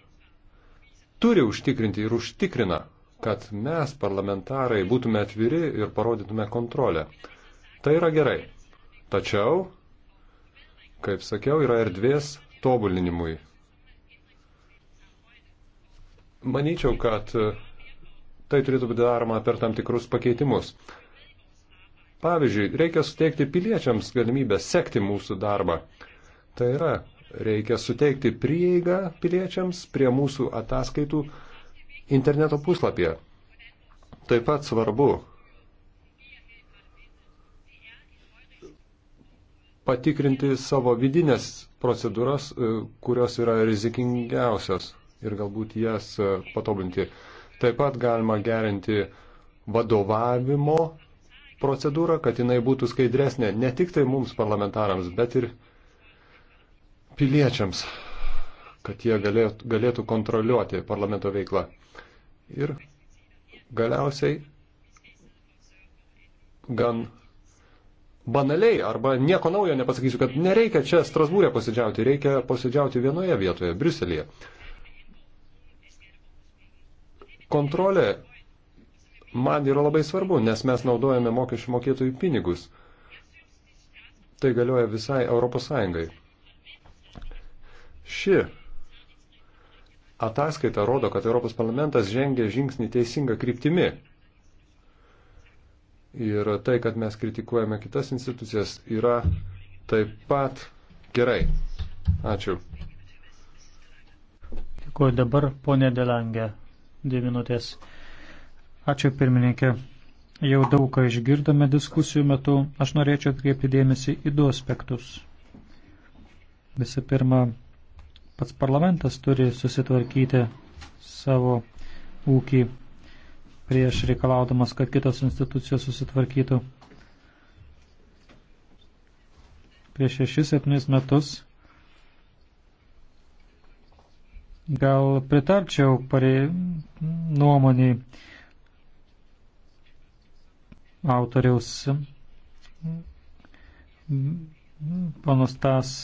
turi užtikrinti ir užtikrina kad mes, parlamentarai, būtume atviri ir parodytume kontrolę. Tai yra gerai. Tačiau, kaip sakiau, yra erdvės tobulinimui. Manyčiau, kad tai turėtų būti daroma per tam tikrus pakeitimus. Pavyzdžiui, reikia suteikti piliečiams galimybę sekti mūsų darbą. Tai yra, reikia suteikti prieigą piliečiams prie mūsų ataskaitų interneto puslapyje. Taip pat svarbu patikrinti savo vidinės procedūras, e, kurios yra rizikingiausios ir galbūt jas e, patobulinti. Taip pat galima gerinti vadovavimo procedūrą, kad jinai būtų skaidresnė ne tik tai mums parlamentarams, bet ir piliečiams, kad jie galėtų, galėtų kontroliuoti parlamento veiklą ir galiausiai gan banaliai arba nieko naujo nepasakysiu, kad nereikia čia Strasbūrė posėdžiauti, reikia posėdžiauti vienoje vietoje, Briuselėje. Kontrolė man yra labai svarbu, nes mes naudojame mokesčių mokėtojų pinigus. Tai galioja visai Europos Sąjungai. Ši ataskaita rodo, kad Europos parlamentas žengia žingsnį teisinga kryptimi. Ir tai, kad mes kritikuojame kitas institucijas, yra taip pat gerai. Ačiū. Dėkuoju dabar, ponė Delangė, dvi minutės. Ačiū pirmininkė. Jau daug ką išgirdome diskusijų metu. Aš norėčiau atkreipti dėmesį į du aspektus. Visų pirma, Pats parlamentas turi susitvarkyti savo ūkį prieš reikalaudamas, kad kitos institucijos susitvarkytų. Prieš 6-7 metus gal pritarčiau parei nuomoniai autoriaus panostas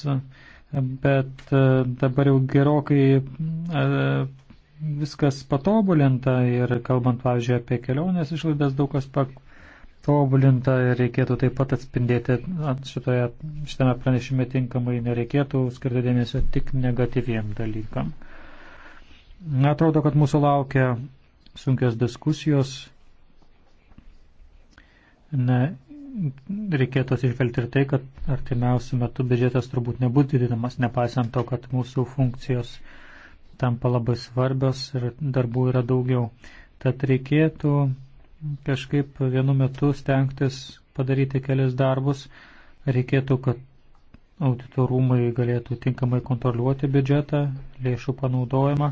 bet e, dabar jau gerokai e, viskas patobulinta ir kalbant, pavyzdžiui, apie kelionės išlaidas daug kas patobulinta ir reikėtų taip pat atspindėti šitoje, šitame pranešime tinkamai, nereikėtų skirti dėmesio tik negatyviem dalykam. Atrodo, kad mūsų laukia sunkios diskusijos. Ne, reikėtų atsižvelgti ir tai, kad artimiausių metų biudžetas turbūt nebus didinamas, nepaisant to, kad mūsų funkcijos tampa labai svarbios ir darbų yra daugiau. Tad reikėtų kažkaip vienu metu stengtis padaryti kelias darbus, reikėtų, kad auditorumai galėtų tinkamai kontroliuoti biudžetą, lėšų panaudojimą.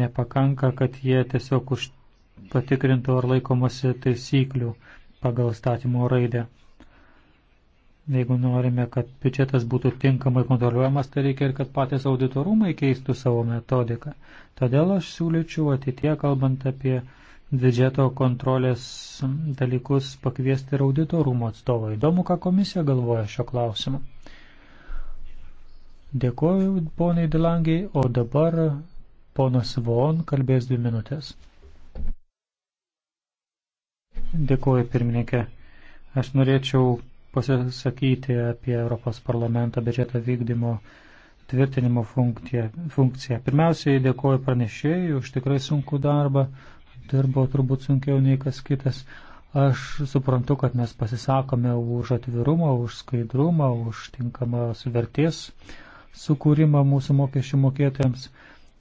Nepakanka, kad jie tiesiog už patikrintų, ar laikomasi taisyklių pagal statymo raidę. Jeigu norime, kad biudžetas būtų tinkamai kontroliuojamas, tai reikia ir kad patys auditorumai keistų savo metodiką. Todėl aš siūlyčiau ateitie, kalbant apie biudžeto kontrolės dalykus, pakviesti ir auditorumo atstovą. Įdomu, ką komisija galvoja šio klausimu. Dėkuoju poniai Dilangiai, o dabar ponas Von kalbės dvi minutės. Dėkuoju, pirmininkė. Aš norėčiau pasisakyti apie Europos parlamento biudžeto vykdymo tvirtinimo funkciją. funkciją. Pirmiausiai dėkoju pranešėjai už tikrai sunkų darbą. Dirbo turbūt sunkiau nei kas kitas. Aš suprantu, kad mes pasisakome už atvirumą, už skaidrumą, už tinkamą vertės sukūrimą mūsų mokesčių mokėtojams.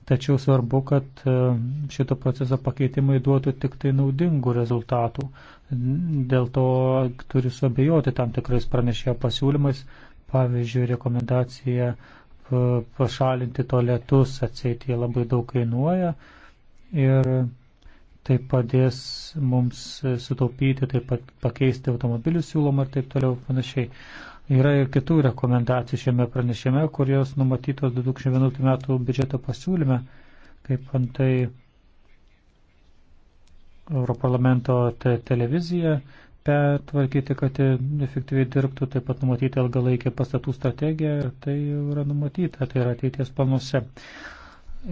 Tačiau svarbu, kad e, šito proceso pakeitimai duotų tik tai naudingų rezultatų. Dėl to turiu suabejoti tam tikrais pranešėjo pasiūlymais, pavyzdžiui, rekomendacija e, pašalinti tualetus atseit jie labai daug kainuoja ir tai padės mums sutaupyti, taip pat pakeisti automobilių siūlomą ir taip toliau panašiai. Yra ir kitų rekomendacijų šiame pranešime, kurios numatytos 2011 metų biudžeto pasiūlyme, kaip antai Europarlamento te televizija pertvarkyti, kad efektyviai dirbtų, taip pat numatyti ilgalaikę pastatų strategiją, tai yra numatyta, tai yra ateities planuose.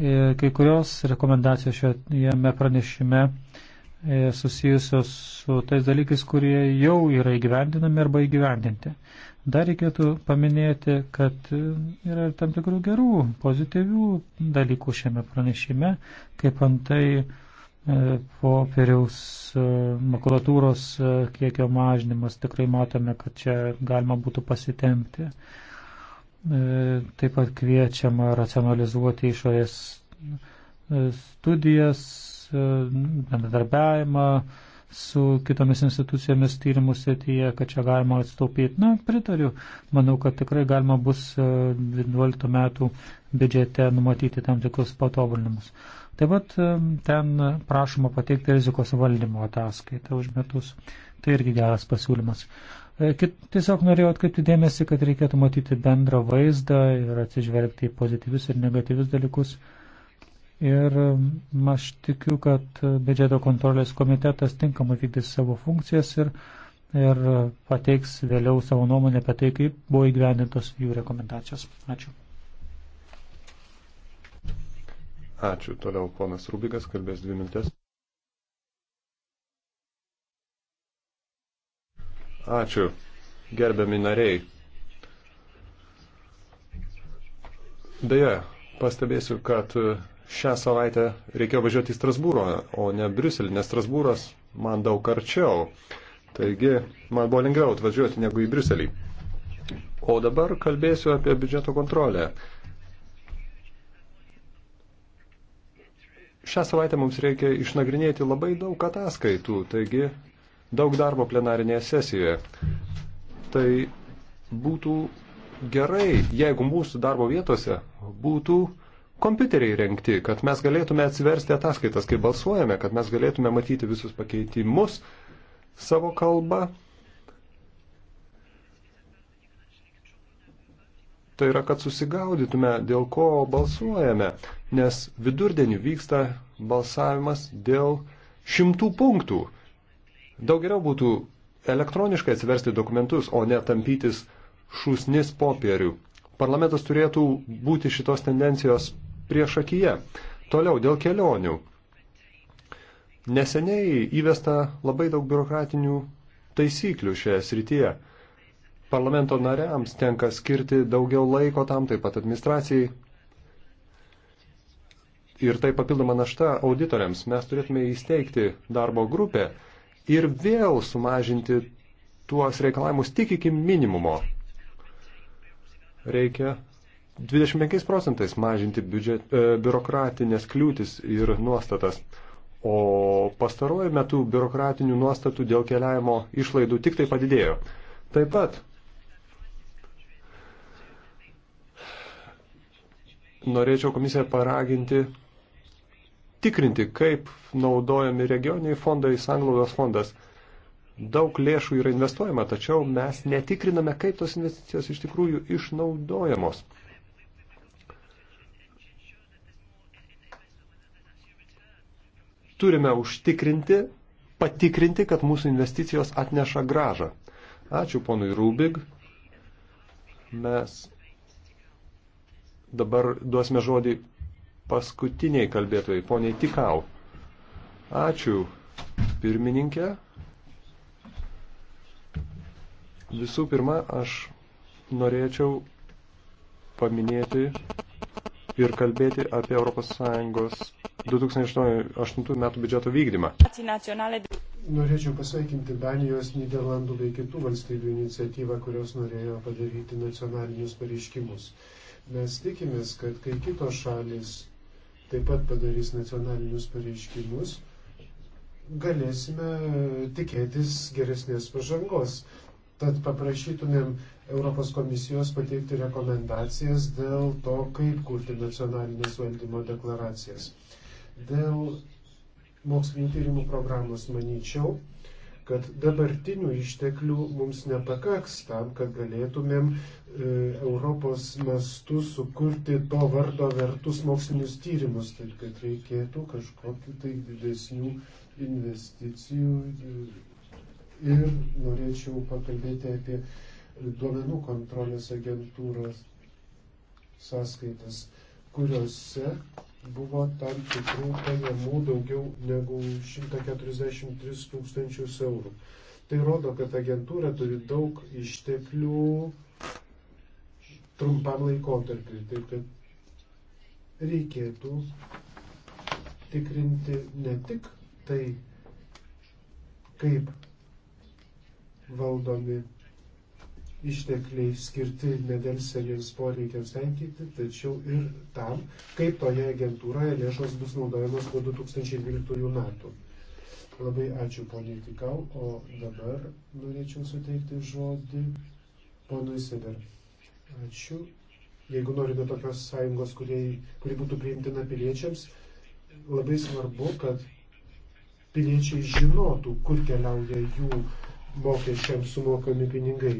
Ir kai kurios rekomendacijos šiame pranešime e, susijusios su tais dalykais, kurie jau yra įgyvendinami arba įgyvendinti. Dar reikėtų paminėti, kad yra tam tikrų gerų, pozityvių dalykų šiame pranešime, kaip antai e, popieriaus e, makulatūros e, kiekio mažinimas, tikrai matome, kad čia galima būtų pasitemti. Taip pat kviečiama racionalizuoti išorės studijas, bendradarbiavimą, su kitomis institucijomis tyrimų srityje, kad čia galima atstaupyti. Na, pritariu, manau, kad tikrai galima bus 12 e, metų biudžete numatyti tam tikrus patobulinimus. Taip pat e, ten prašoma pateikti rizikos valdymo ataskaitą už metus. Tai irgi geras pasiūlymas. E, kit, tiesiog norėjau atkreipti dėmesį, kad reikėtų matyti bendrą vaizdą ir atsižvelgti į pozityvius ir negatyvius dalykus. Ir mm, aš tikiu, kad biudžeto kontrolės komitetas tinkamai vykdys savo funkcijas ir, ir pateiks vėliau savo nuomonę apie tai, kaip buvo įgyvendintos jų rekomendacijos. Ačiū. Ačiū. Toliau ponas Rubikas kalbės dvi minutės. Ačiū. Gerbiami nariai. Deja, pastebėsiu, kad šią savaitę reikėjo važiuoti į Strasbūrą, o ne Briuselį, nes Strasbūras man daug arčiau. Taigi man buvo lengviau atvažiuoti negu į Briuselį. O dabar kalbėsiu apie biudžeto kontrolę. Šią savaitę mums reikia išnagrinėti labai daug ataskaitų, taigi daug darbo plenarinėje sesijoje. Tai būtų gerai, jeigu mūsų darbo vietose būtų uh, kompiuteriai renkti, kad mes galėtume atsiversti ataskaitas, kai balsuojame, kad mes galėtume matyti visus pakeitimus savo kalbą. Tai yra, kad susigaudytume, dėl ko balsuojame, nes vidurdienį vyksta balsavimas dėl šimtų punktų. Daug geriau būtų elektroniškai atsiversti dokumentus, o ne tampytis šūsnis popierių. Parlamentas turėtų būti šitos tendencijos prieš akiją. Toliau dėl kelionių. Neseniai įvesta labai daug biurokratinių taisyklių šioje srityje. Parlamento nariams tenka skirti daugiau laiko tam, taip pat administracijai. Ir tai papildoma našta auditoriams. Mes turėtume įsteigti darbo grupę ir vėl sumažinti tuos reikalavimus tik iki minimumo. Reikia 25 procentais mažinti biudžet, e, biurokratinės kliūtis ir nuostatas. O pastaruoju metu biurokratinių nuostatų dėl keliavimo išlaidų tik tai padidėjo. Taip pat norėčiau komisiją paraginti tikrinti, kaip naudojami regioniniai fondai, sanglaudos fondas. Daug lėšų yra investuojama, tačiau mes netikriname, kaip tos investicijos iš tikrųjų išnaudojamos. turime užtikrinti, patikrinti, kad mūsų investicijos atneša gražą. Ačiū ponui Rūbig. Mes dabar duosime žodį paskutiniai kalbėtojai, poniai Tikau. Ačiū pirmininkė. Visų pirma, aš norėčiau paminėti ir kalbėti apie ES 2008 metų biudžeto vykdymą. Norėčiau pasveikinti Danijos, Niderlandų bei kitų valstybių iniciatyvą, kurios norėjo padaryti nacionalinius pareiškimus. Mes tikimės, kad kai kitos šalis taip pat padarys nacionalinius pareiškimus, galėsime tikėtis geresnės pažangos. Tad paprašytumėm Europos komisijos pateikti rekomendacijas dėl to, kaip kurti nacionalinės valdymo deklaracijas. Dėl mokslinio tyrimų programos manyčiau, kad dabartinių išteklių mums nepakaks tam, kad galėtumėm e, Europos mastu sukurti to vardo vertus mokslinius tyrimus, taip kad reikėtų kažkokiu tai didesnių investicijų e, ir norėčiau pakalbėti apie duomenų kontrolės agentūros sąskaitas, kuriuose buvo tam tikrų pajamų daugiau negu 143 tūkstančius eurų. Tai rodo, kad agentūra turi daug išteklių trumpam laikotarpiu. Taip kad reikėtų tikrinti ne tik tai, kaip valdomi ištekliai skirti nedelsiamiems poreikiams tenkinti, tačiau ir tam, kaip toje agentūroje lėšos bus naudojamos po 2012 metų. Labai ačiū poniai Tikau, o dabar norėčiau suteikti žodį ponui Sider. Ačiū. Jeigu norite tokios sąjungos, kurie, kuri būtų priimtina piliečiams, labai svarbu, kad piliečiai žinotų, kur keliauja jų mokesčiams sumokami pinigai.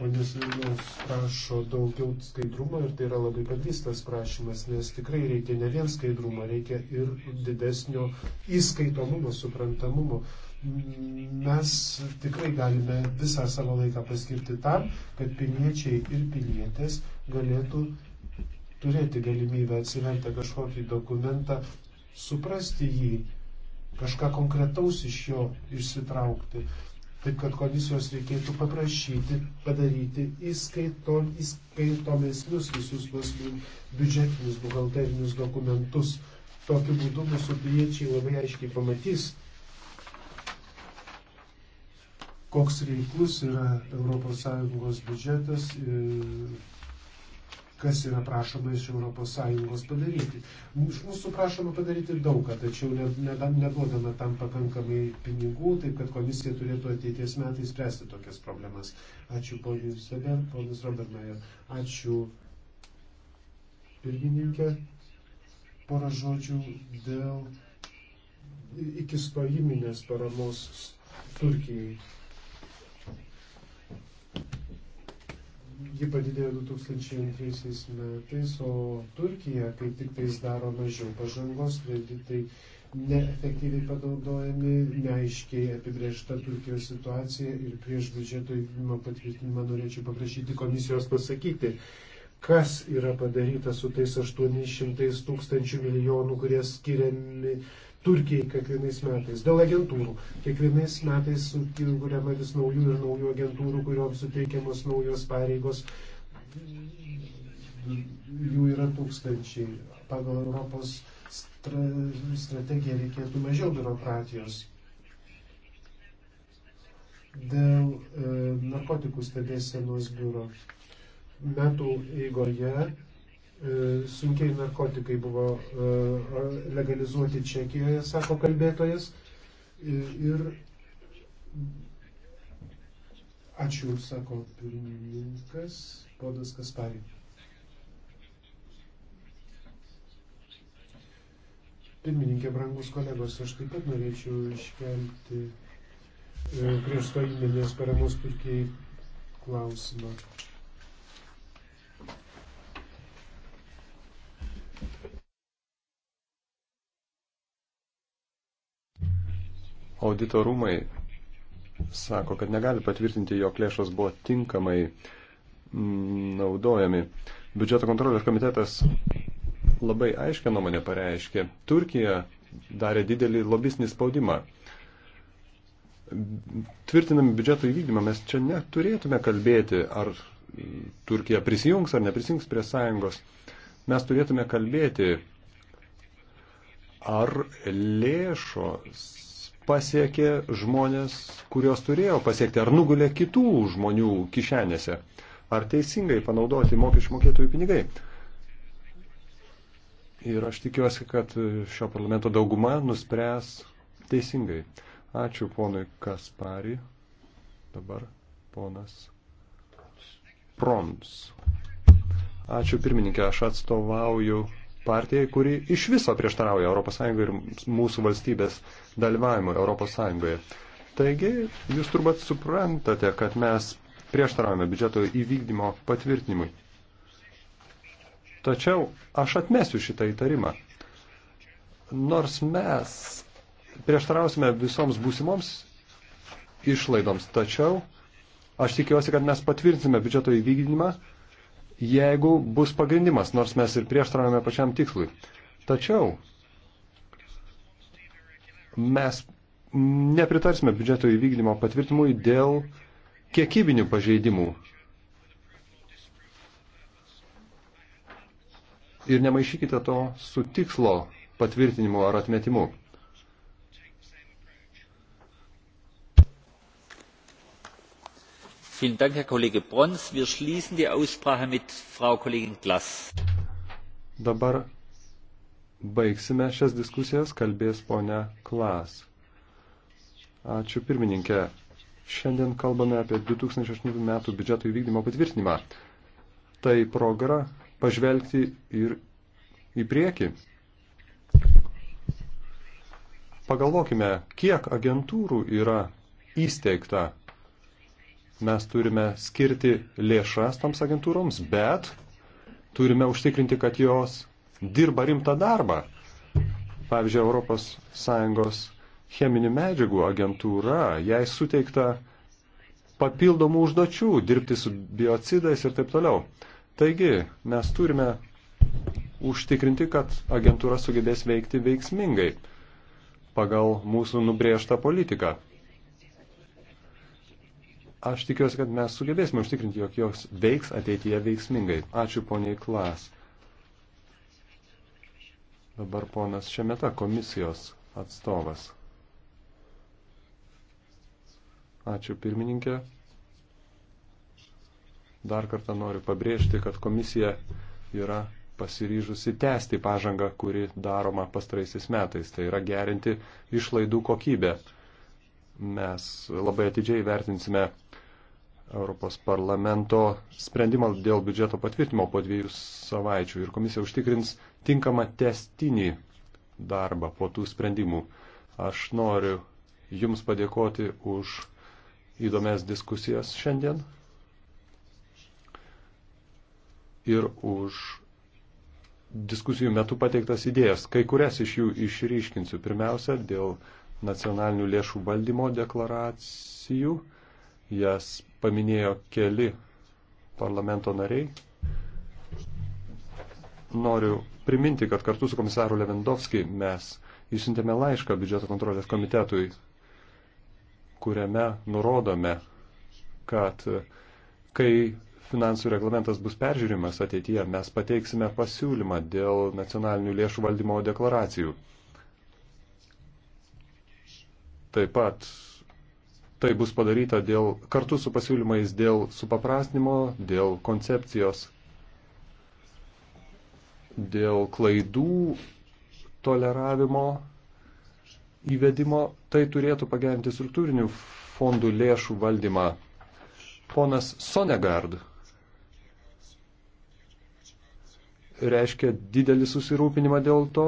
Ponas Vilnius prašo daugiau skaidrumo ir tai yra labai pagrystas prašymas, nes tikrai reikia ne vien skaidrumo, reikia ir didesnio įskaitomumo, suprantamumo. Mes tikrai galime visą savo laiką paskirti tam, kad piliečiai ir pilietės galėtų turėti galimybę atsiverti kažkokį dokumentą, suprasti jį, kažką konkretaus iš jo išsitraukti. Taip kad komisijos reikėtų paprašyti padaryti įskaito, įskaitomesnius visus tuos biudžetinius buhalterinius dokumentus. Tokiu būdu mūsų piliečiai labai aiškiai pamatys, koks reiklus yra ES biudžetas. Ir kas yra prašoma iš ES padaryti. Iš mūsų prašoma padaryti daug, tačiau neduodama tam pakankamai pinigų, taip kad komisija turėtų ateities metais spręsti tokias problemas. Ačiū poniai Seber, ponas Robertmajer. Ačiū pirmininkė. Porą žodžių dėl iki stojiminės paramos Turkijai. ji padidėjo 2002 metais, o Turkija kaip tik tais daro mažiau pažangos, kreditai neefektyviai panaudojami, neaiškiai apibriešta Turkijos situacija ir prieš biudžeto įvykdymo patvirtinimą norėčiau paprašyti komisijos pasakyti, kas yra padaryta su tais 800 tūkstančių milijonų, kurie skiriami Turkijai kiekvienais metais, dėl agentūrų. Kiekvienais metais kuriama vis naujų ir naujų agentūrų, kuriuoms suteikiamos naujos pareigos. Jų yra tūkstančiai. Pagal Europos stra strategiją reikėtų mažiau biurokratijos. Dėl e, narkotikų stebėsenos biuro metų eigoje E, sunkiai narkotikai buvo e, legalizuoti Čekijoje, sako kalbėtojas. E, ir ačiū, sako pirmininkas, podas Kasparį. Pirmininkė, brangus kolegos, aš taip pat norėčiau iškelti prieš to įmonės paramos pirkėjai klausimą. Auditorumai sako, kad negali patvirtinti, jog lėšos buvo tinkamai mm, naudojami. Biudžeto kontrolės komitetas labai aiškę nuomonę pareiškė. Turkija darė didelį lobisnį spaudimą. Tvirtinami biudžeto įvykdymą mes čia neturėtume kalbėti, ar Turkija prisijungs ar neprisijungs prie sąjungos. Mes turėtume kalbėti, ar lėšos pasiekė žmonės, kurios turėjo pasiekti, ar nugulė kitų žmonių kišenėse, ar teisingai panaudoti mokesčių mokėtojų pinigai. Ir aš tikiuosi, kad šio parlamento dauguma nuspręs teisingai. Ačiū ponui Kaspari. Dabar ponas Prons. Ačiū pirmininkė, aš atstovauju partijai, kuri iš viso prieštarauja ES ir mūsų valstybės dalyvavimui ES. Taigi, jūs turbūt suprantate, kad mes prieštaraujame biudžeto įvykdymo patvirtinimui. Tačiau aš atmesiu šitą įtarimą. Nors mes prieštarausime visoms būsimoms išlaidoms, tačiau aš tikiuosi, kad mes patvirtinsime biudžeto įvykdymą jeigu bus pagrindimas, nors mes ir prieštaravome pačiam tikslui. Tačiau mes nepritarsime biudžeto įvykdymo patvirtimui dėl kiekybinių pažeidimų. Ir nemaišykite to su tikslo patvirtinimu ar atmetimu. Vielen Dank, Herr Kollege Brons. Wir schließen die Aussprache mit Frau Kollegin Glas. Dabar baigsime šias diskusijas, kalbės ponia Klas. Ačiū pirmininkė. Šiandien kalbame apie 2008 metų biudžeto įvykdymo patvirtinimą. Tai progra pažvelgti ir į priekį. Pagalvokime, kiek agentūrų yra įsteigta Mes turime skirti lėšas toms agentūroms, bet turime užtikrinti, kad jos dirba rimtą darbą. Pavyzdžiui, ES cheminių medžiagų agentūra, jai suteikta papildomų užduočių dirbti su biocidais ir taip toliau. Taigi, mes turime užtikrinti, kad agentūra sugebės veikti veiksmingai pagal mūsų nubriežtą politiką. Aš tikiuosi, kad mes sugebėsime užtikrinti, jog jos veiks ateityje veiksmingai. Ačiū poniai Klas. Dabar ponas Šemeta, komisijos atstovas. Ačiū pirmininkė. Dar kartą noriu pabrėžti, kad komisija yra pasiryžusi tęsti pažangą, kuri daroma pastaraisiais metais. Tai yra gerinti išlaidų kokybę. Mes labai atidžiai vertinsime Europos parlamento sprendimą dėl biudžeto patvirtimo po dviejų savaičių ir komisija užtikrins tinkamą testinį darbą po tų sprendimų. Aš noriu Jums padėkoti už įdomias diskusijas šiandien ir už diskusijų metu pateiktas idėjas. Kai kurias iš jų išryškinsiu. Pirmiausia, dėl nacionalinių lėšų valdymo deklaracijų. Jas paminėjo keli parlamento nariai. Noriu priminti, kad kartu su komisaru Levendovski mes išsintėme laišką biudžeto kontrolės komitetui, kuriame nurodome, kad kai finansų reglamentas bus peržiūrimas ateityje, mes pateiksime pasiūlymą dėl nacionalinių lėšų valdymo deklaracijų. Taip pat Tai bus padaryta dėl, kartu su pasiūlymais dėl supaprastinimo, dėl koncepcijos, dėl klaidų toleravimo įvedimo. Tai turėtų pagerinti struktūrinių fondų lėšų valdymą. Ponas Sonegard reiškia didelį susirūpinimą dėl to,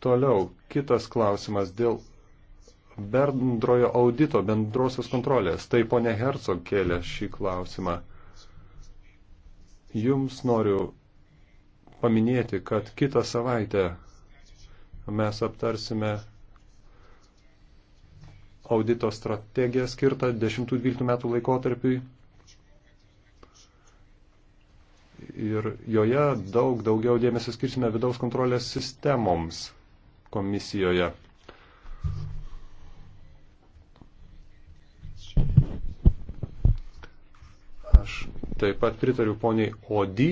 Toliau, kitas klausimas dėl bendrojo audito, bendrosios kontrolės. Tai ponė Hercog kėlė šį klausimą. Jums noriu paminėti, kad kitą savaitę mes aptarsime audito strategiją skirtą 10-12 metų laikotarpiui. Ir joje daug daugiau dėmesio skirsime vidaus kontrolės sistemoms komisijoje. Aš taip pat pritariu poniai Odi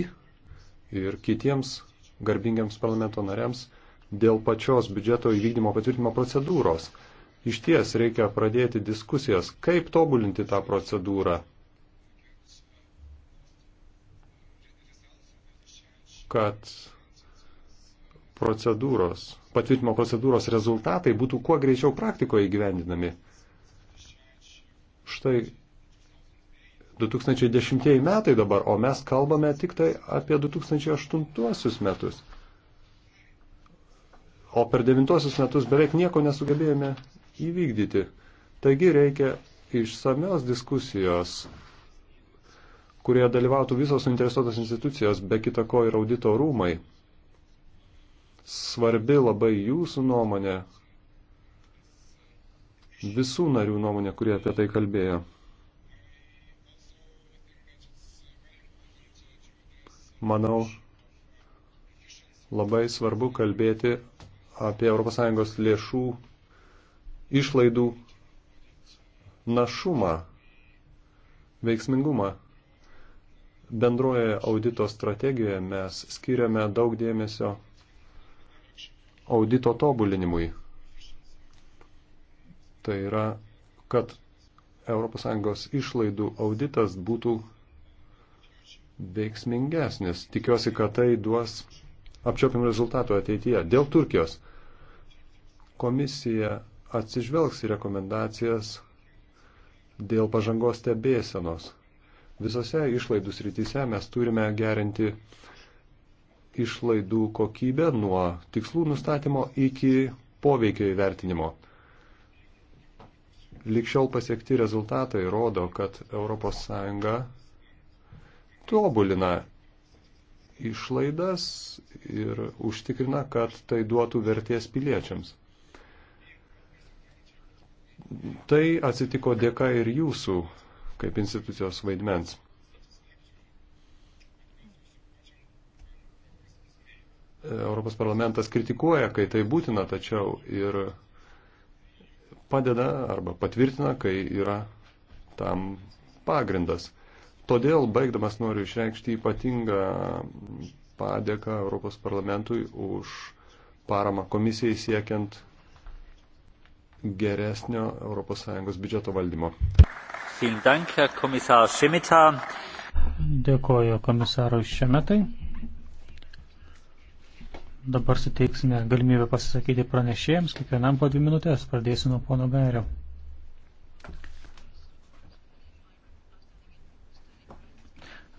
ir kitiems garbingiams parlamento nariams dėl pačios biudžeto įvykdymo patvirtinimo procedūros. Iš ties reikia pradėti diskusijas, kaip tobulinti tą procedūrą, kad procedūros patvirtimo procedūros rezultatai būtų kuo greičiau praktikoje gyvendinami. Štai 2010 metai dabar, o mes kalbame tik tai apie 2008 metus. O per 9 metus beveik nieko nesugebėjome įvykdyti. Taigi reikia išsamios diskusijos, kurioje dalyvautų visos suinteresuotos institucijos, be kita ko ir audito rūmai svarbi labai jūsų nuomonė, visų narių nuomonė, kurie apie tai kalbėjo. Manau, labai svarbu kalbėti apie ES lėšų išlaidų našumą, veiksmingumą. Bendroje audito strategijoje mes skiriame daug dėmesio audito tobulinimui. Tai yra, kad ES išlaidų auditas būtų veiksmingesnis. Tikiuosi, kad tai duos apčiopim rezultatų ateityje. Dėl Turkijos komisija atsižvelgs į rekomendacijas dėl pažangos stebėsenos. Visose išlaidų srityse mes turime gerinti išlaidų kokybę nuo tikslų nustatymo iki poveikio įvertinimo. Likščiau pasiekti rezultatai rodo, kad ES tobulina išlaidas ir užtikrina, kad tai duotų vertės piliečiams. Tai atsitiko dėka ir jūsų kaip institucijos vaidmens. Europos parlamentas kritikuoja, kai tai būtina, tačiau ir padeda arba patvirtina, kai yra tam pagrindas. Todėl, baigdamas, noriu išreikšti ypatingą padėką Europos parlamentui už paramą komisijai siekiant geresnio ES biudžeto valdymo. Dank, Herr Kommissar Šemeta. Dėkoju komisarui Šemetai. Dabar suteiksime galimybę pasisakyti pranešėjams, kiekvienam po dvi minutės. Pradėsiu nuo pono Gairio.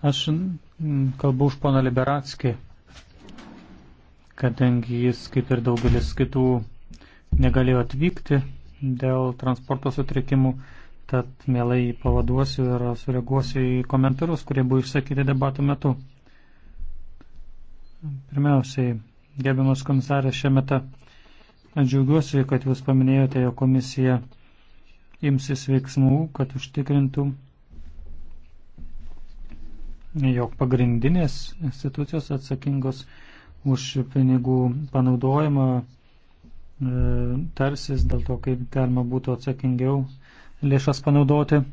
Aš kalbu už poną Liberatskį, kadangi jis, kaip ir daugelis kitų, negalėjo atvykti dėl transporto sutrikimų, tad mielai pavaduosiu ir sureaguosiu į komentarus, kurie buvo išsakyti debatų metu. Pirmiausiai, Gerbiamas komisaras, šiame metu džiaugiuosi, kad jūs paminėjote, jo komisija imsis veiksmų, kad užtikrintų, jog pagrindinės institucijos atsakingos už pinigų panaudojimą e, tarsis dėl to, kaip galima būtų atsakingiau lėšas panaudoti.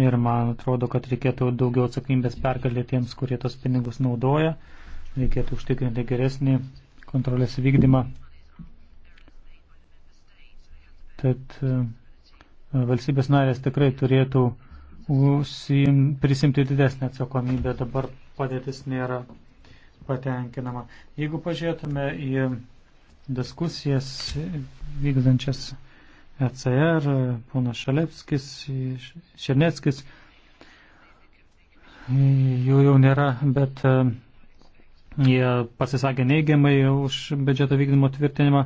Ir man atrodo, kad reikėtų daugiau atsakomybės perkelti tiems, kurie tos pinigus naudoja. Reikėtų užtikrinti geresnį kontrolės vykdymą. Tad e, valstybės narės tikrai turėtų užsiim, prisimti didesnį atsakomybę. Dabar padėtis nėra patenkinama. Jeigu pažiūrėtume į diskusijas vykdančias ECR, ponas Šalepskis, Šerneckis, jų jau nėra, bet e, jie pasisakė neigiamai už biudžeto vykdymo tvirtinimą.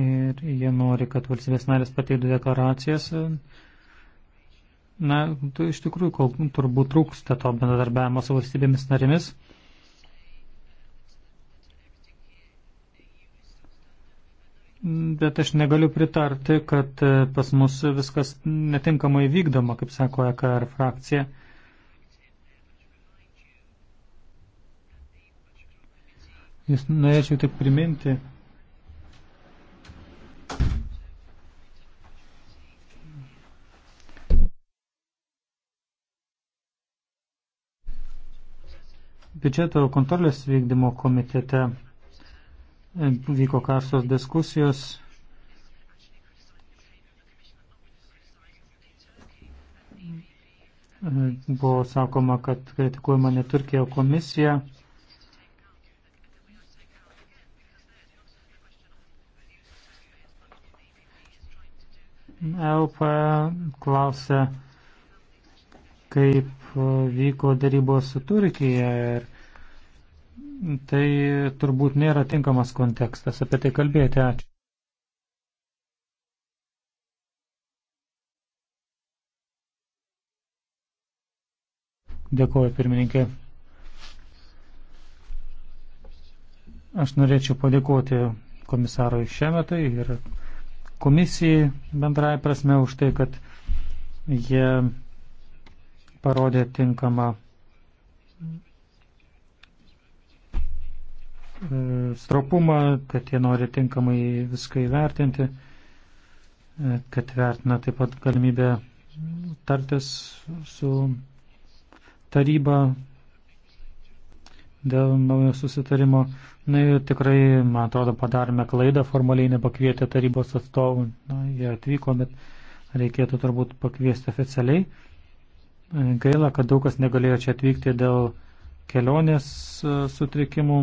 Ir jie nori, kad valstybės narės pateiktų deklaracijas. Na, iš tikrųjų, kol turbūt trūksta to bendradarbiavimo su valstybėmis narėmis. Bet aš negaliu pritarti, kad e, pas mus viskas netinkamai vykdoma, kaip sako EKR frakcija. Jis norėčiau tik priminti, biudžeto kontrolės vykdymo komitete vyko karštos diskusijos. Buvo sakoma, kad kritikuojama ne Turkija, o komisija. LP klausė, kaip vyko darybos su Turkija ir tai turbūt nėra tinkamas kontekstas apie tai kalbėti. Ačiū. Dėkuoju, pirmininkė. Aš norėčiau padėkoti komisarui Šemetai ir komisijai bendrai prasme už tai, kad jie parodė tinkamą Mm, stropumą, kad jie nori tinkamai viską įvertinti, e, kad vertina taip pat galimybę tartis su taryba dėl naujo susitarimo. Na ir tikrai, man atrodo, padarėme klaidą, formaliai nepakvietė tarybos atstovų. Na, jie atvyko, bet reikėtų turbūt pakviesti oficialiai. E, gaila, kad daug kas negalėjo čia atvykti dėl kelionės e, sutrikimų.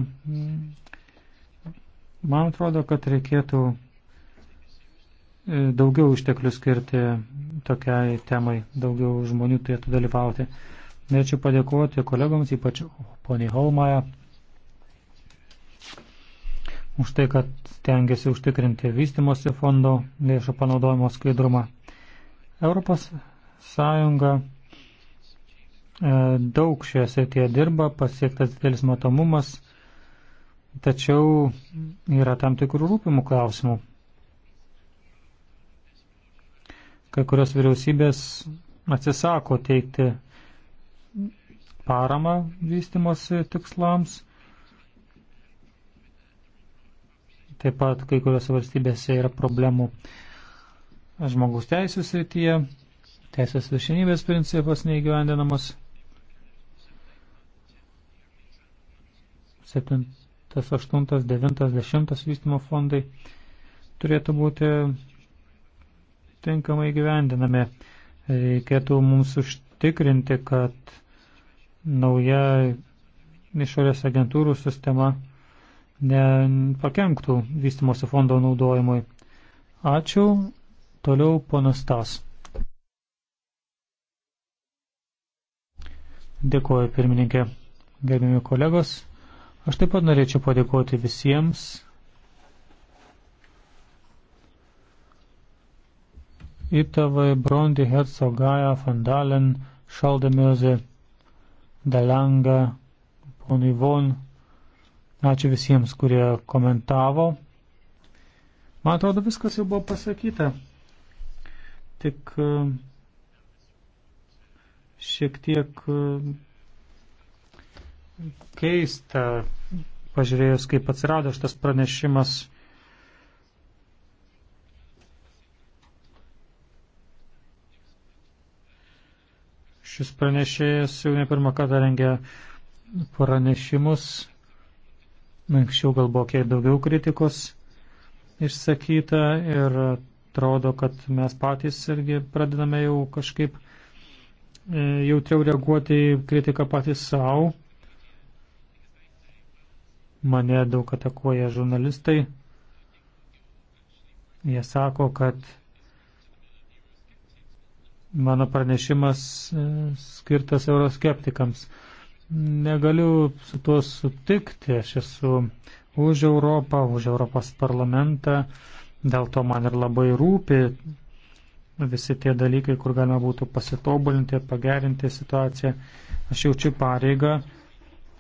Man atrodo, kad reikėtų e, daugiau išteklių skirti tokiai temai, daugiau žmonių turėtų dalyvauti. Norėčiau padėkoti kolegoms, ypač poniai Holmaja, už tai, kad tengiasi užtikrinti vystimosi fondo lėšų panaudojimo skaidrumą. Europos Sąjunga E, daug šioje srityje dirba, pasiektas didelis matomumas, tačiau yra tam tikrų rūpimų klausimų. Kai kurios vyriausybės atsisako teikti paramą vystimosi tikslams. Taip pat kai kuriuose valstybėse yra problemų žmogaus teisų srityje, teisės viršinybės principas neįgyvendinamas. 7, 8, 9, 10 vystimo fondai turėtų būti tinkamai gyvendinami. Reikėtų mums užtikrinti, kad nauja išorės agentūrų sistema nepakenktų vystimosi fondo naudojimui. Ačiū. Toliau ponas Tas. Dėkuoju pirmininkė, gerbimi kolegos. Aš taip pat norėčiau padėkoti visiems. Itavai, Brondi, Herzogaja, Fandalen, Šaldemiozė, Dalanga, ponui Von. Ačiū visiems, kurie komentavo. Man atrodo, viskas jau buvo pasakyta. Tik e, šiek tiek e, keista, pažiūrėjus, kaip atsirado šitas pranešimas. Šis pranešėjas jau ne pirmą kartą rengia pranešimus. Anksčiau gal buvo kiek daugiau kritikos išsakyta ir atrodo, kad mes patys irgi pradedame jau kažkaip e, jautriau reaguoti į kritiką patys savo. Mane daug atakuoja žurnalistai. Jie sako, kad mano pranešimas e, skirtas euroskeptikams. Negaliu su tuo sutikti. Aš esu už Europą, už Europos parlamentą. Dėl to man ir labai rūpi visi tie dalykai, kur galima būtų pasitobulinti, pagerinti situaciją. Aš jaučiu pareigą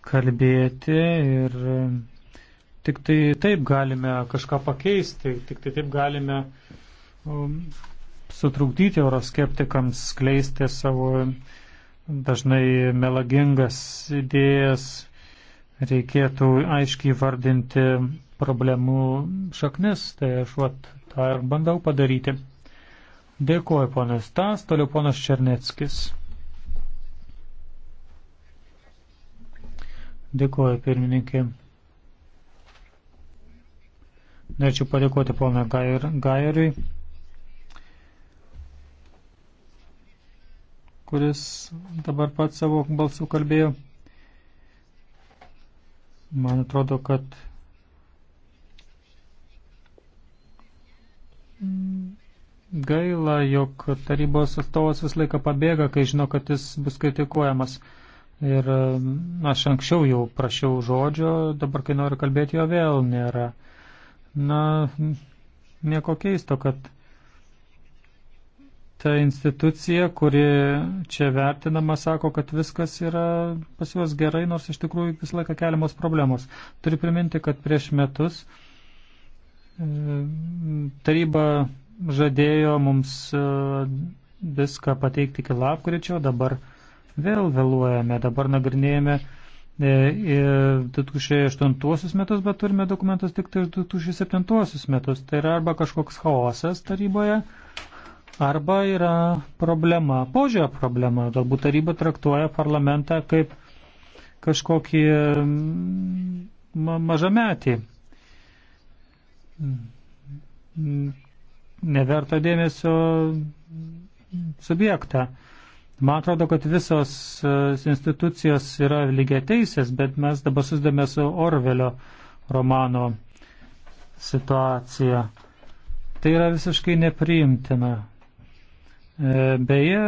kalbėti ir um, tik tai taip galime kažką pakeisti, tik tai taip galime um, sutrukdyti euroskeptikams skleisti savo dažnai melagingas idėjas, reikėtų aiškiai vardinti problemų šaknis, tai aš vat, tą ir bandau padaryti. Dėkuoju, ponas Tas, toliau ponas Černeckis. Dėkuoju, pirmininkė. Norėčiau padėkoti ponui Gairiui, kuris dabar pat savo balsų kalbėjo. Man atrodo, kad gaila, jog tarybos atstovas visą laiką pabėga, kai žino, kad jis bus kritikuojamas. Ir aš anksčiau jau prašiau žodžio, dabar kai noriu kalbėti, jo vėl nėra. Na, nieko keisto, kad ta institucija, kuri čia vertinama, sako, kad viskas yra pas juos gerai, nors iš tikrųjų visą laiką keliamos problemos. Turiu priminti, kad prieš metus e, taryba žadėjo mums e, viską pateikti iki lapkričio, dabar vėl vėluojame. Dabar nagrinėjame 2008 e, e, metus, bet turime dokumentus tik tai 2007 metus. Tai yra arba kažkoks chaosas taryboje, arba yra problema, požiūrio problema. Galbūt taryba traktuoja parlamentą kaip kažkokį ma mažametį. Neverta dėmesio subjektą. Man atrodo, kad visos e, institucijos yra lygiai teisės, bet mes dabar susidame su Orvelio romano situacija. Tai yra visiškai nepriimtina. E, beje,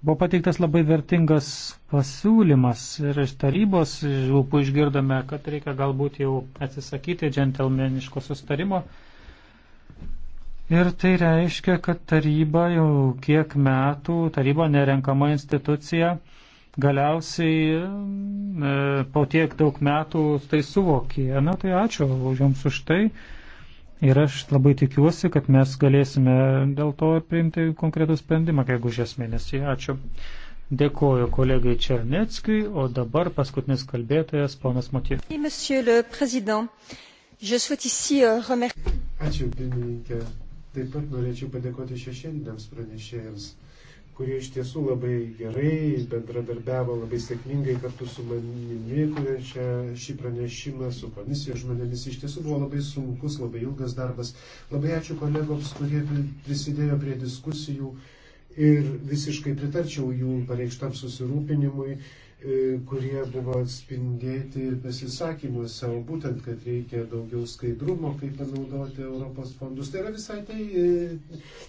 buvo pateiktas labai vertingas pasiūlymas ir iš tarybos žūpų išgirdome, kad reikia galbūt jau atsisakyti džentelmeniško sustarimo Ir tai reiškia, kad taryba jau kiek metų, taryba nerenkama institucija, galiausiai e, po tiek daug metų tai suvokė. Na tai ačiū jums už tai. Ir aš labai tikiuosi, kad mes galėsime dėl to priimti konkretų sprendimą, jeigu žies mėnesį. Ačiū. Dėkoju kolegai Černeckiui, o dabar paskutinis kalbėtojas, ponas Motyvas. Euh, ačiū, pirmininkė. Taip pat norėčiau padėkoti šešėliniams pranešėjams, kurie iš tiesų labai gerai bendradarbiavo, labai sėkmingai kartu su manimi, kurie čia šį pranešimą su komisijos žmonėmis. Iš tiesų buvo labai sunkus, labai ilgas darbas. Labai ačiū kolegoms, kurie prisidėjo prie diskusijų ir visiškai pritarčiau jų pareikštam susirūpinimui E, kurie buvo atspindėti ir pasisakymuose, o būtent, kad reikia daugiau skaidrumo, kaip panaudoti Europos fondus. Tai yra visai, tai,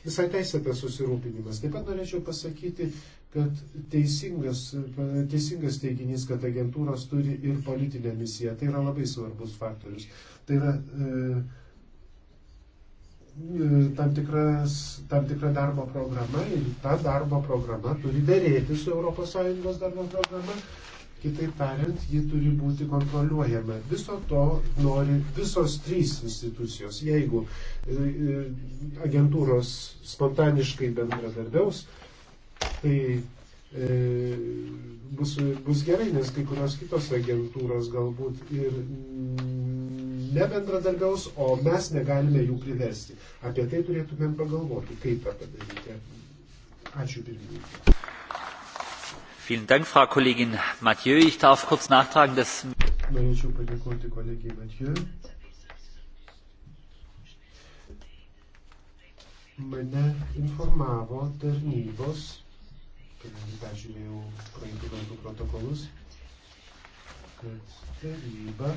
visai teisėtas susirūpinimas. Taip pat norėčiau pasakyti, kad teisingas, teisingas teiginys, kad agentūros turi ir politinę misiją. Tai yra labai svarbus faktorius. Tai yra, e, tam, tikras, tam tikra darbo programa ir ta darbo programa turi dėrėti su ES darbo programa. Kitaip tariant, ji turi būti kontroliuojama. Viso to nori visos trys institucijos. Jeigu e, e, agentūros spontaniškai bendradarbiaus, tai e, bus, bus gerai, nes kai kurios kitos agentūros galbūt ir nebendradarbiaus, o mes negalime jų priversti. Apie tai turėtumėm pagalvoti, kaip tą padaryti. Ačiū pirmininkai. Vielen Dank, Frau Kollegin Mathieu. Ich darf kurz nachtragen, dass. Norėčiau padėkoti kolegijai Mathieu. Mane informavo tarnybos, kadangi peržiūrėjau praeitų metų protokolus, kad taryba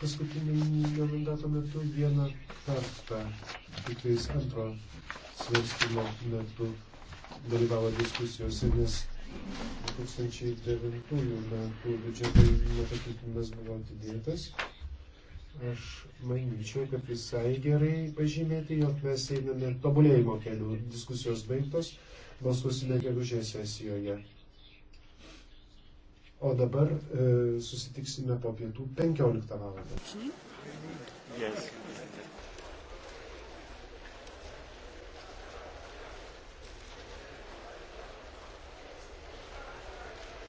paskutinio mandato metu vieną kartą, tik tais antro svarstymo metu dalyvavo diskusijose, nes 2009 metų biudžeto nepatvirtinimas buvo atidėtas. Aš manyčiau, kad visai gerai pažymėti, jog mes einame tobulėjimo keliu. Diskusijos baigtos, balsuosime gegužės sesijoje. O dabar e, susitiksime po pietų 15 val. Yes.